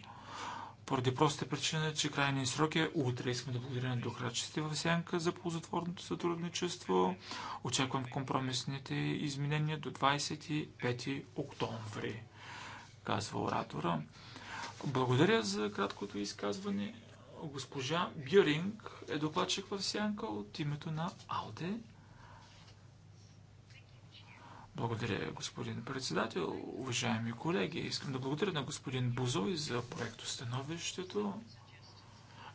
поради простата причина, че крайният срок е утре. Искам да благодаря на докладчиците в Сянка за ползотворното сътрудничество. Очаквам компромисните изменения до 25 октомври, казва оратора. Благодаря за краткото изказване. Госпожа Бюринг е докладчик в Сянка от името на АЛДЕ. Благодаря, господин председател. Уважаеми колеги, искам да благодаря на господин Бузой за проектостановището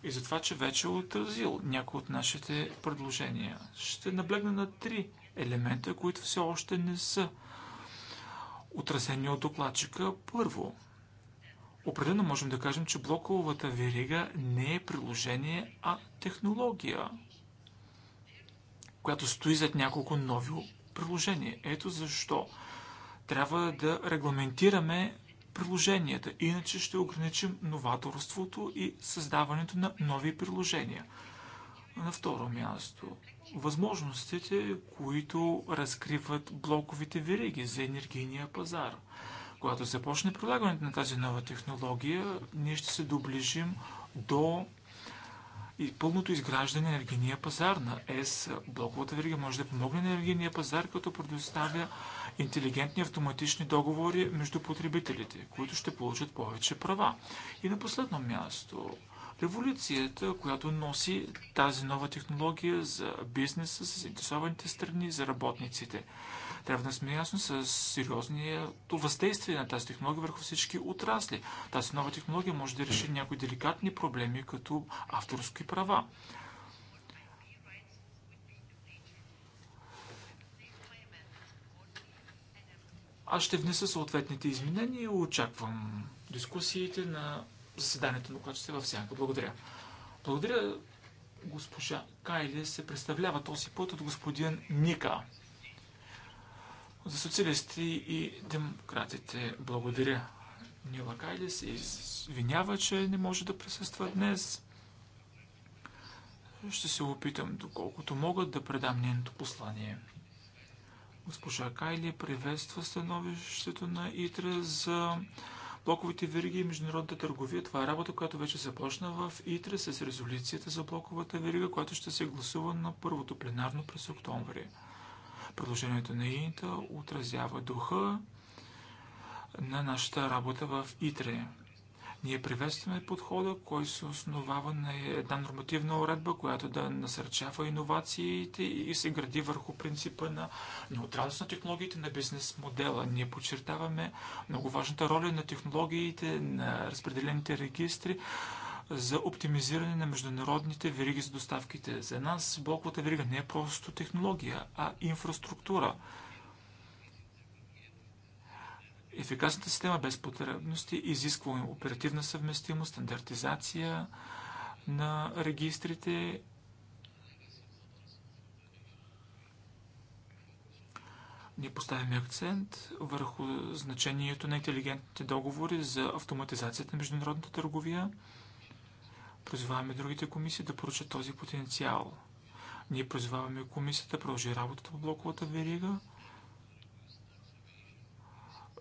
и за това, че вече е отразил някои от нашите предложения. Ще наблегна на три елемента, които все още не са отразени от докладчика. Първо, определено можем да кажем, че блоковата верига не е приложение, а технология, която стои зад няколко нови приложение. Ето защо трябва да регламентираме приложенията, иначе ще ограничим новаторството и създаването на нови приложения. На второ място, възможностите, които разкриват блоковите вериги за енергийния пазар. Когато започне прилагането на тази нова технология, ние ще се доближим до и пълното изграждане на енергийния пазар на ЕС. Блоковата верига може да помогне на енергийния пазар, като предоставя интелигентни автоматични договори между потребителите, които ще получат повече права. И на последно място, революцията, която носи тази нова технология за бизнеса, за заинтересованите страни, за работниците. Трябва да сме ясно с сериозното въздействие на тази технология върху всички отрасли. Тази нова технология може да реши някои деликатни проблеми, като авторски права. Аз ще внеса съответните изменения и очаквам дискусиите на заседанието на се в сянка. Благодаря. Благодаря госпожа Кайли се представлява този път от господин Ника. За социалисти и демократите благодаря. Нила Кайли се извинява, че не може да присъства днес. Ще се опитам, доколкото могат да предам нейното послание. Госпожа Кайли приветства становището на ИТРА за блоковите вериги и международната търговия. Това е работа, която вече започна в ИТРА с резолюцията за блоковата верига, която ще се гласува на първото пленарно през октомври. Предложението на ИНТА отразява духа на нашата работа в ИТРЕ. Ние приветстваме подхода, който се основава на една нормативна уредба, която да насърчава иновациите и се гради върху принципа на неутралност на технологиите на бизнес модела. Ние подчертаваме много важната роля на технологиите, на разпределените регистри, за оптимизиране на международните вериги за доставките. За нас блоковата верига не е просто технология, а инфраструктура. Ефикасната система без потребности изисква оперативна съвместимост, стандартизация на регистрите Ние поставяме акцент върху значението на интелигентните договори за автоматизацията на международната търговия – Призоваваме другите комисии да поручат този потенциал. Ние призоваваме комисията да продължи работата по блоковата верига,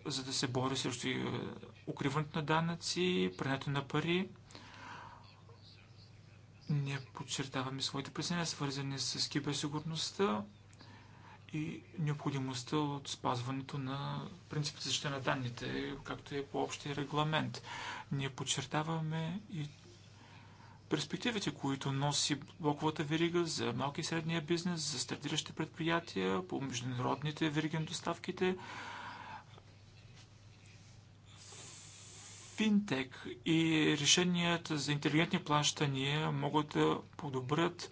за да се бори срещу е, укриването на данъци, прането на пари. Ние подчертаваме своите признания, свързани с киберсигурността и необходимостта от спазването на принципите защита на данните, както е по общия регламент. Ние подчертаваме и перспективите, които носи блоковата верига за малки и средния бизнес, за стартиращи предприятия, по международните вериги на доставките, финтек и решенията за интелигентни плащания могат да подобрят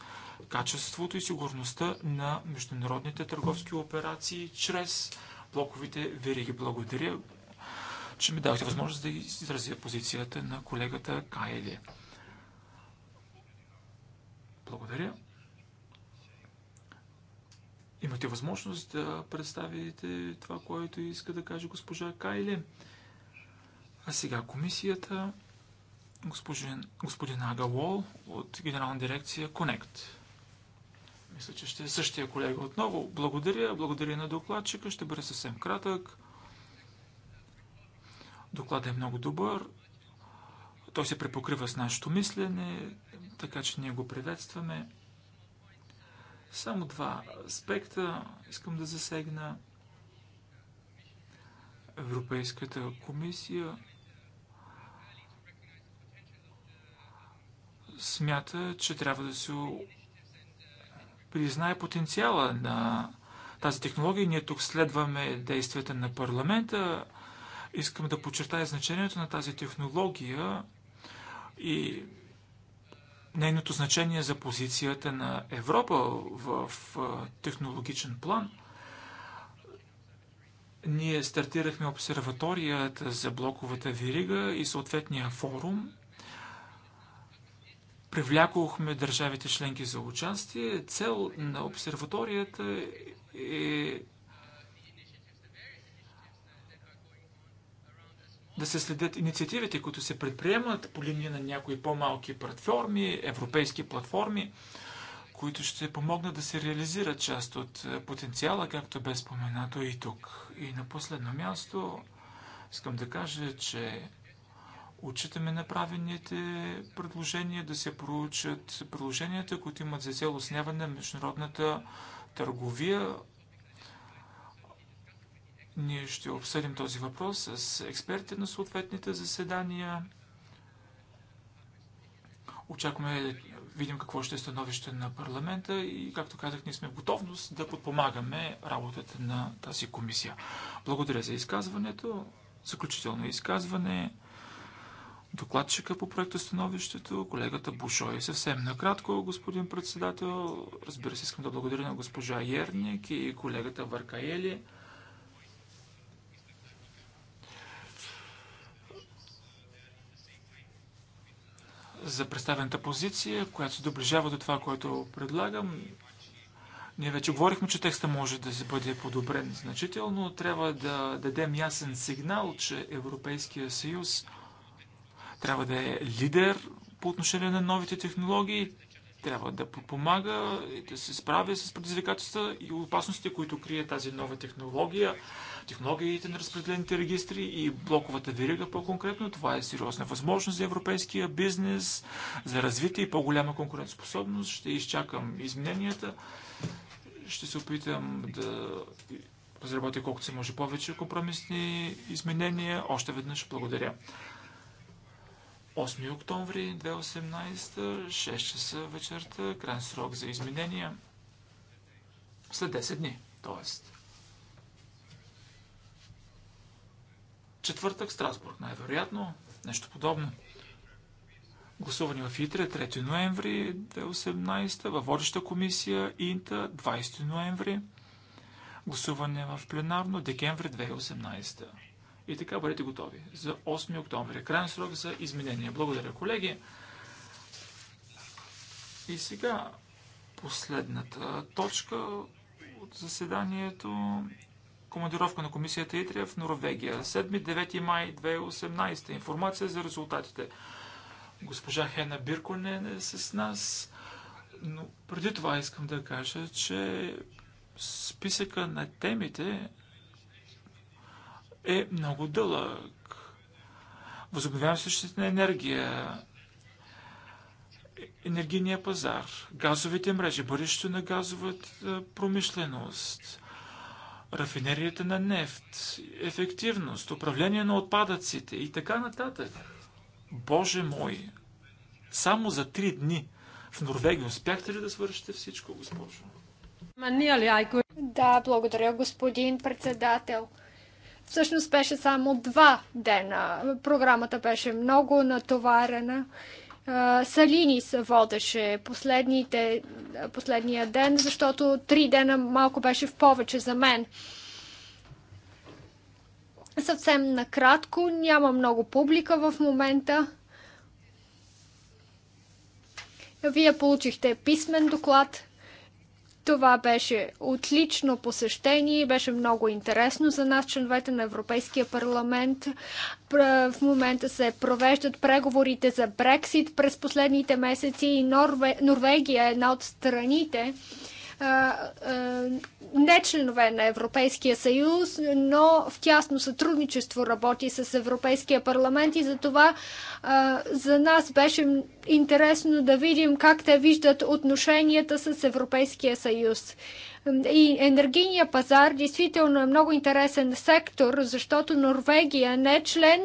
качеството и сигурността на международните търговски операции чрез блоковите вериги. Благодаря, че ми давате възможност да изразя позицията на колегата Кайли. Благодаря. Имате възможност да представите това, което иска да каже госпожа Кайле. А сега комисията, господин, господин Ага Уол от Генерална дирекция Connect. Мисля, че ще е същия колега отново. Благодаря, благодаря на докладчика, ще бъде съвсем кратък. Докладът е много добър. Той се препокрива с нашето мислене, така че ние го приветстваме. Само два аспекта искам да засегна. Европейската комисия смята, че трябва да се признае потенциала на тази технология. Ние тук следваме действията на парламента. Искам да подчертая значението на тази технология – и нейното значение за позицията на Европа в технологичен план. Ние стартирахме обсерваторията за блоковата вирига и съответния форум. Привлякохме държавите членки за участие. Цел на обсерваторията е да се следят инициативите, които се предприемат по линия на някои по-малки платформи, европейски платформи, които ще помогнат да се реализира част от е, потенциала, както бе споменато и тук. И на последно място искам да кажа, че отчитаме направените предложения, да се проучат предложенията, които имат за цел осняване на международната търговия ние ще обсъдим този въпрос с експерти на съответните заседания. Очакваме да видим какво ще е становище на парламента и, както казах, ние сме в готовност да подпомагаме работата на тази комисия. Благодаря за изказването. Заключително изказване. Докладчика по проекта становището, колегата Бушой. Съвсем накратко, господин председател, разбира се, искам да благодаря на госпожа Ерник и колегата Варкаели. за представената позиция, която се доближава до това, което предлагам. Ние вече говорихме, че текста може да се бъде подобрен значително. Трябва да дадем ясен сигнал, че Европейския съюз трябва да е лидер по отношение на новите технологии, трябва да подпомага и да се справя с предизвикателства и опасностите, които крие тази нова технология технологиите на разпределените регистри и блоковата верига по-конкретно. Това е сериозна възможност за европейския бизнес, за развитие и по-голяма конкурентоспособност. Ще изчакам измененията. Ще се опитам да разработя колкото се може повече компромисни изменения. Още веднъж благодаря. 8 октомври 2018, 6 часа вечерта, крайен срок за изменения. След 10 дни, т.е. четвъртък Страсбург, най-вероятно, нещо подобно. Гласувани в ИТРЕ 3 ноември 2018, във водеща комисия ИНТА 20 ноември, гласуване в пленарно декември 2018. И така бъдете готови за 8 октомври. Крайен срок за изменения. Благодаря, колеги. И сега последната точка от заседанието командировка на комисията Итрия в Норвегия. 7-9 май 2018. Информация за резултатите. Госпожа Хена Бирконен е с нас. Но преди това искам да кажа, че списъка на темите е много дълъг. Възобновявам същите на енергия, енергийния пазар, газовите мрежи, бъдещето на газовата промишленост, рафинериите на нефт, ефективност, управление на отпадъците и така нататък. Боже мой, само за три дни в Норвегия успяхте ли да свършите всичко, госпожо? Да, благодаря, господин председател. Всъщност беше само два дена. Програмата беше много натоварена се водеше последните, последния ден, защото три дена малко беше в повече за мен. Съвсем накратко, няма много публика в момента. Вие получихте писмен доклад. Това беше отлично посещение, беше много интересно за нас, членовете на Европейския парламент. В момента се провеждат преговорите за Брексит през последните месеци и Норве... Норвегия е една от страните, не членове на Европейския съюз, но в тясно сътрудничество работи с Европейския парламент и за това за нас беше интересно да видим как те виждат отношенията с Европейския съюз. И енергийния пазар действително е много интересен сектор, защото Норвегия не е член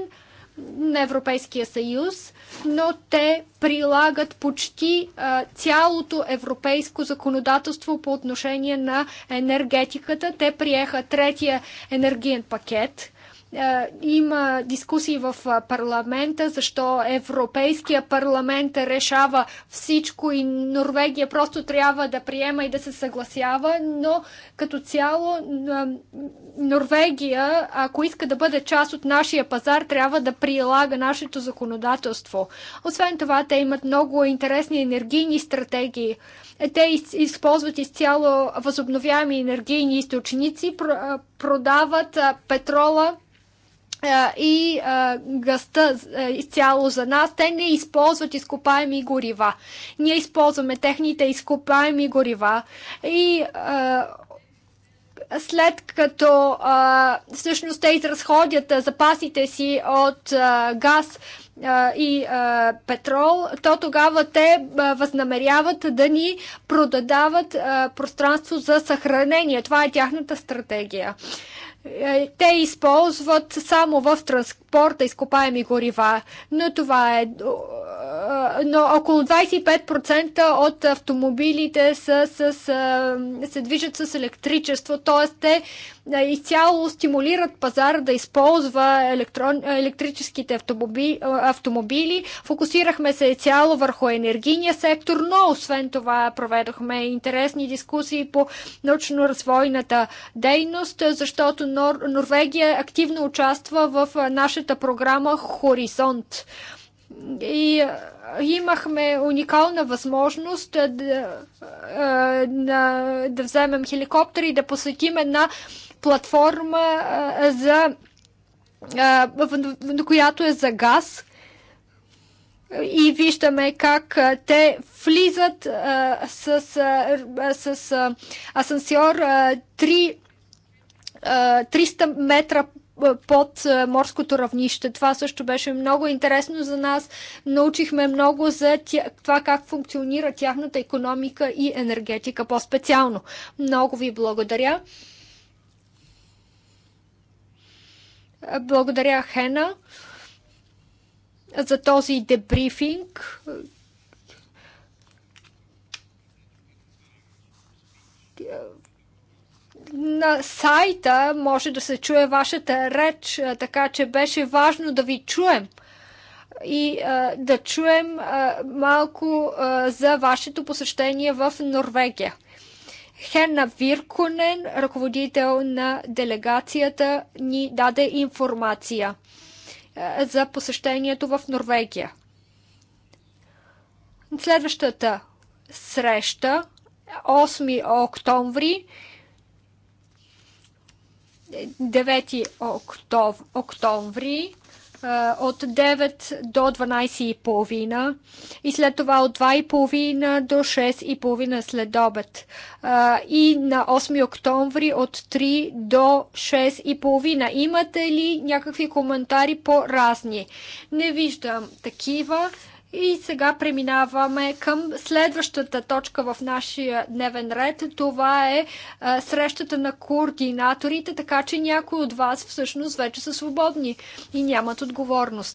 на Европейския съюз, но те прилагат почти а, цялото европейско законодателство по отношение на енергетиката. Те приеха третия енергиен пакет е, има дискусии в парламента, защо Европейския парламент решава всичко и Норвегия просто трябва да приема и да се съгласява, но като цяло Норвегия, ако иска да бъде част от нашия пазар, трябва да прилага нашето законодателство. Освен това, те имат много интересни енергийни стратегии. Е, те използват изцяло възобновяеми енергийни източници, продават петрола и гъста изцяло за нас. Те не използват изкопаеми горива. Ние използваме техните изкопаеми горива и след като всъщност те изразходят запасите си от газ и петрол, то тогава те възнамеряват да ни продадават пространство за съхранение. Това е тяхната стратегия. Е, те използват само в транс, експорта изкопаеми горива, но това е, е но около 25% от автомобилите са, са, са, се движат с електричество, т.е. те е, изцяло стимулират пазар да използва електрон, електрическите автомобили, е, автомобили. Фокусирахме се цяло върху енергийния сектор, но освен това проведохме интересни дискусии по научно-развойната дейност, защото Нор, Норвегия активно участва в нашата нашата програма Хоризонт. И имахме уникална възможност да, да, вземем хеликоптер и да посетим една платформа за която е за газ. И виждаме как те влизат а, с, а, с а, асансьор 3, 300 метра под е, морското равнище. Това също беше много интересно за нас. Научихме много за това как функционира тяхната економика и енергетика по-специално. Много ви благодаря. Благодаря, Хена, за този дебрифинг на сайта може да се чуе вашата реч, така че беше важно да ви чуем и а, да чуем а, малко а, за вашето посещение в Норвегия. Хена Вирконен, ръководител на делегацията, ни даде информация а, за посещението в Норвегия. Следващата среща, 8 октомври, 9 октомври от 9 до 12.30 и след това от 2.30 до 6.30 след обед. И на 8 октомври от 3 до 6.30. Имате ли някакви коментари по-разни? Не виждам такива. И сега преминаваме към следващата точка в нашия дневен ред. Това е срещата на координаторите, така че някои от вас всъщност вече са свободни и нямат отговорност.